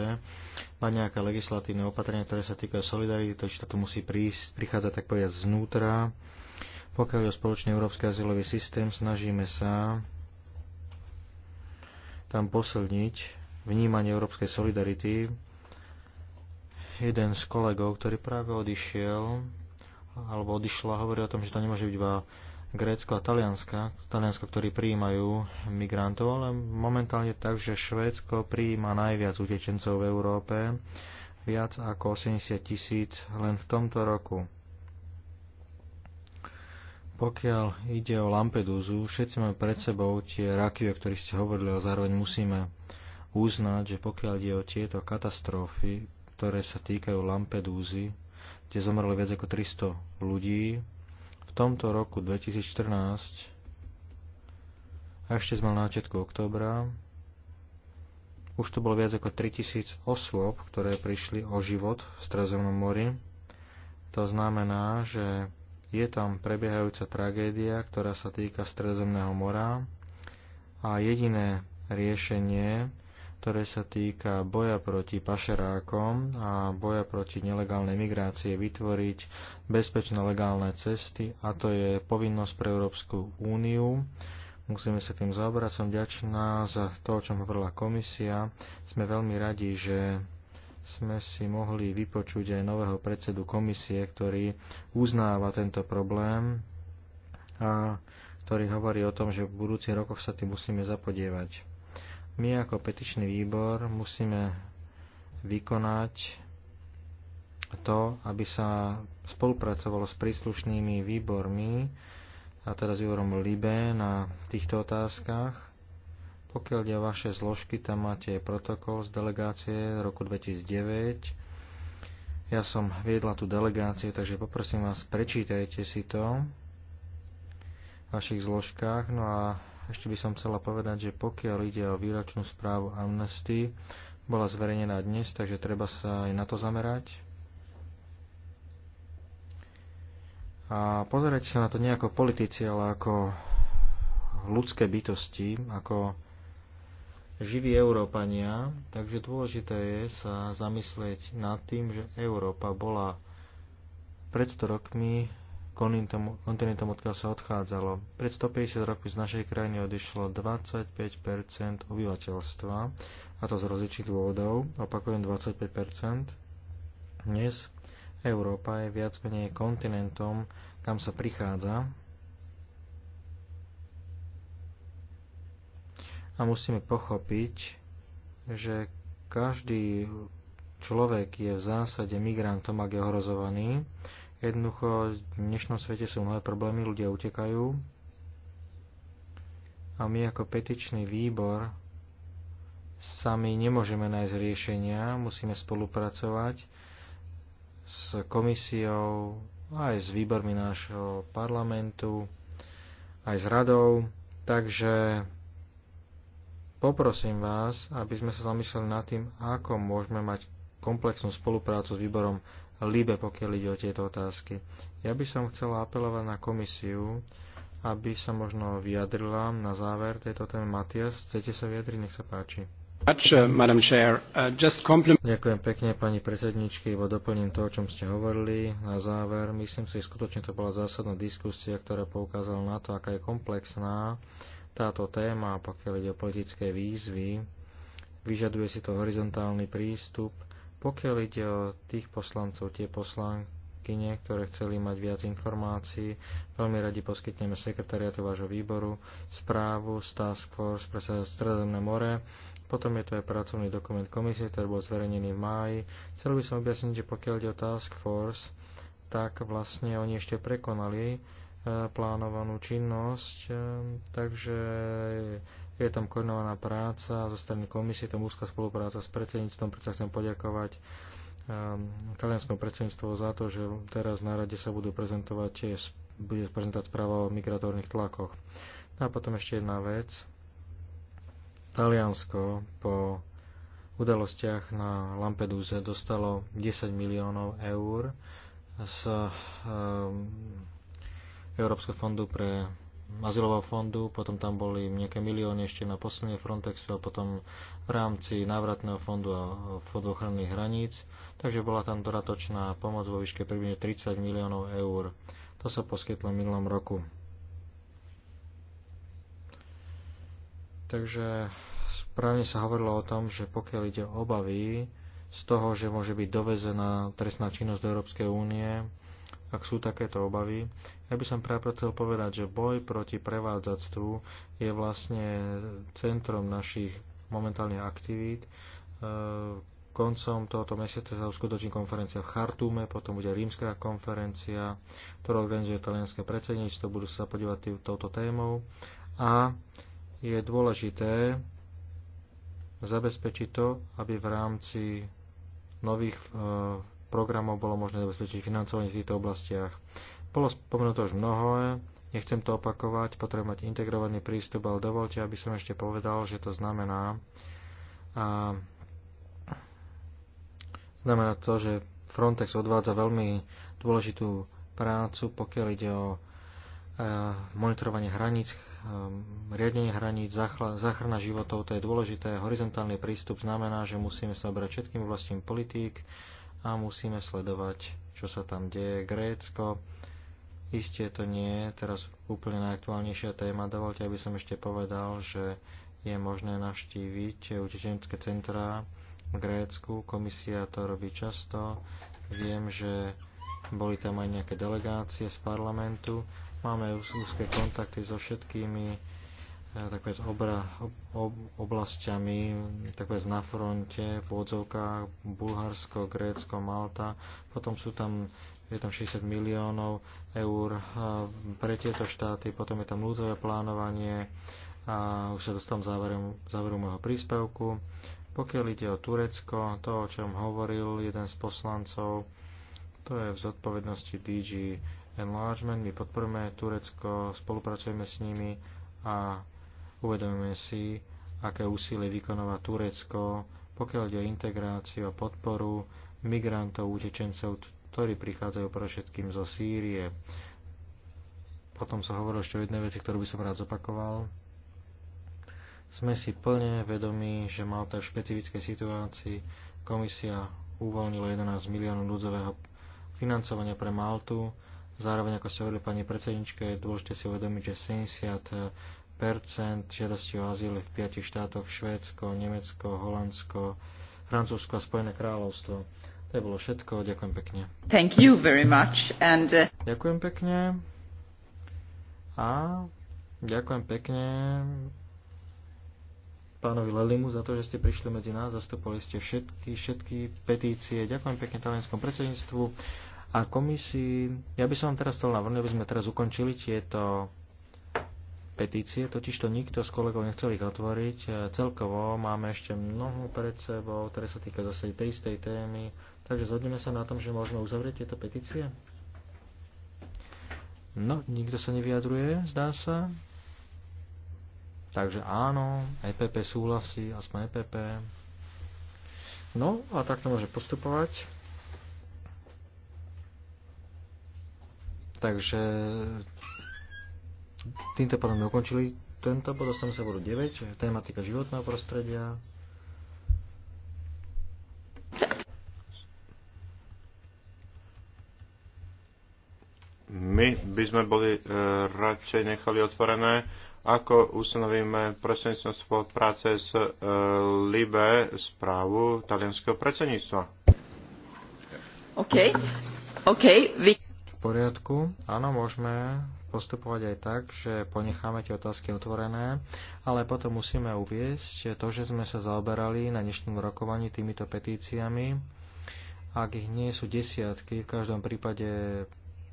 mať nejaké legislatívne opatrenia, ktoré sa týkajú solidarity, to, to musí prísť, prichádzať tak povedať znútra. Pokiaľ je o spoločný európsky azylový systém, snažíme sa tam posilniť vnímanie európskej solidarity. Jeden z kolegov, ktorý práve odišiel, alebo odišla, hovorí o tom, že to nemôže byť iba Grécko a Talianska, Taliansko, ktorí prijímajú migrantov, ale momentálne je tak, že Švédsko prijíma najviac utečencov v Európe, viac ako 80 tisíc len v tomto roku. Pokiaľ ide o Lampedúzu, všetci máme pred sebou tie rakvy, o ktorých ste hovorili, a zároveň musíme uznať, že pokiaľ ide o tieto katastrofy, ktoré sa týkajú Lampedúzy, kde zomrelo viac ako 300 ľudí. V tomto roku 2014 a ešte sme na začiatku októbra. Už to bolo viac ako 3000 osôb, ktoré prišli o život v Stredozemnom mori. To znamená, že je tam prebiehajúca tragédia, ktorá sa týka Stredozemného mora a jediné riešenie ktoré sa týka boja proti pašerákom a boja proti nelegálnej migrácie vytvoriť bezpečné legálne cesty a to je povinnosť pre Európsku úniu. Musíme sa tým zaoberať. Som ďačná za to, o čom hovorila komisia. Sme veľmi radi, že sme si mohli vypočuť aj nového predsedu komisie, ktorý uznáva tento problém a ktorý hovorí o tom, že v budúcich rokoch sa tým musíme zapodievať. My ako petičný výbor musíme vykonať to, aby sa spolupracovalo s príslušnými výbormi, a teda s výborom Libe na týchto otázkach. Pokiaľ ide vaše zložky, tam máte protokol z delegácie z roku 2009. Ja som viedla tú delegáciu, takže poprosím vás, prečítajte si to v vašich zložkách. No a ešte by som chcela povedať, že pokiaľ ide o výročnú správu Amnesty, bola zverejnená dnes, takže treba sa aj na to zamerať. A pozerajte sa na to nie ako politici, ale ako ľudské bytosti, ako živí Európania, takže dôležité je sa zamyslieť nad tým, že Európa bola pred 100 rokmi kontinentom, odkiaľ sa odchádzalo. Pred 150 rokov z našej krajiny odišlo 25 obyvateľstva, a to z rozličných dôvodov, opakujem 25 Dnes Európa je viac menej kontinentom, kam sa prichádza a musíme pochopiť, že každý človek je v zásade migrantom, ak je ohrozovaný, Jednoducho v dnešnom svete sú mnohé problémy, ľudia utekajú a my ako petičný výbor sami nemôžeme nájsť riešenia, musíme spolupracovať s komisiou, aj s výbormi nášho parlamentu, aj s radou. Takže poprosím vás, aby sme sa zamysleli nad tým, ako môžeme mať komplexnú spoluprácu s výborom LIBE, pokiaľ ide o tieto otázky. Ja by som chcela apelovať na komisiu, aby sa možno vyjadrila na záver tejto témy. Matias, chcete sa vyjadriť? Nech sa páči. Uh, uh, Ďakujem pekne, pani predsedničky, lebo doplním to, o čom ste hovorili. Na záver, myslím si, skutočne to bola zásadná diskusia, ktorá poukázala na to, aká je komplexná táto téma, pokiaľ ide o politické výzvy. Vyžaduje si to horizontálny prístup pokiaľ ide o tých poslancov, tie poslankyne, ktoré chceli mať viac informácií, veľmi radi poskytneme sekretariatu vášho výboru správu z Task Force pre Stredozemné more. Potom je tu aj pracovný dokument komisie, ktorý bol zverejnený v máji. Chcel by som objasniť, že pokiaľ ide o Task Force, tak vlastne oni ešte prekonali eh, plánovanú činnosť, eh, takže je tam koordinovaná práca zo strany komisie, tam úzka spolupráca s predsedníctvom, predsa chcem poďakovať ehm, talianskom predsedníctvu za to, že teraz na rade sa budú prezentovať tie, bude prezentovať správa o migratórnych tlakoch. No a potom ešte jedna vec. Taliansko po udalostiach na Lampedúze dostalo 10 miliónov eur z um, Európskeho fondu pre azylového fondu, potom tam boli nejaké milióny ešte na posilnenie Frontexu a potom v rámci návratného fondu a fondu ochranných hraníc. Takže bola tam doratočná pomoc vo výške približne 30 miliónov eur. To sa poskytlo v minulom roku. Takže správne sa hovorilo o tom, že pokiaľ ide o obavy z toho, že môže byť dovezená trestná činnosť do Európskej únie, ak sú takéto obavy. Ja by som práve chcel povedať, že boj proti prevádzactvu je vlastne centrom našich momentálnych aktivít. E, koncom tohoto mesiaca sa uskutoční konferencia v Chartume, potom bude rímska konferencia, ktorú organizuje talianské predsedníctvo, budú sa podívať tý, touto témou. A je dôležité zabezpečiť to, aby v rámci nových e, programov bolo možné zabezpečiť financovanie v týchto oblastiach. Bolo spomenuté už mnoho, nechcem to opakovať, potrebujem mať integrovaný prístup, ale dovolte, aby som ešte povedal, že to znamená, a znamená to, že Frontex odvádza veľmi dôležitú prácu, pokiaľ ide o monitorovanie hraníc, riadenie hraníc, záchrana životov, to je dôležité. Horizontálny prístup znamená, že musíme sa obrať všetkým vlastným politík, a musíme sledovať, čo sa tam deje. Grécko, isté to nie je teraz úplne najaktuálnejšia téma. Dovolte, aby som ešte povedal, že je možné navštíviť utečenské centrá v Grécku. Komisia to robí často. Viem, že boli tam aj nejaké delegácie z parlamentu. Máme úzke kontakty so všetkými E, tak povedz, obra, ob, oblastiami, tak povedz, na fronte, v odzovkách Bulharsko, Grécko, Malta. Potom sú tam, je tam 60 miliónov eur e, pre tieto štáty, potom je tam núdzové plánovanie a už sa dostávam záveru, záveru môjho príspevku. Pokiaľ ide o Turecko, to, o čom hovoril jeden z poslancov, to je v zodpovednosti DG Enlargement. My podporujeme Turecko, spolupracujeme s nimi a Uvedomíme si, aké úsilie vykonáva Turecko, pokiaľ ide o integráciu a podporu migrantov, utečencov, ktorí prichádzajú pre všetkým zo Sýrie. Potom sa hovorilo ešte o jednej veci, ktorú by som rád zopakoval. Sme si plne vedomí, že Malta v špecifickej situácii komisia uvoľnila 11 miliónov ľudzového financovania pre Maltu. Zároveň, ako ste hovorili pani predsedničke, je dôležité si uvedomiť, že 70 žiadosti o azyl v piatich štátoch Švédsko, Nemecko, Holandsko, Francúzsko a Spojené kráľovstvo. To je bolo všetko. Ďakujem pekne. Thank you very much and, uh... Ďakujem pekne. A ďakujem pekne pánovi Lelimu za to, že ste prišli medzi nás, zastupovali ste všetky, všetky petície. Ďakujem pekne talianskom predsedníctvu a komisii. Ja by som vám teraz chcel navrhnúť, aby sme teraz ukončili tieto petície, totiž to nikto z kolegov nechcel ich otvoriť. E, Celkovo máme ešte mnoho pred sebou, ktoré sa týka zase tej istej témy. Takže zhodneme sa na tom, že môžeme uzavrieť tieto petície? No, nikto sa nevyjadruje, zdá sa. Takže áno, EPP súhlasí, aspoň EPP. No a takto môže postupovať. Takže Týmto pádom sme ukončili tento bod, dostaneme sa bodu 9, tematika životného prostredia. My by sme boli e, radšej nechali otvorené, ako ustanovíme predsedníctvom spolupráce s e, LIBE správu talianského predsedníctva. OK. OK. Vy poriadku. Áno, môžeme postupovať aj tak, že ponecháme tie otázky otvorené, ale potom musíme uviesť to, že sme sa zaoberali na dnešnom rokovaní týmito petíciami. Ak ich nie sú desiatky, v každom prípade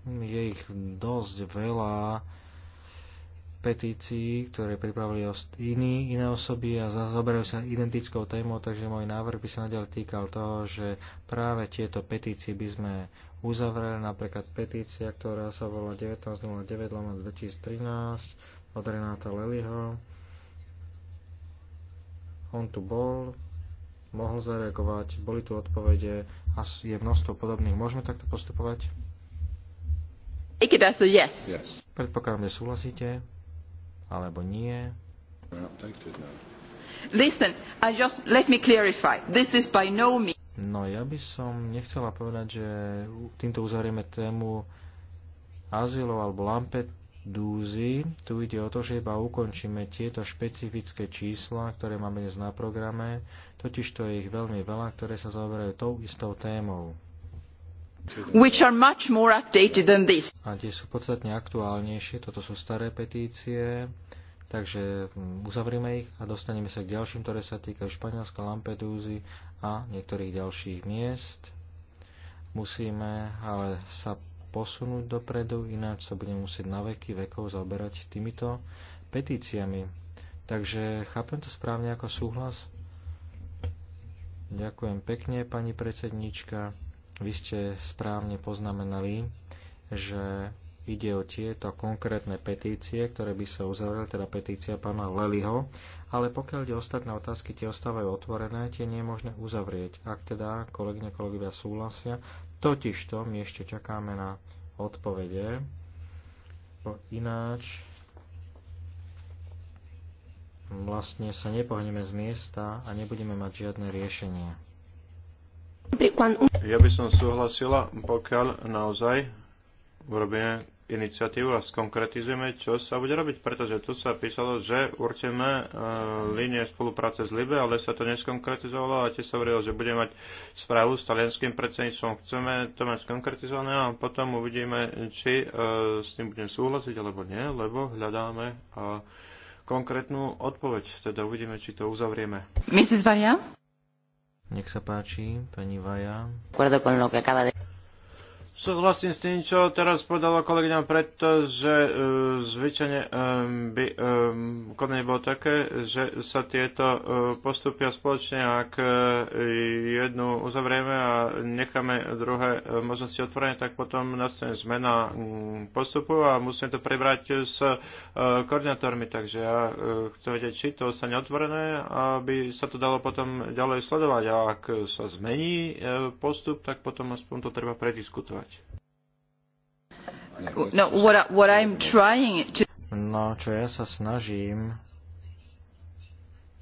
je ich dosť veľa, petícií, ktoré pripravili iní, iné osoby a zaoberajú sa identickou témou, takže môj návrh by sa nadal týkal toho, že práve tieto petície by sme uzavreli, napríklad petícia, ktorá sa volá 1909 2013 od Renáta Leliho. On tu bol, mohol zareagovať, boli tu odpovede a je množstvo podobných. Môžeme takto postupovať? Predpokladám, že súhlasíte alebo nie. Listen, I just, let me clarify. This is by no means... No ja by som nechcela povedať, že týmto uzavrieme tému azylov alebo Lampedúzy. Tu ide o to, že iba ukončíme tieto špecifické čísla, ktoré máme dnes na programe, totiž to je ich veľmi veľa, ktoré sa zaoberajú tou istou témou which are much more updated than this. A tie sú podstatne aktuálnejšie, toto sú staré petície, takže mm, uzavrieme ich a dostaneme sa k ďalším, ktoré sa týkajú Španielska, Lampedúzy a niektorých ďalších miest. Musíme ale sa posunúť dopredu, ináč sa budeme musieť na veky vekov zaoberať týmito petíciami. Takže chápem to správne ako súhlas? Ďakujem pekne, pani predsednička. Vy ste správne poznamenali, že ide o tieto konkrétne petície, ktoré by sa uzavreli, teda petícia pána Leliho, ale pokiaľ ide ostatné otázky, tie ostávajú otvorené, tie nie je možné uzavrieť, ak teda kolegyne, kolegovia súhlasia. Totižto my ešte čakáme na odpovede, bo ináč vlastne sa nepohneme z miesta a nebudeme mať žiadne riešenie. Ja by som súhlasila, pokiaľ naozaj urobíme iniciatívu a skonkretizujeme, čo sa bude robiť, pretože tu sa písalo, že určíme e, línie spolupráce s Libe, ale sa to neskonkretizovalo a tiež sa hovorilo, že budeme mať správu s talianským predsedníctvom. Chceme to mať skonkretizované a potom uvidíme, či e, s tým budem súhlasiť alebo nie, lebo hľadáme a e, konkrétnu odpoveď. Teda uvidíme, či to uzavrieme. Mrs. Varia? Nech sa páči, pani Vaja. Súhlasím s tým, čo teraz povedala kolegyňa, pretože e, zvyčajne e, by e, konanie bolo také, že sa tieto e, postupia spoločne, ak e, jednu uzavrieme a necháme druhé e, možnosti otvorené, tak potom nastane zmena m, postupu a musíme to prebrať s e, koordinátormi. Takže ja e, chcem vedieť, či to ostane otvorené, aby sa to dalo potom ďalej sledovať. A ak sa zmení e, postup, tak potom aspoň to treba prediskutovať. No, no, čo ja sa snažím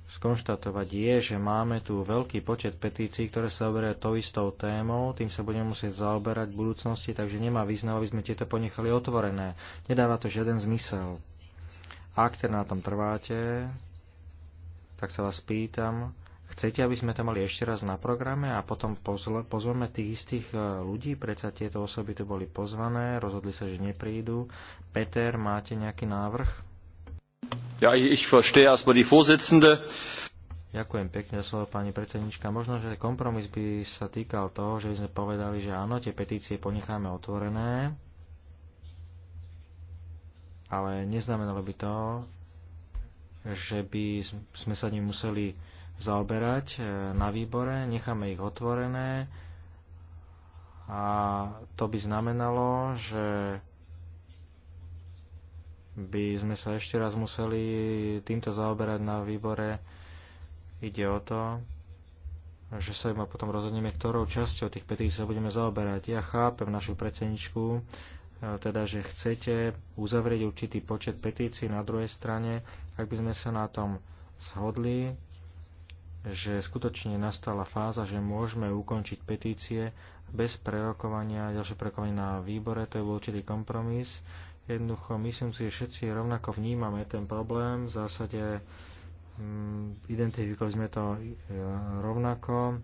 skonštatovať je, že máme tu veľký počet petícií, ktoré sa zaoberajú tou istou témou, tým sa budeme musieť zaoberať v budúcnosti, takže nemá význam, aby sme tieto ponechali otvorené. Nedáva to žiaden zmysel. Ak teda na tom trváte, tak sa vás pýtam, Chcete, aby sme to mali ešte raz na programe a potom pozle, pozveme tých istých e, ľudí? Predsa tieto osoby tu boli pozvané, rozhodli sa, že neprídu. Peter, máte nejaký návrh? Ja, ich verstehe erstmal die Vorsitzende. Ďakujem pekne za slovo, pani predsednička. Možno, že kompromis by sa týkal toho, že by sme povedali, že áno, tie petície ponecháme otvorené, ale neznamenalo by to, že by sme sa ním museli zaoberať e, na výbore, necháme ich otvorené a to by znamenalo, že by sme sa ešte raz museli týmto zaoberať na výbore. Ide o to, že sa iba potom rozhodneme, ktorou časťou tých petícií sa budeme zaoberať. Ja chápem našu predsedničku, e, teda, že chcete uzavrieť určitý počet petícií na druhej strane, ak by sme sa na tom shodli, že skutočne nastala fáza, že môžeme ukončiť petície bez prerokovania, ďalšie prerokovanie na výbore, to je bol určitý kompromis. Jednoducho, myslím si, že všetci rovnako vnímame ten problém, v zásade mm, identifikovali sme to e, rovnako.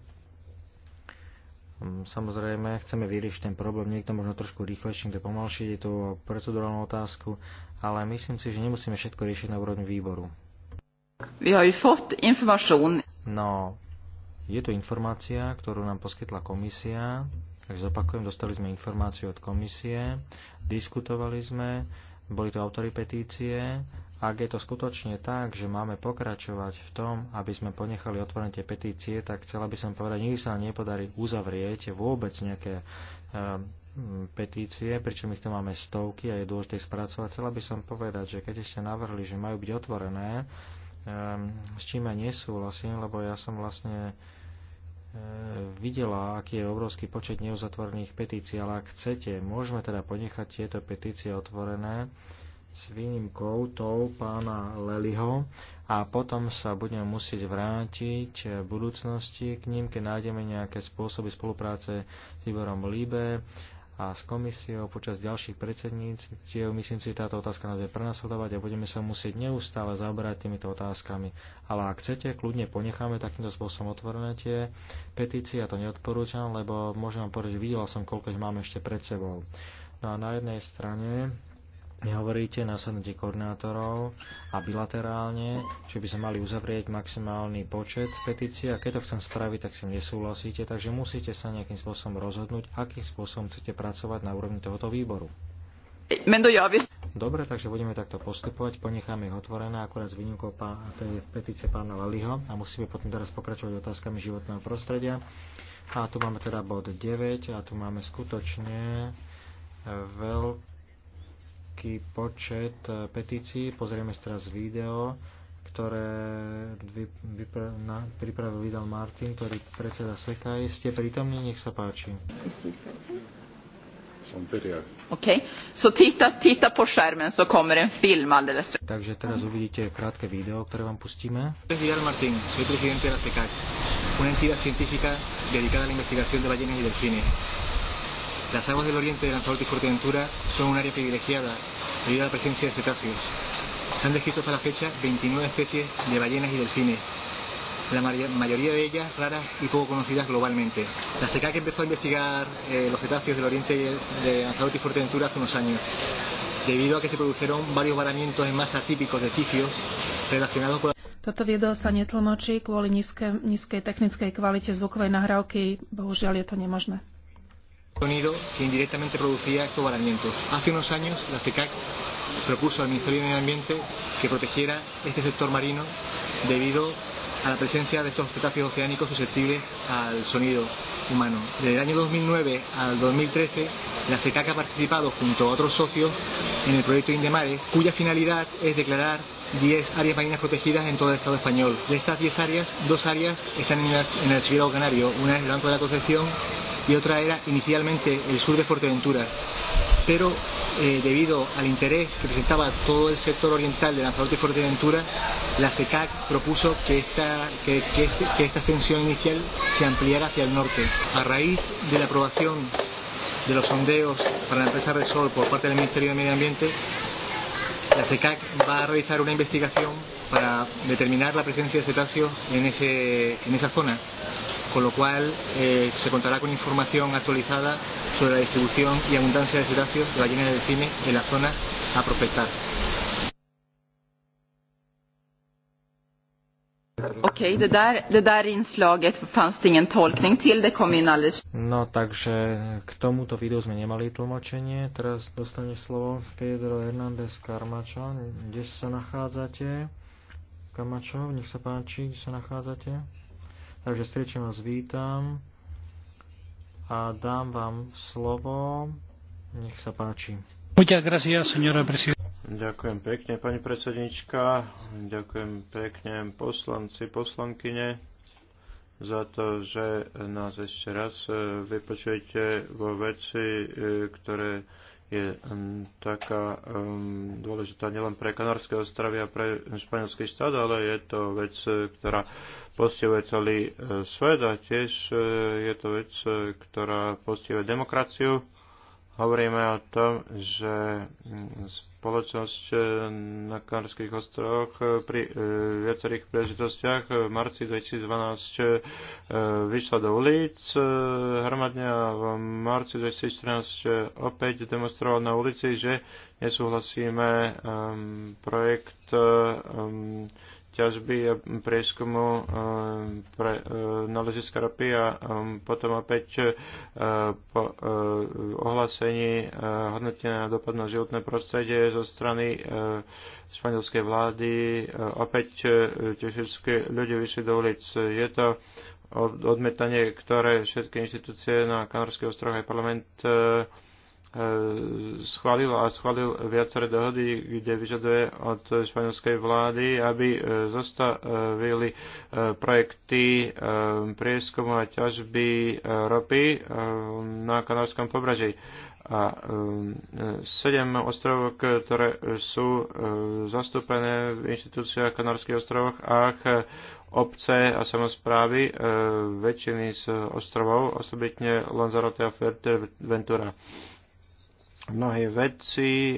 Mm, samozrejme, chceme vyriešiť ten problém, niekto možno trošku rýchlejšie, niekto pomalšie, je to procedurálnu otázku, ale myslím si, že nemusíme všetko riešiť na úrovni výboru. Vi har ju fått information. No, je to informácia, ktorú nám poskytla komisia, takže zopakujem, dostali sme informáciu od komisie, diskutovali sme, boli to autory petície, ak je to skutočne tak, že máme pokračovať v tom, aby sme ponechali otvorené tie petície, tak chcela by som povedať, nikdy sa nám nepodarí uzavrieť vôbec nejaké e, petície, pričom ich to máme stovky a je dôležité spracovať. Chcela by som povedať, že keď ste navrhli, že majú byť otvorené, Ehm, s čím aj nesúhlasím, lebo ja som vlastne e, videla, aký je obrovský počet neuzatvorených petícií, ale ak chcete, môžeme teda ponechať tieto petície otvorené s výnimkou tou pána Leliho a potom sa budeme musieť vrátiť v budúcnosti k ním, keď nájdeme nejaké spôsoby spolupráce s Iborom Líbe, a s komisiou počas ďalších Čiže Myslím si, že táto otázka nás bude prenasledovať a budeme sa musieť neustále zaoberať týmito otázkami. Ale ak chcete, kľudne ponecháme takýmto spôsobom otvorené tie petície, ja to neodporúčam, lebo môžem vám povedať, že videla som, koľko ich máme ešte pred sebou. No a na jednej strane nehovoríte na sadnutí koordinátorov a bilaterálne, že by sme mali uzavrieť maximálny počet petícií a keď to chcem spraviť, tak si nesúhlasíte, takže musíte sa nejakým spôsobom rozhodnúť, akým spôsobom chcete pracovať na úrovni tohoto výboru. Dobre, takže budeme takto postupovať, ponecháme ich otvorené, akurát s výnimkou tej petície pána Laliho a musíme potom teraz pokračovať otázkami životného prostredia. A tu máme teda bod 9 a tu máme skutočne eh, veľké vysoký počet e, petícií. Pozrieme si teraz video, ktoré pripravil Vidal Martin, ktorý predseda SEKAJ. Ste prítomní? Nech sa páči. Okay. So titta, titta på skärmen så kommer en film alldeles Takže teraz uvidíte krátke video, ktoré vám pustíme. Vidal Martín, soy presidente de la SECAC, una entidad científica dedicada a la investigación de ballenas y delfines. Las aguas del oriente de Lanzarote y Fuerteventura son un área privilegiada debido a la presencia de cetáceos. Se han descrito hasta la fecha 29 especies de ballenas y delfines, la mayoría de ellas raras y poco conocidas globalmente. La SECA que empezó a investigar eh, los cetáceos del oriente de Lanzarote y Fuerteventura hace unos años, debido a que se produjeron varios varamientos en masa típicos de cifios relacionados con la... toto video sa netlmočí kvôli nízke, nízkej technickej kvalite zvukovej nahrávky. Bohužiaľ je to nemožné. Unido que indirectamente producía estos varamientos. Hace unos años la SECAC propuso al Ministerio de Medio Ambiente que protegiera este sector marino debido a la presencia de estos cetáceos oceánicos susceptibles al sonido humano. Desde el año 2009 al 2013, la SECAC ha participado junto a otros socios en el proyecto Indemares, cuya finalidad es declarar 10 áreas marinas protegidas en todo el Estado español. De estas 10 áreas, dos áreas están en el, en el Canario. Una es el Banco de la Concepción y otra era inicialmente el sur de Fuerteventura. Pero eh, debido al interés que presentaba todo el sector oriental de Lanzarote y Fuerteventura, la SECAC propuso que esta, que, que, este, que esta extensión inicial se ampliara hacia el norte. A raíz de la aprobación de los sondeos para la empresa Resol por parte del Ministerio de Medio Ambiente, la SECAC va a realizar una investigación para determinar la presencia de cetáceos en, ese, en esa zona con lo cual eh, se contará con información actualizada sobre la distribución y abundancia de cetáceos de ballenas de delfines en la zona a prospectar. Okej, okay, det, där, det där inslaget fanns det ingen tolkning till, det kom in alldeles... No, takže k tomuto videu sme nemali tlmočenie. Teraz dostane slovo Pedro Hernández Carmacho. Kde sa nachádzate? Kamačov, nech sa páči, kde sa nachádzate? Takže srdečne vás vítam a dám vám slovo. Nech sa páči. Ďakujem pekne, pani predsednička. Ďakujem pekne poslanci, poslankyne za to, že nás ešte raz eh, vypočujete vo veci, eh, ktoré je taká um, dôležitá nielen pre Kanárske ostrovy a pre španielský štát, ale je to vec, e, ktorá postihuje celý e, svet a tiež e, je to vec, ktorá postihuje demokraciu hovoríme o tom, že spoločnosť na Kanárských ostrovoch pri e, viacerých príležitostiach v marci 2012 e, vyšla do ulic e, hromadne a v marci 2014 opäť demonstrovala na ulici, že nesúhlasíme projekt ťažby a prieskumu e, pre e, naleziska ropy a e, potom opäť po ohlásení hodnotenia dopad na životné prostredie zo strany španielskej vlády opäť tisícky ľudia vyšli do ulic. Je to odmetanie, ktoré všetky inštitúcie na Kanárskej ostrove aj parlament E, schválil a schválil viaceré dohody, kde vyžaduje od španielskej vlády, aby e, zostavili e, projekty prieskumu a ťažby ropy na kanárskom pobreží a sedem ostrovov, ktoré sú zastúpené v inštitúciách Kanárskych ostrovoch a obce a samozprávy väčšiny z ostrovov, osobitne Lanzarote a Fuerteventura. Ventura mnohí vedci e,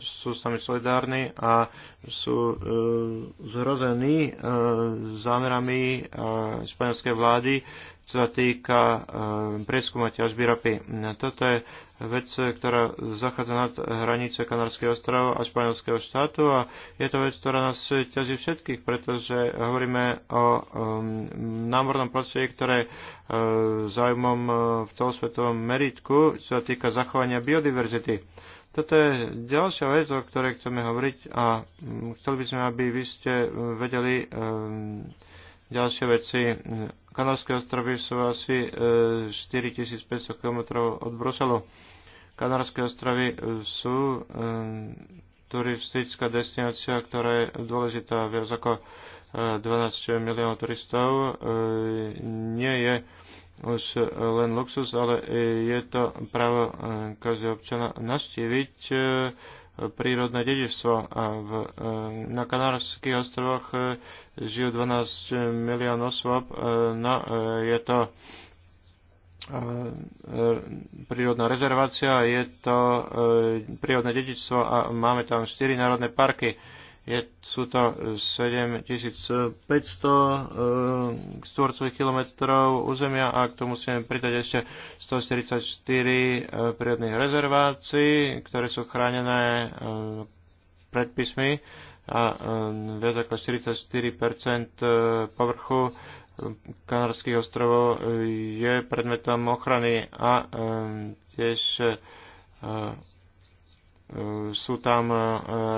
sú s nami solidárni a sú e, zhrození e, zámerami e, španielskej vlády čo sa týka ehm, prieskuma ťažby ropy. Toto je vec, ktorá zachádza nad hranice Kanárskeho ostrova a Španielského štátu a je to vec, ktorá nás ťaží všetkých, pretože hovoríme o ehm, námornom prostredí, ktoré ehm, zájmom v celosvetovom meritku, čo sa týka zachovania biodiverzity. Toto je ďalšia vec, o ktorej chceme hovoriť a chceli by sme, aby vy ste vedeli Ďalšie veci. Kanárske ostrovy sú asi 4500 e, km od Bruselu. Kanárske ostrovy e, sú e, turistická destinácia, ktorá je dôležitá viac ako 12 miliónov turistov. Nie je už len luxus, ale je to právo každého občana naštíviť prírodné dedičstvo. A e, na Kanárských ostrovoch e, žijú 12 milión osôb. E, no, je to prírodná rezervácia, je to prírodné dedičstvo a máme tam 4 národné parky je, sú to 7500 e, e, e, štvorcových e, kilometrov územia a k tomu musíme pridať ešte 144 prírodných rezervácií, ktoré sú chránené predpismi a viac ako 44 povrchu Kanárských ostrovov je predmetom ochrany a tiež sú tam e,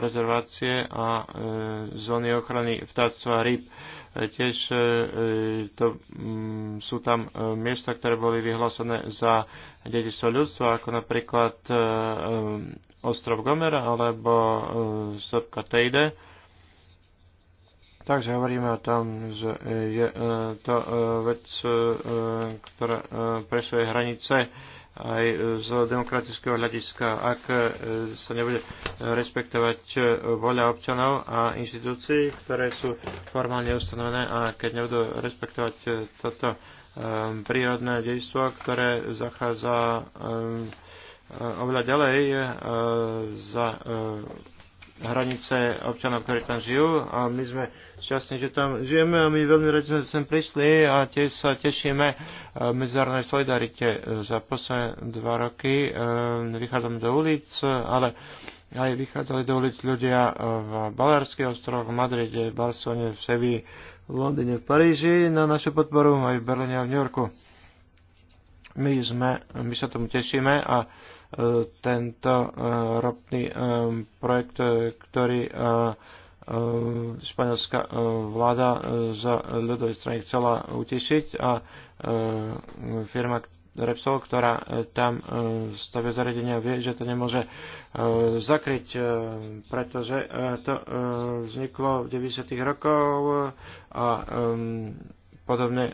rezervácie a e, zóny ochrany vtáctva a rýb. E, tiež to, mm, sú tam miesta, ktoré boli vyhlásené za dedičstvo ľudstva, ako napríklad ostrov Gomera alebo sopka Tejde. Takže hovoríme o tom, že je to vec, ktorá presuje hranice aj z demokratického hľadiska. Ak e, sa nebude respektovať e, voľa občanov a inštitúcií, ktoré sú formálne ustanovené a keď nebudú respektovať e, toto prírodné dejstvo, ktoré zachádza oveľa ďalej za hranice občanov, ktorí tam žijú a my sme šťastní, že tam žijeme a my veľmi radi sme sem prišli a tiež sa tešíme e, medzinárodnej solidarite. Za posledné dva roky e, vychádzame do ulic, ale aj vychádzali do ulic ľudia v Balárských ostrovoch, v Madride, v Barcelone, v Sevi, v Londýne, v Paríži na našu podporu aj v Berlíne a v New Yorku. My, sme, my sa tomu tešíme a tento e, ropný e, projekt, e, ktorý španielská vláda za ľudovej strany chcela utešiť a firma Repsol, ktorá tam stavia zariadenia, vie, že to nemôže zakryť, pretože to vzniklo v 90. rokov a podobne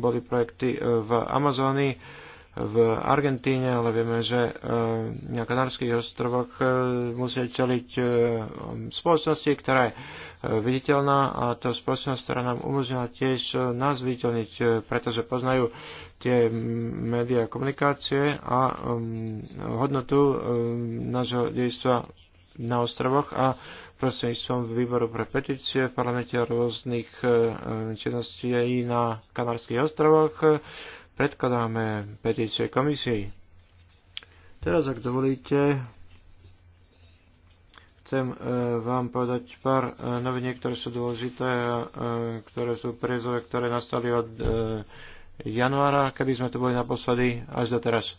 boli projekty v Amazónii v Argentíne, ale vieme, že e, na Kanárských ostrovoch e, musia čeliť e, spoločnosti, ktorá je viditeľná a to spoločnosť, ktorá nám umožnila tiež nás viditeľniť, pretože poznajú tie médiá komunikácie a um, hodnotu nášho dejstva na ostrovoch a prostredníctvom výboru pre petície v parlamente rôznych činností na Kanárskych ostrovoch predkladáme petície komisii. Teraz, ak dovolíte, chcem e, vám povedať pár e, noviniek, ktoré sú dôležité, e, ktoré sú priezové, ktoré nastali od januára, kedy sme tu boli naposledy, až do teraz.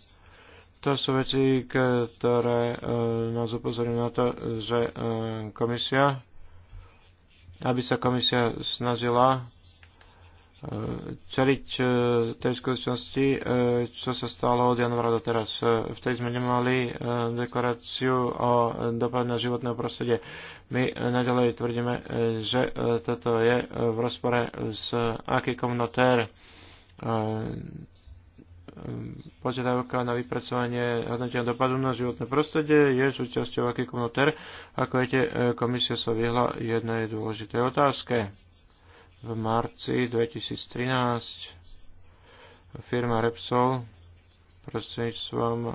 To sú veci, ktoré nás upozorňujú na to, že komisia, aby sa komisia snažila E, čeliť e, tej skutočnosti, e, čo sa stalo od januára do teraz. Vtedy sme nemali deklaráciu o dopad na životné prostredie. My naďalej tvrdíme, že toto je v rozpore s aký komunotér požiadavka na vypracovanie hodnotenia dopadu na životné prostredie je súčasťou aký komunotér. Ako viete, komisia sa vyhla jednej dôležitej otázke v marci 2013 firma Repsol prostredníctvom um,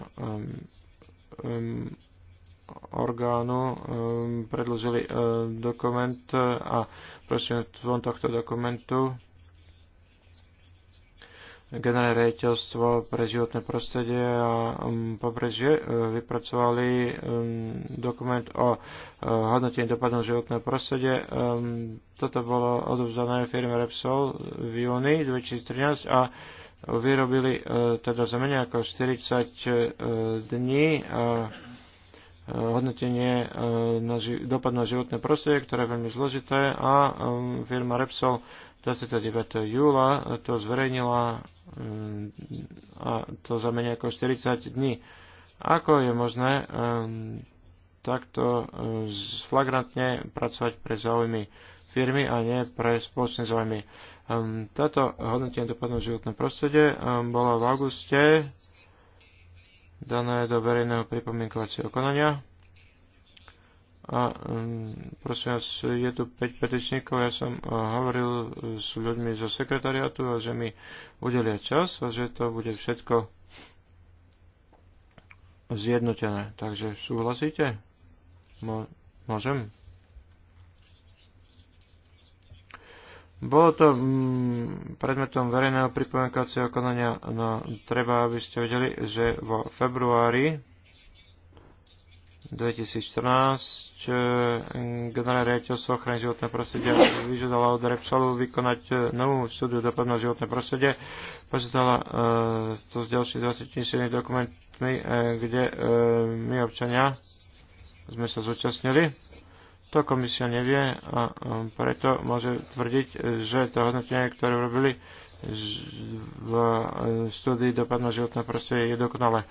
um, orgánu um, predložili um, dokument uh, a prostredníctvom tohto dokumentu generálne rejteľstvo pre životné prostredie a um, pobrežie e, vypracovali um, dokument o e, hodnotení dopadov životného prostredie. Um, toto bolo odovzdané firme Repsol v júni 2013 a vyrobili e, teda za menej ako 40 dní hodnotenie na dopad na životné prostredie, ktoré je veľmi zložité a firma Repsol 29. júla to zverejnila mm, a to za menej ako 40 dní. Ako je možné mm, takto mm, flagrantne pracovať pre záujmy firmy a nie pre spoločné záujmy? Táto hodnotenie dopadnú životnom prostredie bolo v auguste dané do verejného pripomienkovacieho konania a um, prosím vás, je tu 5 petičníkov, ja som eh, hovoril eh, s ľuďmi zo sekretariátu a že mi udelia čas a že to bude všetko zjednotené. Takže súhlasíte? Mo- môžem? Bolo to mm, predmetom verejného pripomienkovacieho konania, no treba, aby ste vedeli, že vo februári 2014 e, generálne riaditeľstvo ochrany životného prostredia vyžadala od Repsolu vykonať e, novú štúdiu dopadného životného životné Požiadala uh, to s ďalšími 27 dokumentmi, kde my občania sme sa zúčastnili. To komisia nevie a preto môže tvrdiť, že to hodnotenie, ktoré robili v štúdii dopadného životného prostredia je dokonalé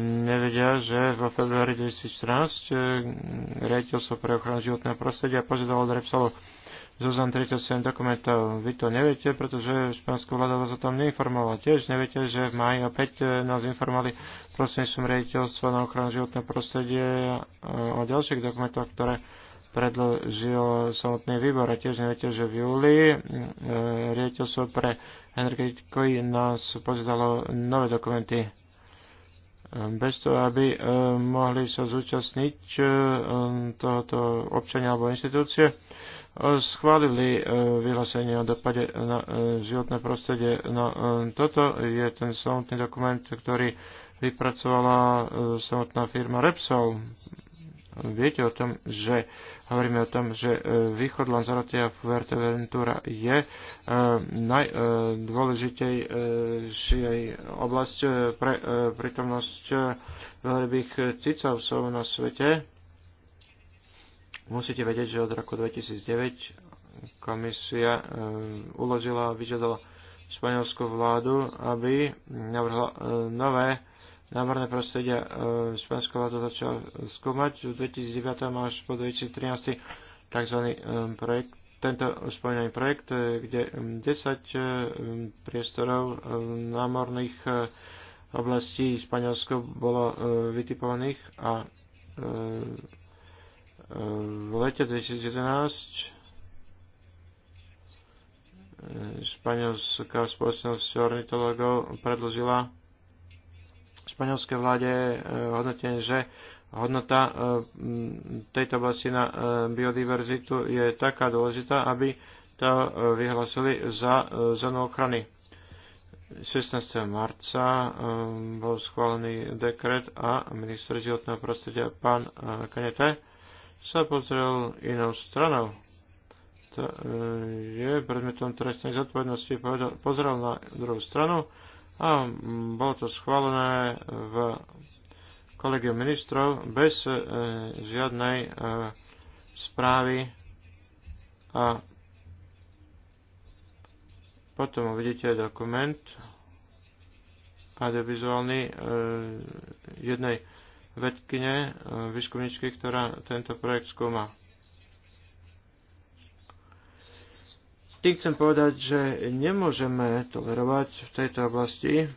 nevedia, že vo februári 2014 e, riaditeľstvo pre ochranu životného prostredia požiadalo od Repsolu zoznam 37 dokumentov. Vy to neviete, pretože španská vláda vás o tom neinformovala. Tiež neviete, že v maji opäť e, nás informovali prostredníctvom riaditeľstva na ochranu životného prostredia e, o ďalších dokumentoch, ktoré predložil samotný výbor. A tiež neviete, že v júli e, riaditeľstvo pre energetiku nás požiadalo nové dokumenty Ehm, bez toho, aby ehm, mohli sa zúčastniť ehm, tohoto občania alebo inštitúcie, e, schválili e, vyhlásenie o dopade na e, životné prostredie. No, toto je ten samotný dokument, ktorý vypracovala samotná firma Repsol viete o tom, že hovoríme o tom, že e, východ Lanzarote a Fuerteventura je e, najdôležitejšej e, oblasť pre prítomnosť veľrybých cicavcov na svete. Musíte vedieť, že od roku 2009 komisia uložila a vyžadala španielskú vládu, aby navrhla nové námorné prostredia e, Španskova to začal skúmať v 2009 až po 2013 tzv. E, projekt tento spomínaný projekt, e, kde 10 priestorov námorných oblastí Španielsko bolo vytipovaných a v lete 2011 španielská spoločnosť ornitologov predložila španielskej vláde e, hodnotenie, že hodnota e, tejto oblasti na e, biodiverzitu je taká dôležitá, aby to vyhlasili za zónu ochrany. 16. marca bol schválený dekret a minister životného prostredia pán Kanete sa pozrel inou stranou. To je predmetom trestnej zodpovednosti, pozrel na druhú stranu a bolo to schválené v kolegiu ministrov bez e, žiadnej e, správy a potom uvidíte dokument audiovizuálny e, jednej vedkine, výskumničky, ktorá tento projekt skúma. Tým chcem povedať, že nemôžeme tolerovať v tejto oblasti eh,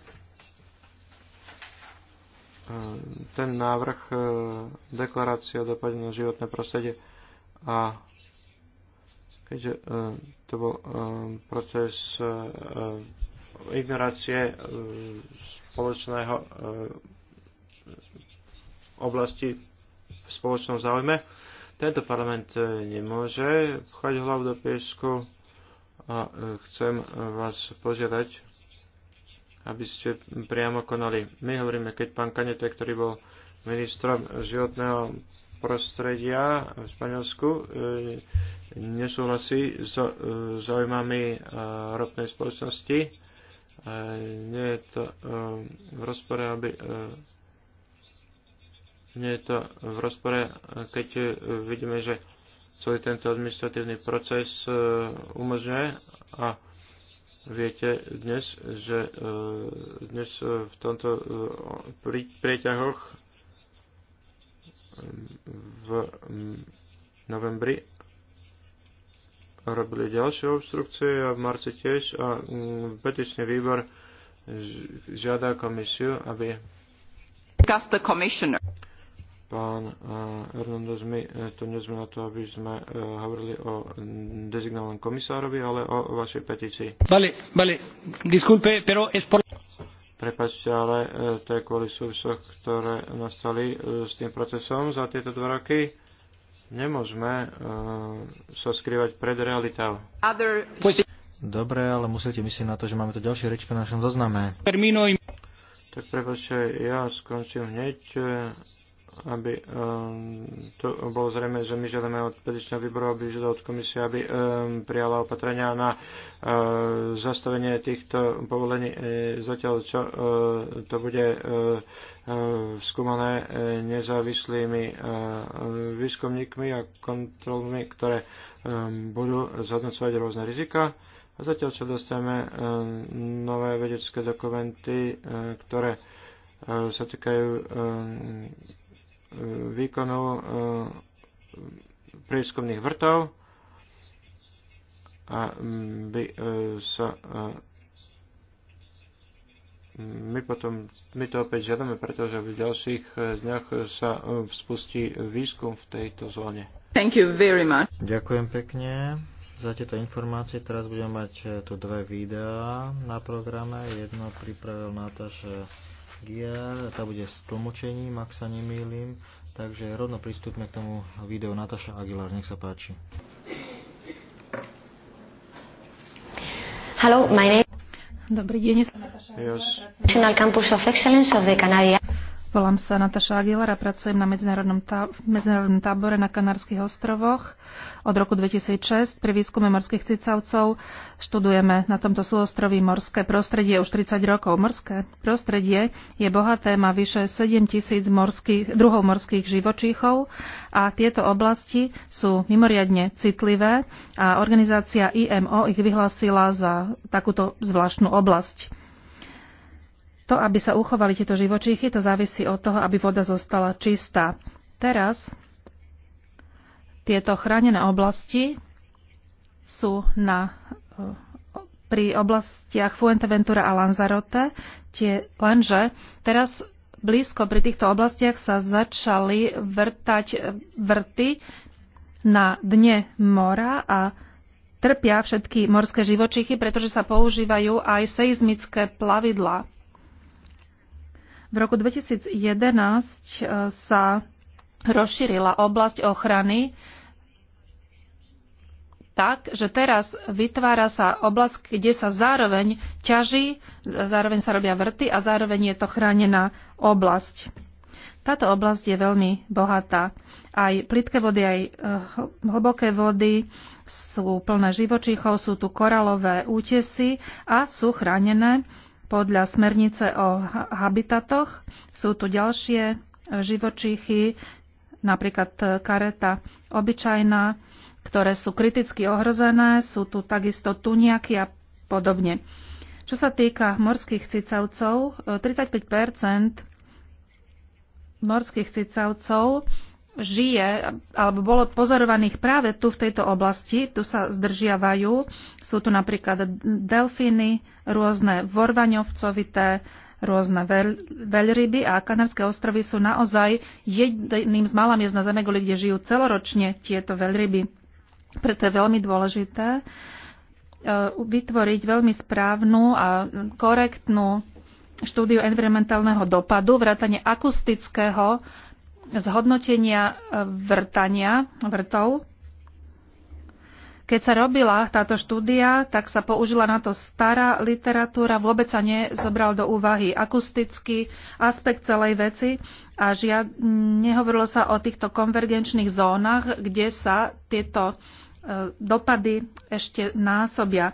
ten návrh eh, deklarácie o dopade na životné prostredie a keďže eh, to bol proces ignorácie spoločného oblasti v spoločnom záujme, tento parlament nemôže pchať hlavu do piesku a e, chcem e, vás požiadať, aby ste priamo konali. My hovoríme, keď pán Kanete, ktorý bol ministrom životného prostredia v Španielsku, e, nesúhlasí s zaujímami ropnej spoločnosti. Nie je to v rozpore, aby nie je to v rozpore, keď vidíme, že celý tento administratívny proces e, umožňuje a viete dnes, že e, dnes e, v tomto prieťahoch v novembri robili ďalšie obstrukcie a v marci tiež a petičný výbor žiada komisiu, aby the commissioner pán eh, Hernández, my eh, tu nie sme na to, aby sme eh, hovorili o dezignovanom komisárovi, ale o vašej petícii. Vale, vale, disculpe, pero es por... Prepačte, ale to je kvôli súvisoch, ktoré nastali s tým procesom za tieto dva roky. Nemôžeme sa skrývať pred realitou. Other... Dobre, ale musíte myslieť na to, že máme tu ďalšie reči na našom zozname. Tak prepačte, ja skončím hneď aby um, to bolo zrejme, že my žiadame od petičného výboru, aby žiadal od komisie, aby um, prijala opatrenia na uh, zastavenie týchto povolení. E, zatiaľ, čo uh, to bude uh, uh, skúmané uh, nezávislými uh, výskumníkmi a kontrolmi, ktoré um, budú zhodnocovať rôzne rizika. A zatiaľ, čo dostaneme nové vedecké dokumenty, uh, ktoré sa týkajú výkonu e, prieskumných vrtov a by e, sa e, my potom, my to opäť žiadame, pretože v ďalších dňoch sa spustí výskum v tejto zóne. Thank you very much. Ďakujem pekne za tieto informácie. Teraz budeme mať tu dve videá na programe. Jedno pripravil Natáša Giar, tá bude s tlmočením, ak sa nemýlim. Takže rovno pristúpme k tomu videu Nataša Aguilar, nech sa páči. Hello, my name... Dobrý deň, som Aguilar, National Campus of Excellence of the Canadian Volám sa Nataša Aguilera, pracujem na medzinárodnom, tá- medzinárodnom tábore na Kanárskych ostrovoch od roku 2006. Pri výskume morských cicavcov študujeme na tomto súostroví morské prostredie už 30 rokov. Morské prostredie je bohaté, má vyše 7 tisíc morských, druhov morských živočíchov a tieto oblasti sú mimoriadne citlivé a organizácia IMO ich vyhlásila za takúto zvláštnu oblasť. To, aby sa uchovali tieto živočíchy, to závisí od toho, aby voda zostala čistá. Teraz tieto chránené oblasti sú na, e, pri oblastiach Fuenteventura a Lanzarote, tie, lenže teraz blízko pri týchto oblastiach sa začali vrtať e, vrty na dne mora a trpia všetky morské živočíchy, pretože sa používajú aj seizmické plavidla. V roku 2011 e, sa rozšírila oblasť ochrany tak, že teraz vytvára sa oblasť, kde sa zároveň ťaží, zároveň sa robia vrty a zároveň je to chránená oblasť. Táto oblasť je veľmi bohatá. Aj plitké vody, aj e, hlboké vody sú plné živočíchov, sú tu koralové útesy a sú chránené podľa smernice o habitatoch. Sú tu ďalšie e, živočíchy, napríklad e, kareta obyčajná, ktoré sú kriticky ohrozené, sú tu takisto tuniaky a podobne. Čo sa týka morských cicavcov, e, 35 morských cicavcov žije alebo bolo pozorovaných práve tu v tejto oblasti. Tu sa zdržiavajú. Sú tu napríklad delfíny, rôzne vorvaňovcovité, rôzne veľ, veľryby a Kanárske ostrovy sú naozaj jedným z mála miest na Zemeguli, kde žijú celoročne tieto veľryby. Preto je veľmi dôležité e, vytvoriť veľmi správnu a korektnú štúdiu environmentálneho dopadu, vrátane akustického zhodnotenia e, vrtania vrtov. Keď sa robila táto štúdia, tak sa použila na to stará literatúra, vôbec sa nezobral do úvahy akustický aspekt celej veci a žia, nehovorilo sa o týchto konvergenčných zónach, kde sa tieto e, dopady ešte násobia.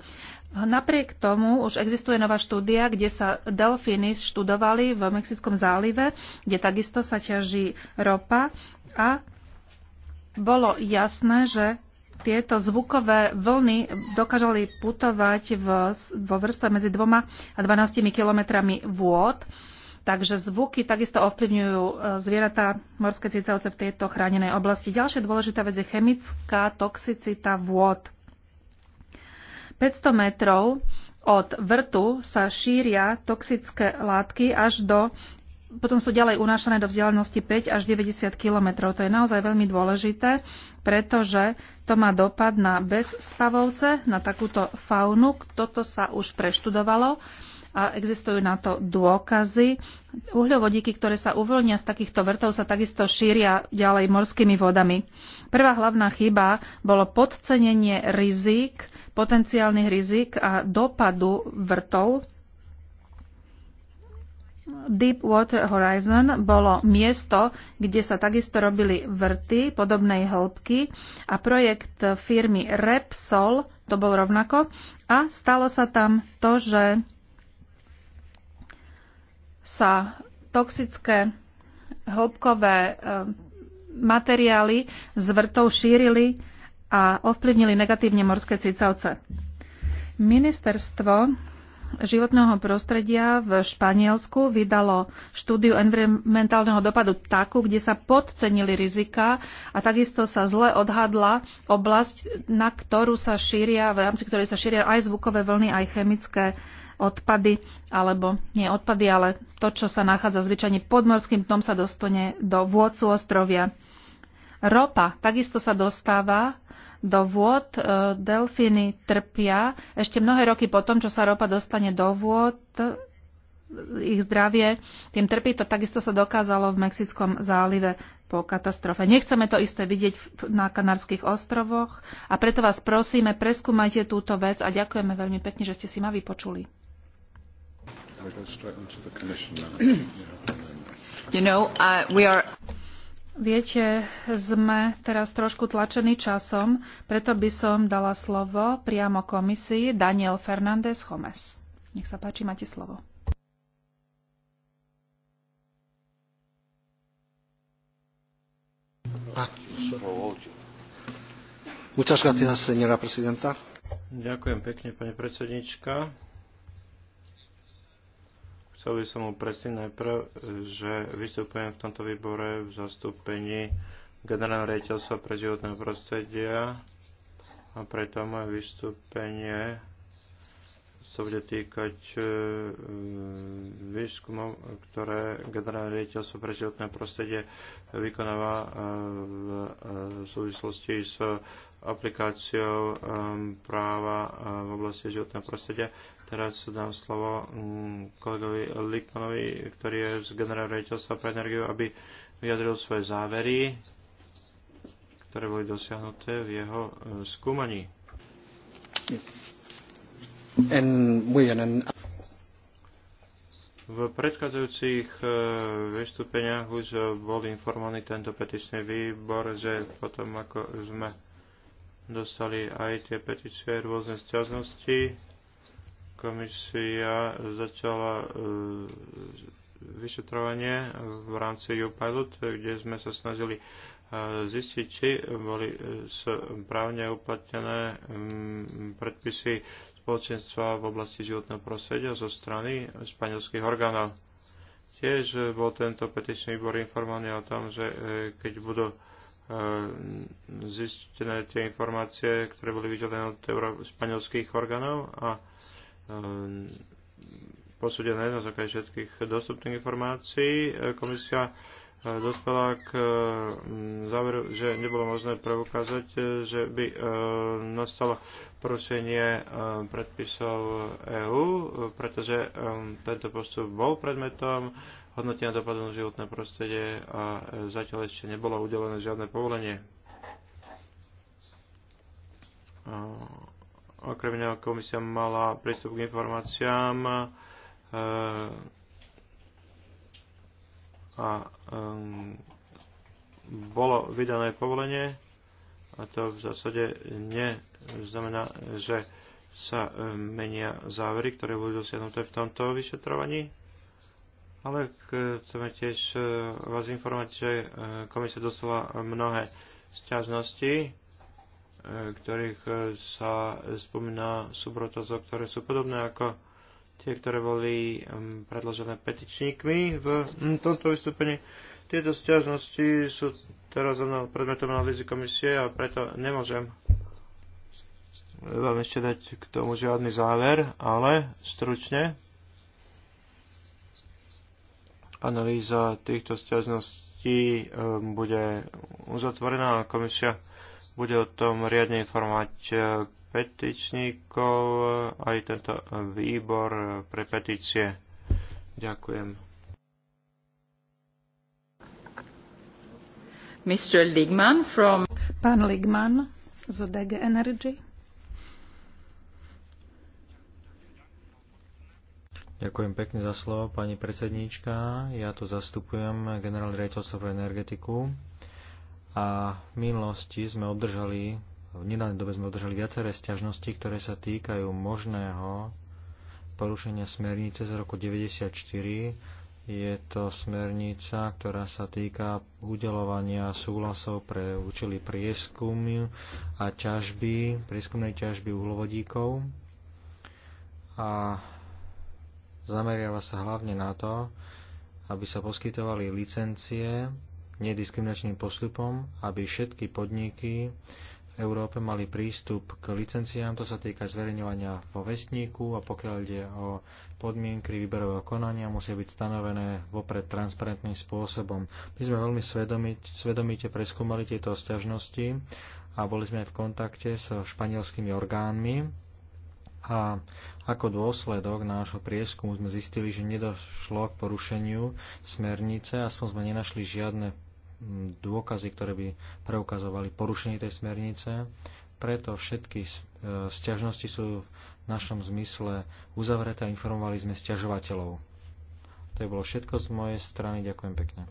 Napriek tomu už existuje nová štúdia, kde sa delfíny študovali v Mexickom zálive, kde takisto sa ťaží ropa a bolo jasné, že tieto zvukové vlny dokážali putovať v, vo vrstve medzi 2 a 12 kilometrami vôd. Takže zvuky takisto ovplyvňujú e, zvieratá morské cicavce v tejto chránenej oblasti. Ďalšia dôležitá vec je chemická toxicita vôd. 500 metrov od vrtu sa šíria toxické látky až do potom sú ďalej unášané do vzdialenosti 5 až 90 km. To je naozaj veľmi dôležité, pretože to má dopad na bezstavovce, na takúto faunu. Toto sa už preštudovalo a existujú na to dôkazy. Uhľovodíky, ktoré sa uvoľnia z takýchto vrtov, sa takisto šíria ďalej morskými vodami. Prvá hlavná chyba bolo podcenenie rizik, potenciálnych rizik a dopadu vrtov Deepwater Horizon bolo miesto, kde sa takisto robili vrty podobnej hĺbky a projekt firmy Repsol to bol rovnako a stalo sa tam to, že sa toxické hĺbkové e, materiály z vrtov šírili a ovplyvnili negatívne morské cicavce. Ministerstvo životného prostredia v Španielsku vydalo štúdiu environmentálneho dopadu takú, kde sa podcenili rizika a takisto sa zle odhadla oblasť, na ktorú sa šíria, v rámci ktorej sa šíria aj zvukové vlny, aj chemické odpady, alebo nie odpady, ale to, čo sa nachádza zvyčajne pod morským dnom, sa dostane do vôdcu ostrovia. Ropa takisto sa dostáva do vôd. E, delfíny trpia ešte mnohé roky potom, čo sa ropa dostane do vôd, ich zdravie, tým trpí to takisto sa dokázalo v Mexickom zálive po katastrofe. Nechceme to isté vidieť na Kanárskych ostrovoch a preto vás prosíme, preskúmajte túto vec a ďakujeme veľmi pekne, že ste si ma vypočuli. You know, uh, we are... Viete, sme teraz trošku tlačení časom, preto by som dala slovo priamo komisii Daniel Fernández Gómez. Nech sa páči, máte slovo. Muchas gracias, señora presidenta. Ďakujem pekne, pani predsednička. Chcel by som upresniť najprv, že vystupujem v tomto výbore v zastúpení generálneho riaditeľstva pre životné prostredia a preto moje vystúpenie sa bude týkať e, výskumov, ktoré generálne riaditeľstvo pre životné prostredie vykonáva e, e, v súvislosti s aplikáciou práva v oblasti životného prostredia Teraz dám slovo mm, kolegovi Likmanovi, ktorý je z generálneho rejiteľstva pre energiu, aby vyjadril svoje závery, ktoré boli dosiahnuté v jeho e, skúmaní. V predchádzajúcich e, vystúpeniach už bol informovaný tento petičný výbor, že potom ako sme dostali aj tie petície rôzne stiažnosti, komisia začala e, vyšetrovanie v rámci U-Pilot, kde sme sa snažili e, zistiť, či boli e, správne uplatnené predpisy spoločenstva v oblasti životného prostredia zo strany španielských orgánov. Tiež bol tento petičný výbor informovaný o tom, že keď budú zistené tie informácie, ktoré boli vyžadené od španielských orgánov a Ehm, posúdené na základe všetkých dostupných informácií. Ehm, komisia ehm, dospela k záveru, že nebolo možné preukázať, že by nastalo porušenie predpisov EÚ, pretože tento postup bol predmetom hodnotenia dopadu na životné prostredie a zatiaľ ešte nebolo udelené žiadne povolenie Okrem iného komisia mala prístup k informáciám eh, a bolo vydané povolenie a to v zásade neznamená, že sa eh, menia závery, ktoré budú dosiahnuté v tomto vyšetrovaní. Ale chceme tiež eh, vás informovať, že komisia dostala mnohé sťažnosti ktorých e, sa spomína sú protazov, ktoré sú podobné ako tie, ktoré boli predložené petičníkmi v tomto vystúpení. Tieto stiažnosti sú teraz predmetom analýzy komisie a preto nemôžem e, vám ešte dať k tomu žiadny záver, ale stručne analýza týchto stiažností bude uzatvorená a komisia bude o tom riadne informovať e, petičníkov, e, aj tento výbor e, pre petície. Ďakujem. Mr. Ligman from... Pán Ligman z DG Energy. Ďakujem pekne za slovo, pani predsedníčka. Ja tu zastupujem generálne riaditeľstvo pre energetiku a v minulosti sme obdržali, v nedávnej dobe sme obdržali viaceré stiažnosti, ktoré sa týkajú možného porušenia smernice z roku 1994. Je to smernica, ktorá sa týka udelovania súhlasov pre účely prieskumu a ťažby, prieskumnej ťažby uhlovodíkov. A zameriava sa hlavne na to, aby sa poskytovali licencie nediskriminačným postupom, aby všetky podniky v Európe mali prístup k licenciám, to sa týka zverejňovania vo vestníku a pokiaľ ide o podmienky výberového konania, musia byť stanovené vopred transparentným spôsobom. My sme veľmi svedomite preskúmali tieto sťažnosti a boli sme aj v kontakte so španielskými orgánmi a ako dôsledok nášho prieskumu sme zistili, že nedošlo k porušeniu smernice, aspoň sme nenašli žiadne dôkazy, ktoré by preukazovali porušenie tej smernice. Preto všetky e, sťažnosti sú v našom zmysle uzavreté a informovali sme sťažovateľov. To je bolo všetko z mojej strany. Ďakujem pekne.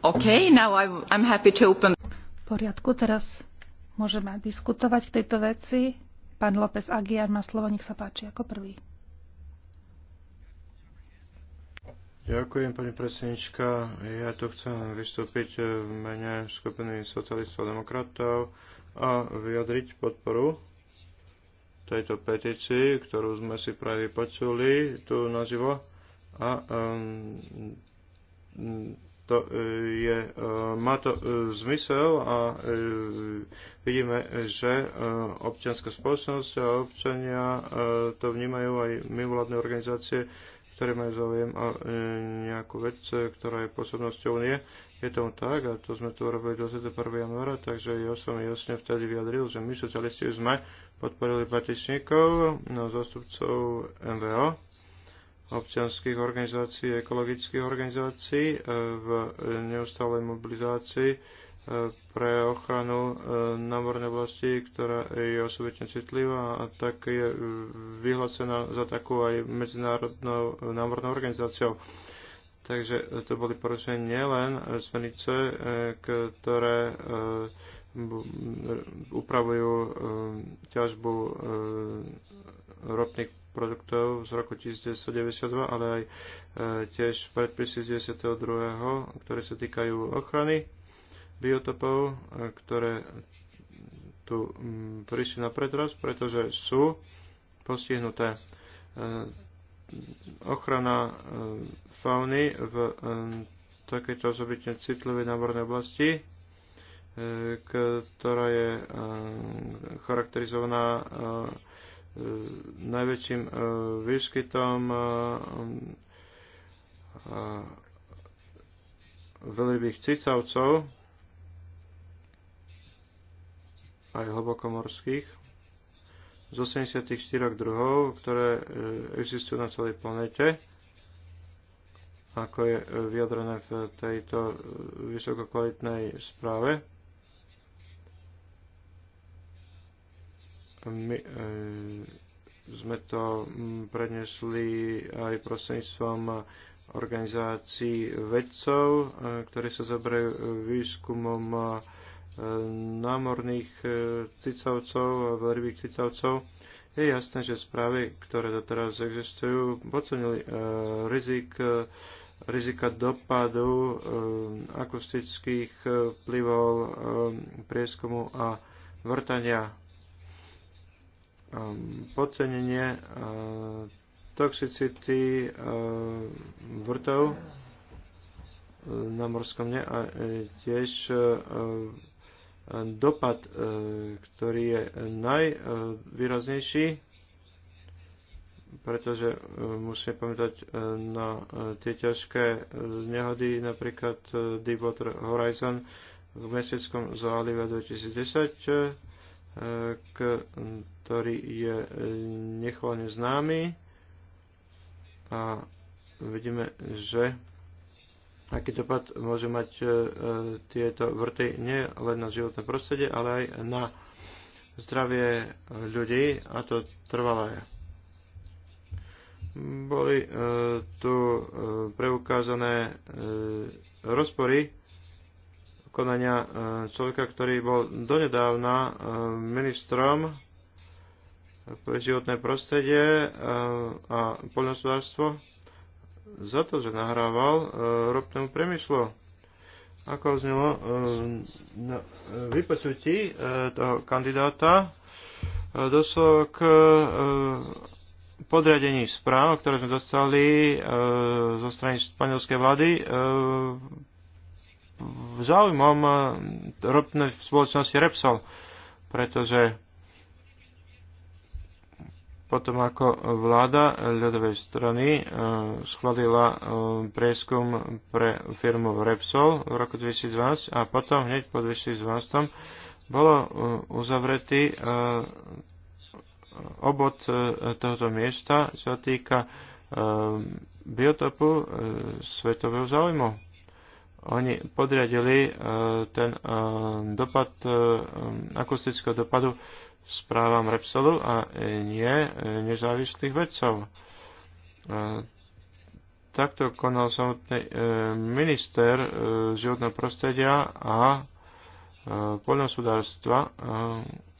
Okay, now I'm happy to open. V poriadku, teraz môžeme diskutovať k tejto veci. Pán López Aguiar má slovo, nech sa páči ako prvý. Ďakujem, pani predsednička. Ja tu chcem vystúpiť v mene skupiny socialistov a demokratov a vyjadriť podporu tejto petícii, ktorú sme si práve počuli tu naživo. A um, to je, um, má to uh, zmysel a uh, vidíme, že uh, občianská spoločnosť a občania to vnímajú aj mimovládne organizácie ktoré majú záujem o e, nejakú vec, e, ktorá je pôsobnosťou nie. Je tomu tak a to sme tu robili 21. januára, takže ja som jasne vtedy vyjadril, že my socialisti sme podporili patičníkov, no, zastupcov MVO, občianských organizácií, ekologických organizácií e, v neustálej mobilizácii pre ochranu e, námornej oblasti, ktorá je osobitne citlivá a tak je vyhlásená za takú aj medzinárodnou námornou organizáciou. Takže to boli porušenia nielen smernice, e, ktoré e, upravujú ťažbu ropných produktov z roku 1992, ale aj tiež predpisy z 10.2., ktoré sa týkajú ochrany biotopov, e, ktoré tu prišli na predraz, pretože sú postihnuté e, ochrana e, fauny v takejto osobitne citlivej námornej oblasti, ktorá je charakterizovaná najväčším výskytom veľrybých cicavcov, aj hlbokomorských, z 84 druhov, ktoré e, existujú na celej planete, ako je e, vyjadrené v tejto e, vysokokvalitnej správe. My e, sme to prednesli aj prostredníctvom organizácií vedcov, e, ktorí sa zabrajú výskumom e, námorných e, cicavcov, veľrybých cicavcov, je jasné, že správy, ktoré doteraz existujú, podcenili e, rizik, e, rizika dopadu akustických vplyvov prieskumu a vrtania. Podcenenie toxicity vrtov na morskom dne a tiež dopad, e, ktorý je najvýraznejší, pretože e, musíme pamätať e, na tie ťažké nehody, napríklad Deepwater Horizon v meseckom zálive 2010, ktorý je nechválne známy a vidíme, že aký dopad môže mať e, e, tieto vrty nie len na životné prostredie, ale aj na zdravie ľudí a to trvalé. Boli e, tu preukázané rozpory konania človeka, ktorý bol donedávna ministrom pre životné prostredie a poľnohospodárstvo za to, že nahrával e, tomu priemyslu. Ako znelo e, na e, vypočutí e, toho kandidáta e, došlo k e, podriadení správ, ktoré sme dostali e, zo strany španielskej vlády e, záujmom e, ropnej spoločnosti Repsol, pretože potom ako vláda ľadovej strany eh, schválila eh, prieskum pre firmu Repsol v roku 2012 a potom hneď po 2012 bolo eh, uzavretý obod tohoto miesta, čo sa týka biotopu svetového záujmu. Oni podriadili ten dopad akustického dopadu správam Repsolu a e, nie e, nezávislých vedcov. E, takto konal samotný minister životného prostredia a poľnohospodárstva,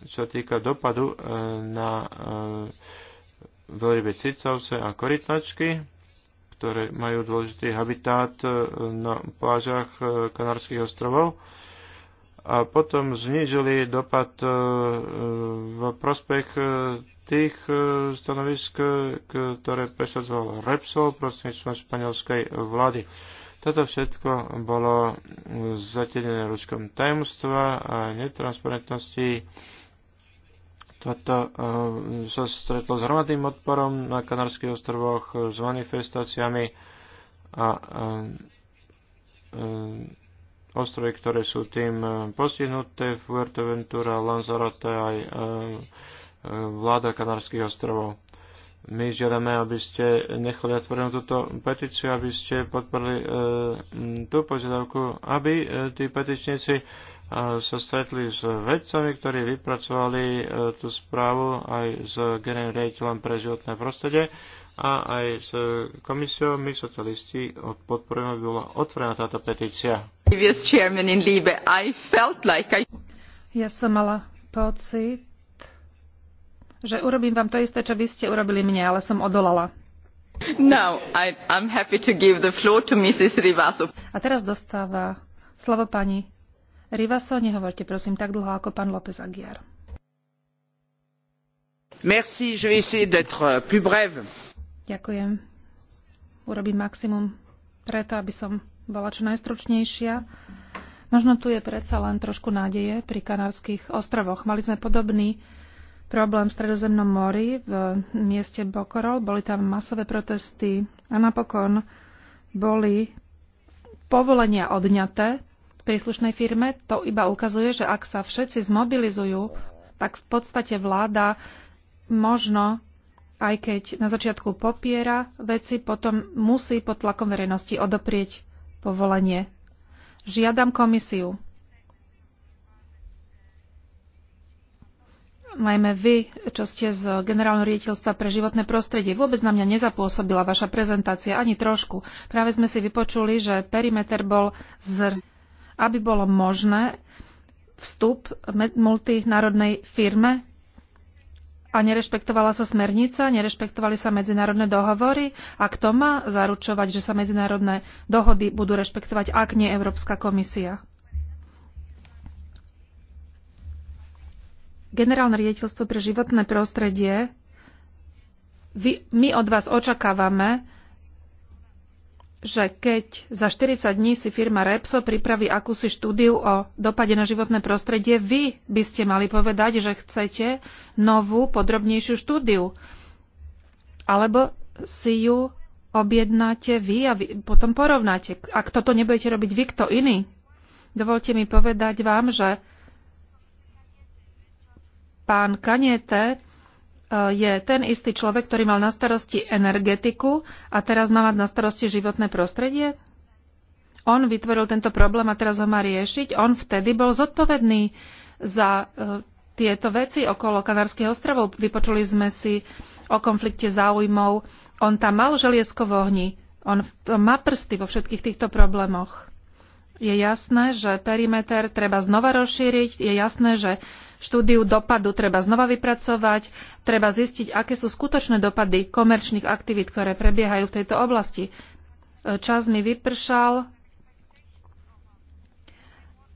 čo týka dopadu na veľrybe cicavce a korytnačky, ktoré majú dôležitý habitát na plážach Kanárskych ostrovov a potom znížili dopad e, v prospech e, tých e, stanovisk, ktoré presadzoval Repsol prostredníctvom španielskej vlády. Toto všetko bolo zatenené ručkom tajomstva a netransparentnosti. Toto uh, sa stretlo s hromadným odporom na Kanárskych ostrovoch, s manifestáciami a uh, uh, ostrovy, ktoré sú tým e, postihnuté, Fuerteventura, Lanzarote aj e, e, vláda Kanárskych ostrovov. My žiadame, aby ste nechali otvorenú túto petíciu, aby ste podporili e, tú požiadavku, aby e, tí petičníci e, sa stretli s vedcami, ktorí vypracovali e, tú správu aj s generálnym pre životné prostredie, a aj s komisiou my socialisti podporujeme, aby bola otvorená táto petícia. Ja som mala pocit, že urobím vám to isté, čo vy ste urobili mne, ale som odolala. Now, I, I'm happy to give the floor to Mrs. Rivaso. A teraz dostáva slovo pani Rivaso. Nehovorte prosím tak dlho ako pán López Aguiar. Merci, je vais essayer d'être plus brève Ďakujem. Urobím maximum preto, aby som bola čo najstručnejšia. Možno tu je predsa len trošku nádeje pri Kanárskych ostrovoch. Mali sme podobný problém v Stredozemnom mori v mieste Bokorol. Boli tam masové protesty a napokon boli povolenia odňaté príslušnej firme, to iba ukazuje, že ak sa všetci zmobilizujú, tak v podstate vláda možno aj keď na začiatku popiera veci, potom musí pod tlakom verejnosti odoprieť povolenie. Žiadam komisiu. Najmä vy, čo ste z Generálneho riaditeľstva pre životné prostredie, vôbec na mňa nezapôsobila vaša prezentácia ani trošku. Práve sme si vypočuli, že perimeter bol zr, aby bolo možné vstup multinárodnej firme a nerešpektovala sa smernica, nerešpektovali sa medzinárodné dohovory a kto má zaručovať, že sa medzinárodné dohody budú rešpektovať, ak nie Európska komisia? Generálne riaditeľstvo pre životné prostredie, vy, my od vás očakávame, že keď za 40 dní si firma Repso pripraví akúsi štúdiu o dopade na životné prostredie, vy by ste mali povedať, že chcete novú, podrobnejšiu štúdiu. Alebo si ju objednáte vy a vy potom porovnáte. Ak toto nebudete robiť vy, kto iný? Dovolte mi povedať vám, že pán Kaniete Eh, je ten istý človek, ktorý mal na starosti energetiku a teraz má mať na starosti životné prostredie? On vytvoril tento problém a teraz ho má riešiť. On vtedy bol zodpovedný za eh, tieto veci okolo Kanárskych ostrovov. Vypočuli sme si o konflikte záujmov. On tam mal želiesko v ohni. On má prsty vo všetkých týchto problémoch. Je jasné, že perimeter treba znova rozšíriť, je jasné, že štúdiu dopadu treba znova vypracovať, treba zistiť, aké sú skutočné dopady komerčných aktivít, ktoré prebiehajú v tejto oblasti. E, čas mi vypršal.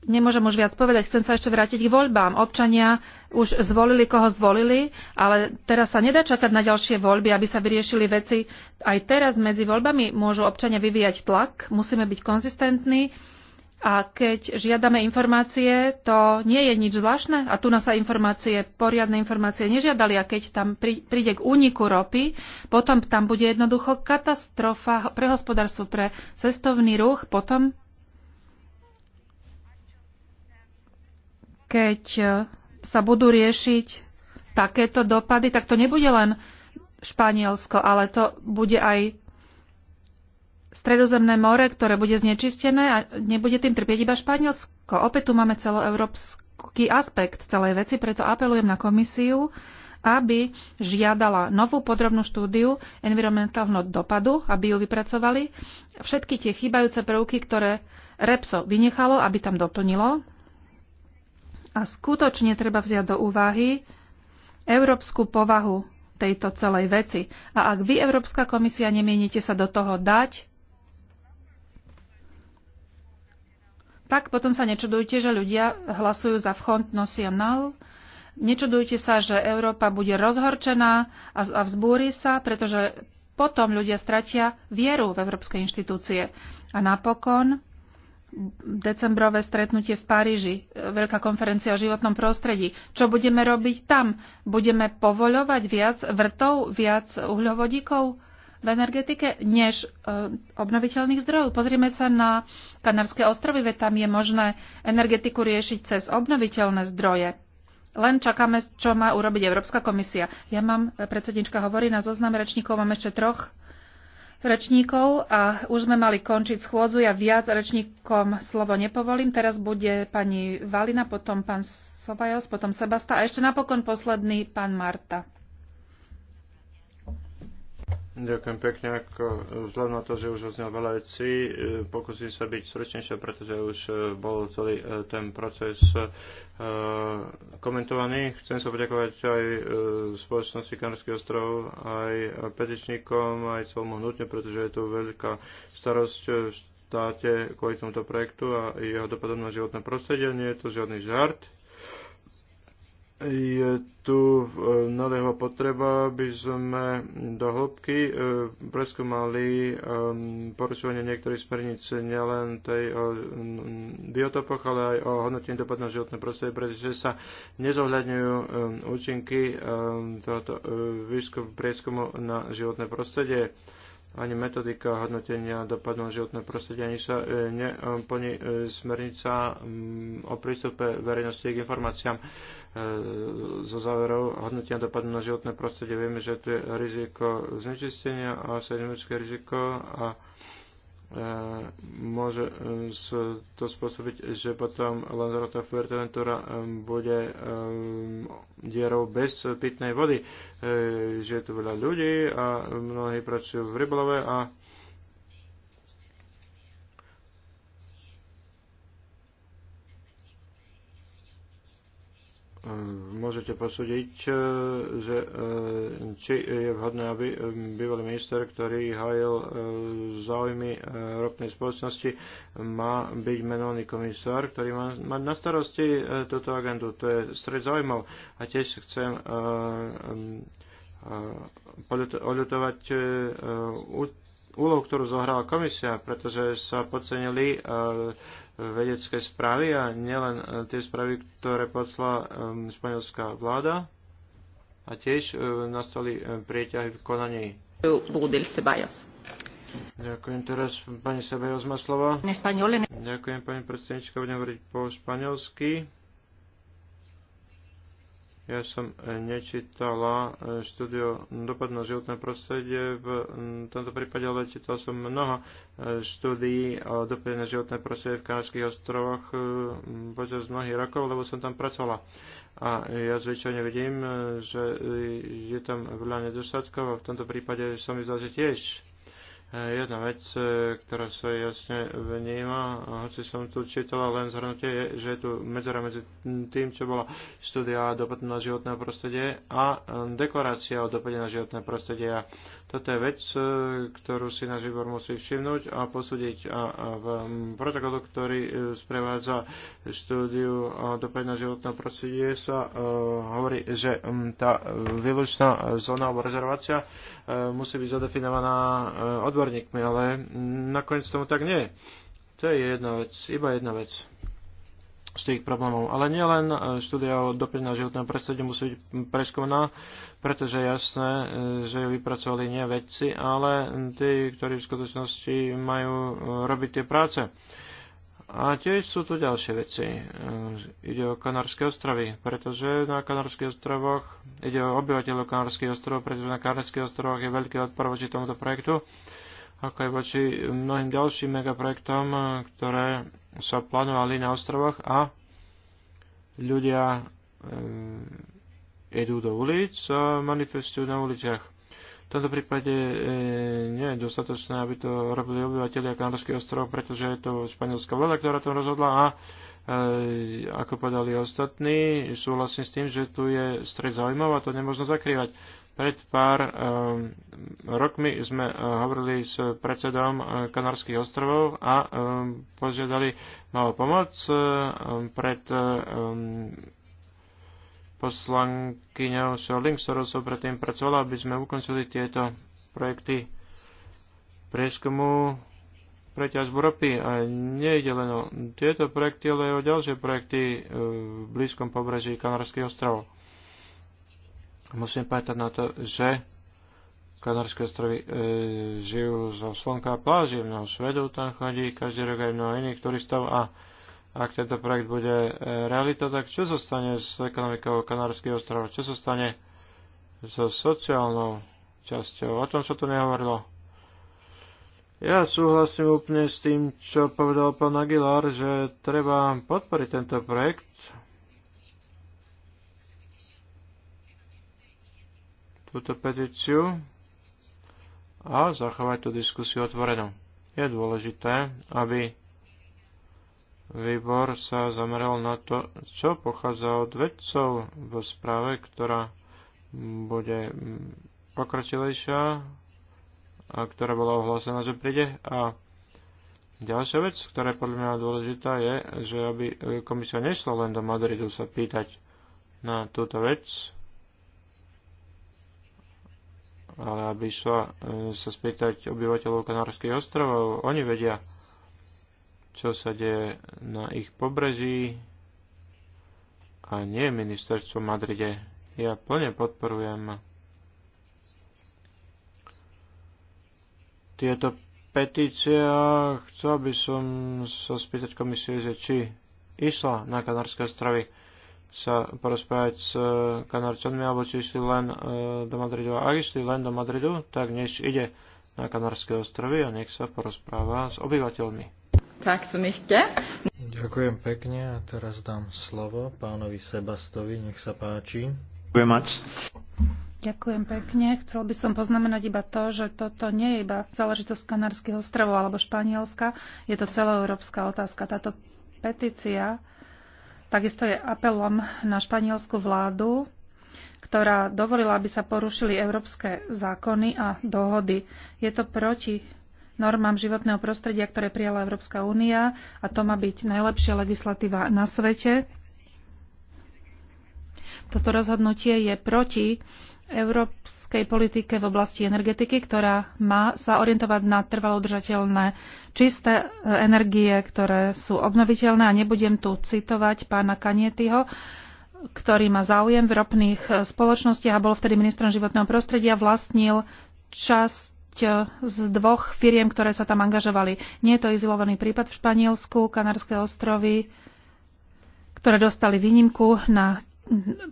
Nemôžem už viac povedať, chcem sa ešte vrátiť k voľbám. Občania už zvolili, koho zvolili, ale teraz sa nedá čakať na ďalšie voľby, aby sa vyriešili veci. Aj teraz medzi voľbami môžu občania vyvíjať tlak, musíme byť konzistentní a keď žiadame informácie, to nie je nič zvláštne. A tu sa informácie, poriadne informácie nežiadali. A keď tam príde k úniku ropy, potom tam bude jednoducho katastrofa pre hospodárstvo, pre cestovný ruch. Potom, keď e, sa budú riešiť takéto dopady, tak to nebude len Španielsko, ale to bude aj Stredozemné more, ktoré bude znečistené a nebude tým trpieť iba Španielsko. Opäť tu máme celoeurópsky aspekt celej veci, preto apelujem na komisiu, aby žiadala novú podrobnú štúdiu environmentálneho dopadu, aby ju vypracovali. Všetky tie chýbajúce prvky, ktoré Repso vynechalo, aby tam doplnilo. A skutočne treba vziať do úvahy európsku povahu tejto celej veci. A ak vy, Európska komisia, nemienite sa do toho dať, tak potom sa nečudujte, že ľudia hlasujú za Front National. Nečudujte sa, že Európa bude rozhorčená a, a vzbúri sa, pretože potom ľudia stratia vieru v európske inštitúcie. A napokon decembrové stretnutie v Paríži, veľká konferencia o životnom prostredí. Čo budeme robiť tam? Budeme povoľovať viac vrtov, viac uhľovodíkov? v energetike než e, obnoviteľných zdrojov. Pozrieme sa na Kanárske ostrovy, veď tam je možné energetiku riešiť cez obnoviteľné zdroje. Len čakáme, čo má urobiť Európska komisia. Ja mám, e, predsednička hovorí, na zozname rečníkov mám ešte troch rečníkov a už sme mali končiť schôdzu. Ja viac rečníkom slovo nepovolím. Teraz bude pani Valina, potom pán Sobajos, potom Sebasta a ešte napokon posledný pán Marta. Ďakujem pekne. Ako, vzhľadom na to, že už oznel veľa vecí, e, pokúsim sa byť stručnejšie, pretože už e, bol celý e, ten proces komentovaný. Chcem sa poďakovať aj spoločnosti Kanárskeho ostrov, aj petičníkom, aj celom hnutne, pretože je tu veľká starosť v štáte kvôli tomuto projektu a jeho dopadom na životné prostredie. Nie je to žiadny žart je tu e, nového potreba, aby sme do hĺbky e, preskúmali e, porušovanie niektorých smerníc nielen tej o biotopoch, ale aj o hodnotení dopad na životné prostredie, pretože sa nezohľadňujú účinky tohoto výskumu prieskumu na životné prostredie ani metodika hodnotenia dopadu na životné prostredie, ani sa neplní smernica o prístupe verejnosti k informáciám. E, zo záverov hodnotenia dopadu na životné prostredie vieme, že tu je riziko znečistenia a sedmičké riziko a e, môže e, to spôsobiť, že potom Lanzarote Fuerteventura bude dierou bez pitnej vody. Že je tu veľa ľudí a mnohí pracujú v rybolove a môžete posúdiť, e, že e, či je vhodné, aby e, bývalý minister, ktorý hajil záujmy ropnej spoločnosti, má byť menovaný komisár, ktorý má mať na starosti túto agendu. To je stred záujmov. A tiež chcem oľutovať úlohu, ktorú zohrala komisia, pretože sa podcenili uh, vedecké správy a nielen e, tie správy, ktoré poslala španielská vláda a tiež e, nastali e, prieťahy v konaní. Ďakujem teraz, pani Sebejos má slovo. Ďakujem, pani predsednička, budem hovoriť po španielsky. Ja som e, nečítala e, štúdio dopad na životné prostredie v tomto prípade, ale čítal som mnoho e, štúdií o dopade na životné prostredie v Kanárských ostrovoch počas mnohých rokov, lebo som tam pracovala. A ja zvyčajne vidím, že je tam veľa nedostatkov a v tomto prípade som mi že tiež E, jedna vec, e, ktorá sa jasne vníma, hoci som tu čítala len zhrnutie, je, že je tu medzera medzi tým, čo bola štúdia o dopadu na životné prostredie a e, deklarácia o dopade na životné prostredie. A toto je vec, e, ktorú si náš výbor musí všimnúť a posúdiť. A, a v protokolu, ktorý e, sprevádza štúdiu dopad na životné prostredie, sa a, e, hovorí, že tá výlučná zóna alebo rezervácia a, musí byť zadefinovaná odborníkmi, ale nakoniec tomu tak nie To je jedna vec, iba jedna vec z tých problémov. Ale nielen e, štúdia o dopade životného prostredia musí byť preskúmaná, pretože je jasné, e, že ju vypracovali nie vedci, ale tí, ktorí v skutočnosti majú e, robiť tie práce. A tiež sú tu ďalšie veci. Ide o Kanárske ostrovy, pretože na Kanárskych ostrovoch, ide o obyvateľov Kanárskych ostrovov, pretože na Kanárskych ostrovoch je veľký odpor voči tomuto projektu ako aj voči mnohým ďalším megaprojektom, eh, ktoré sa plánovali na ostrovoch a ľudia eh, idú do ulic a manifestujú na uliciach. V tomto prípade eh, nie je dostatočné, aby to robili obyvateľia Kanárskych ostrovov, pretože je to španielská vláda, ktorá to rozhodla a e, ako povedali ostatní, súhlasím s tým, že tu je stred zaujímavá, a to nemôžno zakrývať. Pred pár um, rokmi sme uh, hovorili s predsedom uh, Kanárskych ostrovov a um, požiadali malú pomoc um, pred um, poslankyňou Šolink, s ktorou som predtým pracovala, aby sme ukončili tieto projekty prieskumu pre ťažbu ropy. A nie ide len o tieto projekty, ale aj o ďalšie projekty v blízkom pobreží Kanárskych ostrovov musíme pamätať na to, že Kanárske ostrovy e, žijú zo slnka a pláži, mnoho Švedov tam chodí, každý rok aj mnoho iných turistov a ak tento projekt bude e, realita, tak čo sa stane s ekonomikou Kanárskych ostrovov? Čo sa stane so sociálnou časťou? O tom sa tu nehovorilo. Ja súhlasím úplne s tým, čo povedal pán Aguilar, že treba podporiť tento projekt, túto petíciu a zachovať tú diskusiu otvorenú. Je dôležité, aby výbor sa zameral na to, čo pochádza od vedcov v správe, ktorá bude pokročilejšia a ktorá bola ohlásená, že príde. A ďalšia vec, ktorá je podľa mňa dôležitá, je, že aby komisia nešla len do Madridu sa pýtať na túto vec, ale aby išla e, sa spýtať obyvateľov Kanárskych ostrovov. Oni vedia, čo sa deje na ich pobreží a nie ministerstvo Madride. Ja plne podporujem tieto petície a chcel by som sa spýtať komisie, že či išla na Kanárske ostrovy sa porozprávať s eh, Kanárčanmi, alebo či išli len eh, do Madridu. A ak išli len do Madridu, tak než ide na Kanárske ostrovy a nech sa porozpráva s obyvateľmi. Tak som ešte. Ďakujem pekne a teraz dám slovo pánovi Sebastovi, nech sa páči. Ďakujem mať. Ďakujem pekne. Chcel by som poznamenať iba to, že toto nie je iba záležitosť Kanárskych ostrovov alebo Španielska. Je to celoeurópska otázka. Táto petícia Takisto je apelom na španielskú vládu, ktorá dovolila, aby sa porušili európske zákony a dohody. Je to proti normám životného prostredia, ktoré prijala Európska únia a to má byť najlepšia legislatíva na svete. Toto rozhodnutie je proti európskej politike v oblasti energetiky, ktorá má sa orientovať na trvalo udržateľné čisté e, energie, ktoré sú obnoviteľné. A nebudem tu citovať pána Kanietyho, ktorý má záujem v ropných e, spoločnostiach a bol vtedy ministrom životného prostredia, vlastnil časť e, z dvoch firiem, ktoré sa tam angažovali. Nie je to izolovaný prípad v Španielsku, Kanárske ostrovy, ktoré dostali výnimku na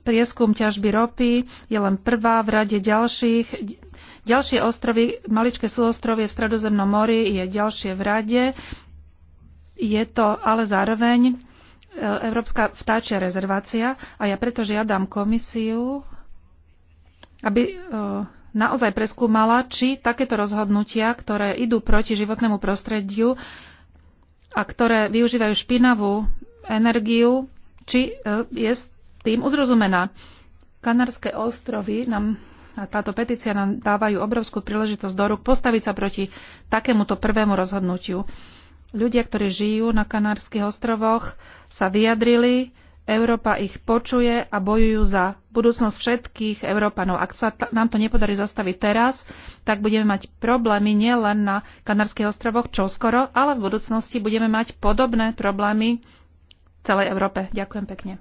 prieskum ťažby ropy je len prvá v rade ďalších. Ďalšie ostrovy, maličké súostrovie v Stredozemnom mori je ďalšie v rade. Je to ale zároveň e, Európska vtáčia rezervácia a ja preto žiadam komisiu, aby e, naozaj preskúmala, či takéto rozhodnutia, ktoré idú proti životnému prostrediu a ktoré využívajú špinavú energiu, či e, je tým uzrozumená. Kanárske ostrovy nám a táto petícia nám dávajú obrovskú príležitosť do rúk postaviť sa proti takémuto prvému rozhodnutiu. Ľudia, ktorí žijú na Kanárskych ostrovoch, sa vyjadrili, Európa ich počuje a bojujú za budúcnosť všetkých Európanov. Ak sa nám to nepodarí zastaviť teraz, tak budeme mať problémy nielen na Kanárskych ostrovoch čoskoro, ale v budúcnosti budeme mať podobné problémy v celej Európe. Ďakujem pekne.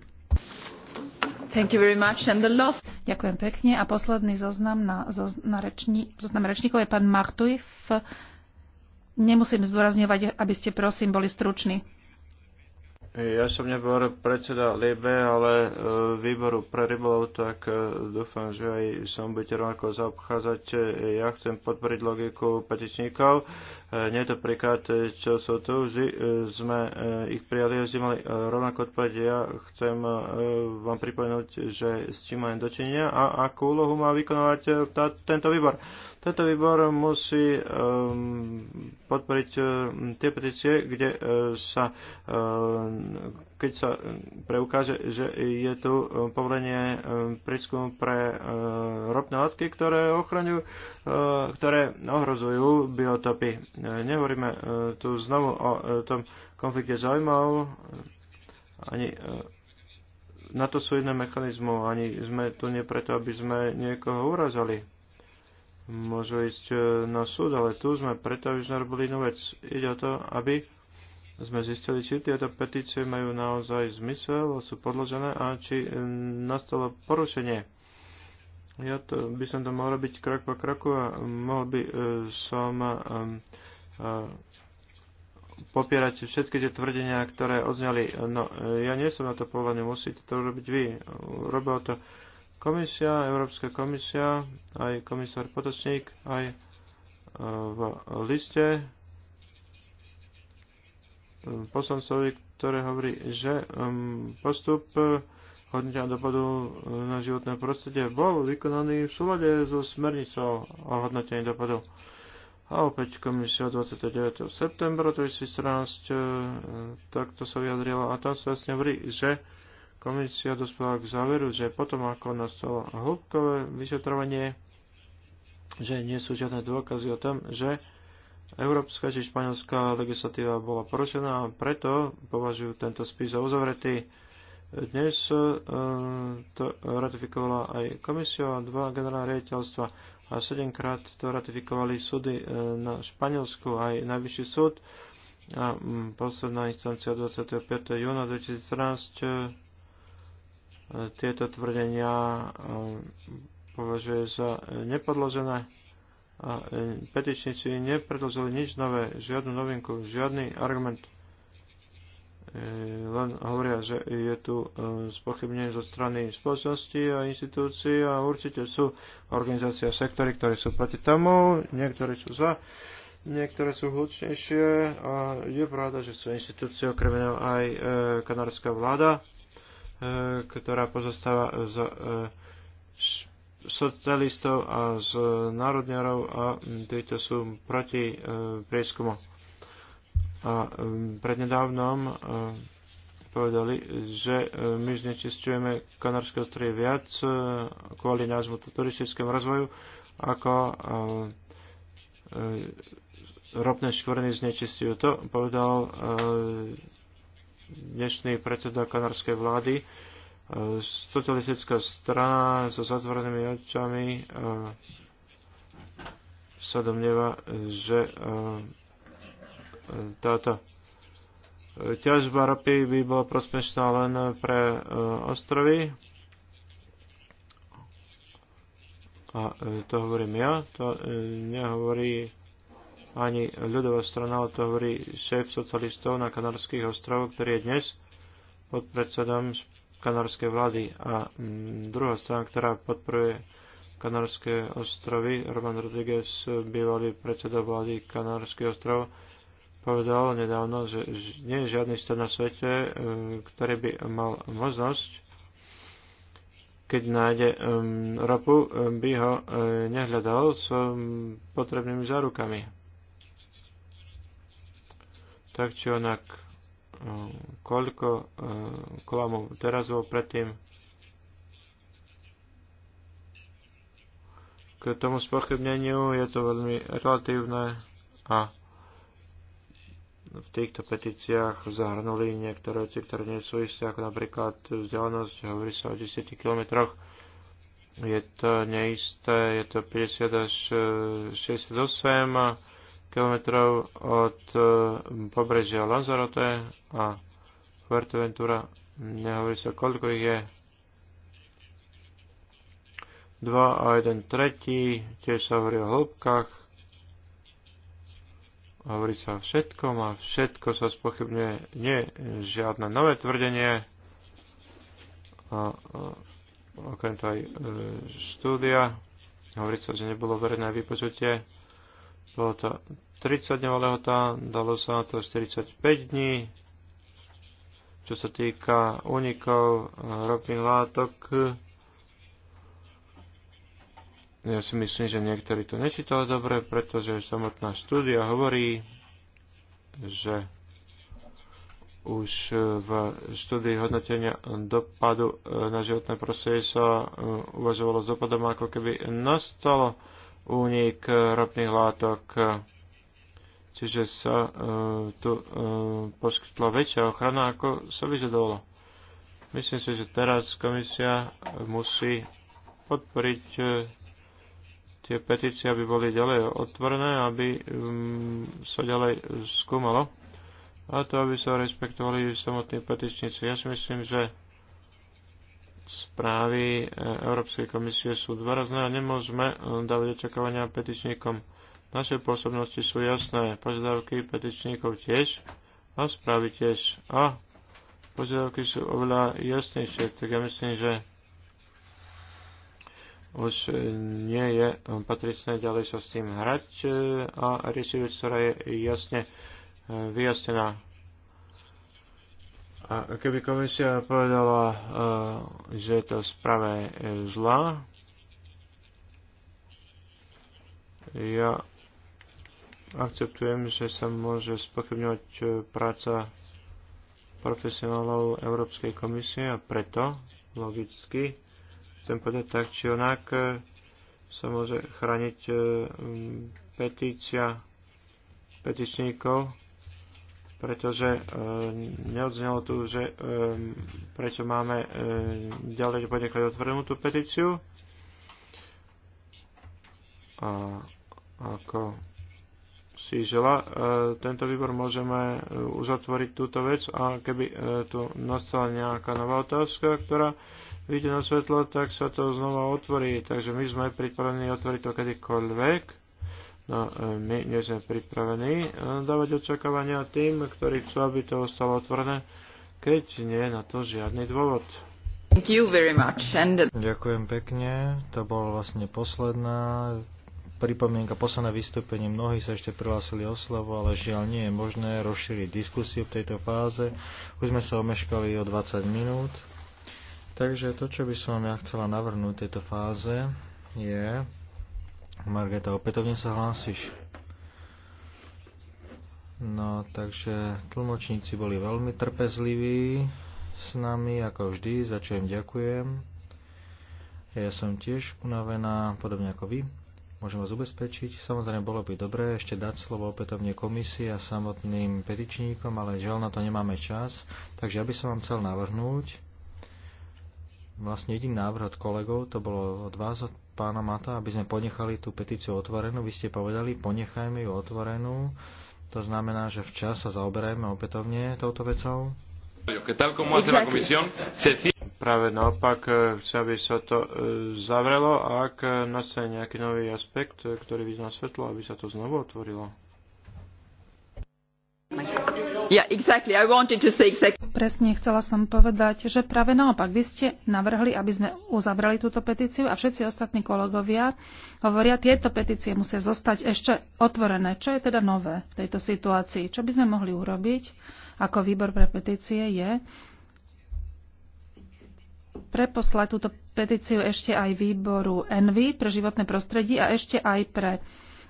Last... Ďakujem pekne. A posledný zoznam na, na reční, zoznam rečníkov je pán Machtuj. Nemusím zdôrazňovať, aby ste prosím boli struční. Ja som nebol predseda Libe, ale e, výboru pre rybov tak e, dúfam, že aj som budete rovnako zaobchádzať. Ja chcem podporiť logiku petičníkov nie je to príklad, čo sú tu, že sme e, ich prijali, že mali e, rovnako odpovedť. Ja chcem e, vám pripomenúť, že s čím majú dočinenia a akú úlohu má vykonovať tá, tento výbor. Tento výbor musí um, podporiť um, tie petície, kde uh, sa keď sa eh, preukáže, že je tu eh, povolenie eh, prískumu pre ropné látky, ktoré ochraňujú, ktoré ohrozujú biotopy. Nehovoríme tu znovu o tom konflikte zaujímav, ani na to sú iné mechanizmy, ani sme tu nie preto, aby sme niekoho urazali. Môžu ísť na súd, ale tu sme preto, aby sme robili inú vec. Ide o to, aby sme zistili, či tieto petície majú naozaj zmysel, sú podložené a či e, nastalo porušenie. Ja to, by som to mohol robiť krok po kroku a mohol by e, som e, popierať všetky tie tvrdenia, ktoré odzňali. No, ja nie som na to povolený, musíte to robiť vy. Robila to komisia, Európska komisia, aj komisár Potočník, aj v liste poslancovi, ktoré hovorí, že um, postup uh, hodnotenia dopadu uh, na životné prostredie bol vykonaný v súlade so smernicou o hodnotení dopadu. A opäť komisia 29. septembra 2014 uh, takto sa vyjadrila a tam sa jasne hovorí, že komisia dospela k záveru, že potom ako nastalo hĺbkové vyšetrovanie, že nie sú žiadne dôkazy o tom, že Európska či španielská legislatíva bola porušená a preto považujú tento spis za uzavretý. Dnes e, to ratifikovala aj komisia, dva generálne riaditeľstva a sedemkrát to ratifikovali súdy e, na Španielsku, aj najvyšší súd a posledná instancia 25. júna 2014 e, tieto tvrdenia považuje za nepodložené a e, petičníci nepredložili nič nové, žiadnu novinku, žiadny argument. E, len hovoria, že je tu e, spochybnenie zo strany spoločnosti a inštitúcií a určite sú organizácie a sektory, ktoré sú proti tomu, niektoré sú za niektoré sú hlučnejšie a je pravda, že sú inštitúcie okrem iného aj kanárska vláda, ktorá pozostáva z socialistov a z národňarov a mm, títo sú proti e, prieskumu. A mm, prednedávnom e, povedali, že e, my znečistujeme Kanárske ostrovy viac kvôli nášmu turistickému rozvoju ako ropné škvrny znečistujú. To povedal dnešný predseda kanárskej vlády socialistická strana so zatvorenými očami eh, sa domnieva, že eh, táto ťažba ropy by bola prospešná len pre eh, ostrovy. A to hovorím ja, to nehovorí ani ľudová strana, ale to hovorí šéf socialistov na Kanárských ostrovoch, ktorý je dnes pod podpredsedom kanárskej vlády. A mm, druhá strana, ktorá podporuje Kanárske ostrovy, Roman Rodriguez, bývalý predseda vlády Kanárskych ostrov, povedal nedávno, že nie je žiadny stát na svete, e, ktorý by mal možnosť, keď nájde e, ropu, e, by ho nehľadal s potrebnými zárukami. Tak či onak, koľko e, klamov teraz bol predtým. K tomu spochybneniu je to veľmi relatívne a v týchto petíciách zahrnuli niektoré veci, ktoré nie sú isté, ako napríklad vzdialenosť, hovorí sa o 10 kilometroch. Je to neisté, je to 50 až 68 kilometrov od eh, pobrežia Lanzarote a Fuerteventura. Nehovorí sa, koľko ich je. 2 a 1 tretí, tiež sa hovorí o hĺbkach. Hovorí sa o všetkom a všetko sa spochybňuje. Nie žiadne nové tvrdenie. A, a, okrem toho aj e, štúdia. Hovorí sa, že nebolo verejné vypočutie bolo to 30-dňová lehota, dalo sa na to 45 dní. Čo sa týka únikov ropných látok, ja si myslím, že niektorí to nečítali dobre, pretože samotná štúdia hovorí, že už v štúdii hodnotenia dopadu na životné prostredie sa uvažovalo s dopadom, ako keby nastalo únik eh, ropných látok. Eh, čiže sa e, tu e, poskytla väčšia ochrana, ako sa vyžadovalo. Myslím si, že teraz komisia musí podporiť e, tie petície, aby boli ďalej otvorené, aby mm, sa ďalej skúmalo a to, aby sa respektovali samotní petičníci. Ja si myslím, že správy e, Európskej komisie sú dôrazné a nemôžeme e, dávať očakávania petičníkom. Naše pôsobnosti sú jasné, požiadavky petičníkov tiež a správy tiež. A požiadavky sú oveľa jasnejšie, tak ja myslím, že už nie je patričné ďalej sa s tým hrať e, a riešiť ktorá je jasne vyjasnená. A keby komisia povedala, e, že je to je zlá, ja akceptujem, že sa môže spochybňovať e, práca profesionálov Európskej komisie a preto logicky chcem povedať tak, či onak e, sa môže chrániť petícia petičníkov pretože e, neodznelo tu, že e, prečo máme e, ďalej ponechať otvorenú tú petíciu. A ako si žela, tento výbor môžeme uzatvoriť túto vec a keby tu nastala nejaká nová otázka, ktorá vyjde na svetlo, tak sa to znova otvorí. Takže my sme pripravení otvoriť to kedykoľvek No, e, my nie sme pripravení e, dávať očakávania tým, ktorí chcú, aby to ostalo otvorené, keď nie je na to žiadny dôvod. And... Ďakujem pekne. To bola vlastne posledná pripomienka, posledné vystúpenie. Mnohí sa ešte prihlásili o slovo, ale žiaľ nie je možné rozšíriť diskusiu v tejto fáze. Už sme sa omeškali o 20 minút. Takže to, čo by som ja chcela navrhnúť v tejto fáze, je, Margeta, opätovne sa hlásiš? No, takže tlmočníci boli veľmi trpezliví s nami, ako vždy, za čo im ďakujem. Ja som tiež unavená, podobne ako vy. Môžem vás ubezpečiť. Samozrejme, bolo by dobré ešte dať slovo opätovne komisii a samotným petičníkom, ale žiaľ na to nemáme čas. Takže ja by som vám chcel navrhnúť, vlastne jediný návrh od kolegov, to bolo od vás, od pána Mata, aby sme ponechali tú petíciu otvorenú. Vy ste povedali, ponechajme ju otvorenú. To znamená, že včas sa zaoberajme opätovne touto vecou. Práve naopak, e, chcem, aby sa to e, zavrelo ak e, nastane nejaký nový aspekt, ktorý by nás svetlo, aby sa to znovu otvorilo. Presne chcela som povedať, že práve naopak. Vy ste navrhli, aby sme uzavrali túto petíciu a všetci ostatní kolegovia hovoria, tieto petície musia zostať ešte otvorené. Čo je teda nové v tejto situácii? Čo by sme mohli urobiť ako výbor pre petície je preposlať túto petíciu ešte aj výboru ENVY pre životné prostredie a ešte aj pre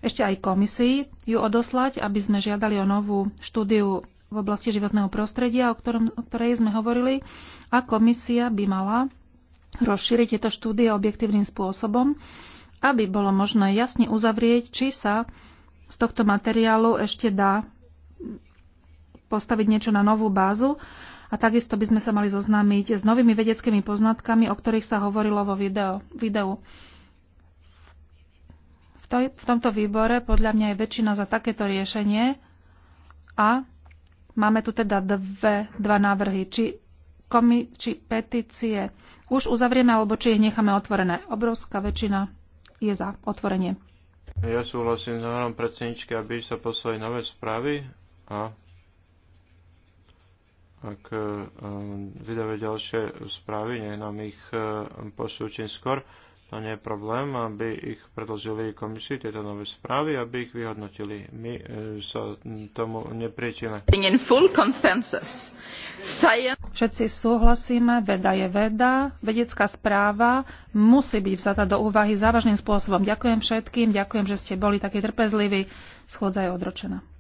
ešte aj komisii ju odoslať, aby sme žiadali o novú štúdiu v oblasti životného prostredia, o, ktorom, o ktorej sme hovorili, a komisia by mala rozšíriť tieto štúdie objektívnym spôsobom, aby bolo možné jasne uzavrieť, či sa z tohto materiálu ešte dá postaviť niečo na novú bázu. A takisto by sme sa mali zoznámiť s novými vedeckými poznatkami, o ktorých sa hovorilo vo video, videu. V, to, v tomto výbore podľa mňa je väčšina za takéto riešenie a Máme tu teda dve, dva návrhy. Či, komi, či petície už uzavrieme, alebo či ich necháme otvorené. Obrovská väčšina je za otvorenie. Ja súhlasím s návrhom predsedničky, aby sa poslali nové správy a ak eh, vydávajú ďalšie správy, nech nám ich eh, pošlú čím skôr to nie je problém, aby ich predložili komisii tieto nové správy, aby ich vyhodnotili. My e, sa tomu nepriečíme. Všetci súhlasíme, veda je veda, vedecká správa musí byť vzata do úvahy závažným spôsobom. Ďakujem všetkým, ďakujem, že ste boli takí trpezliví. Schôdza je odročená.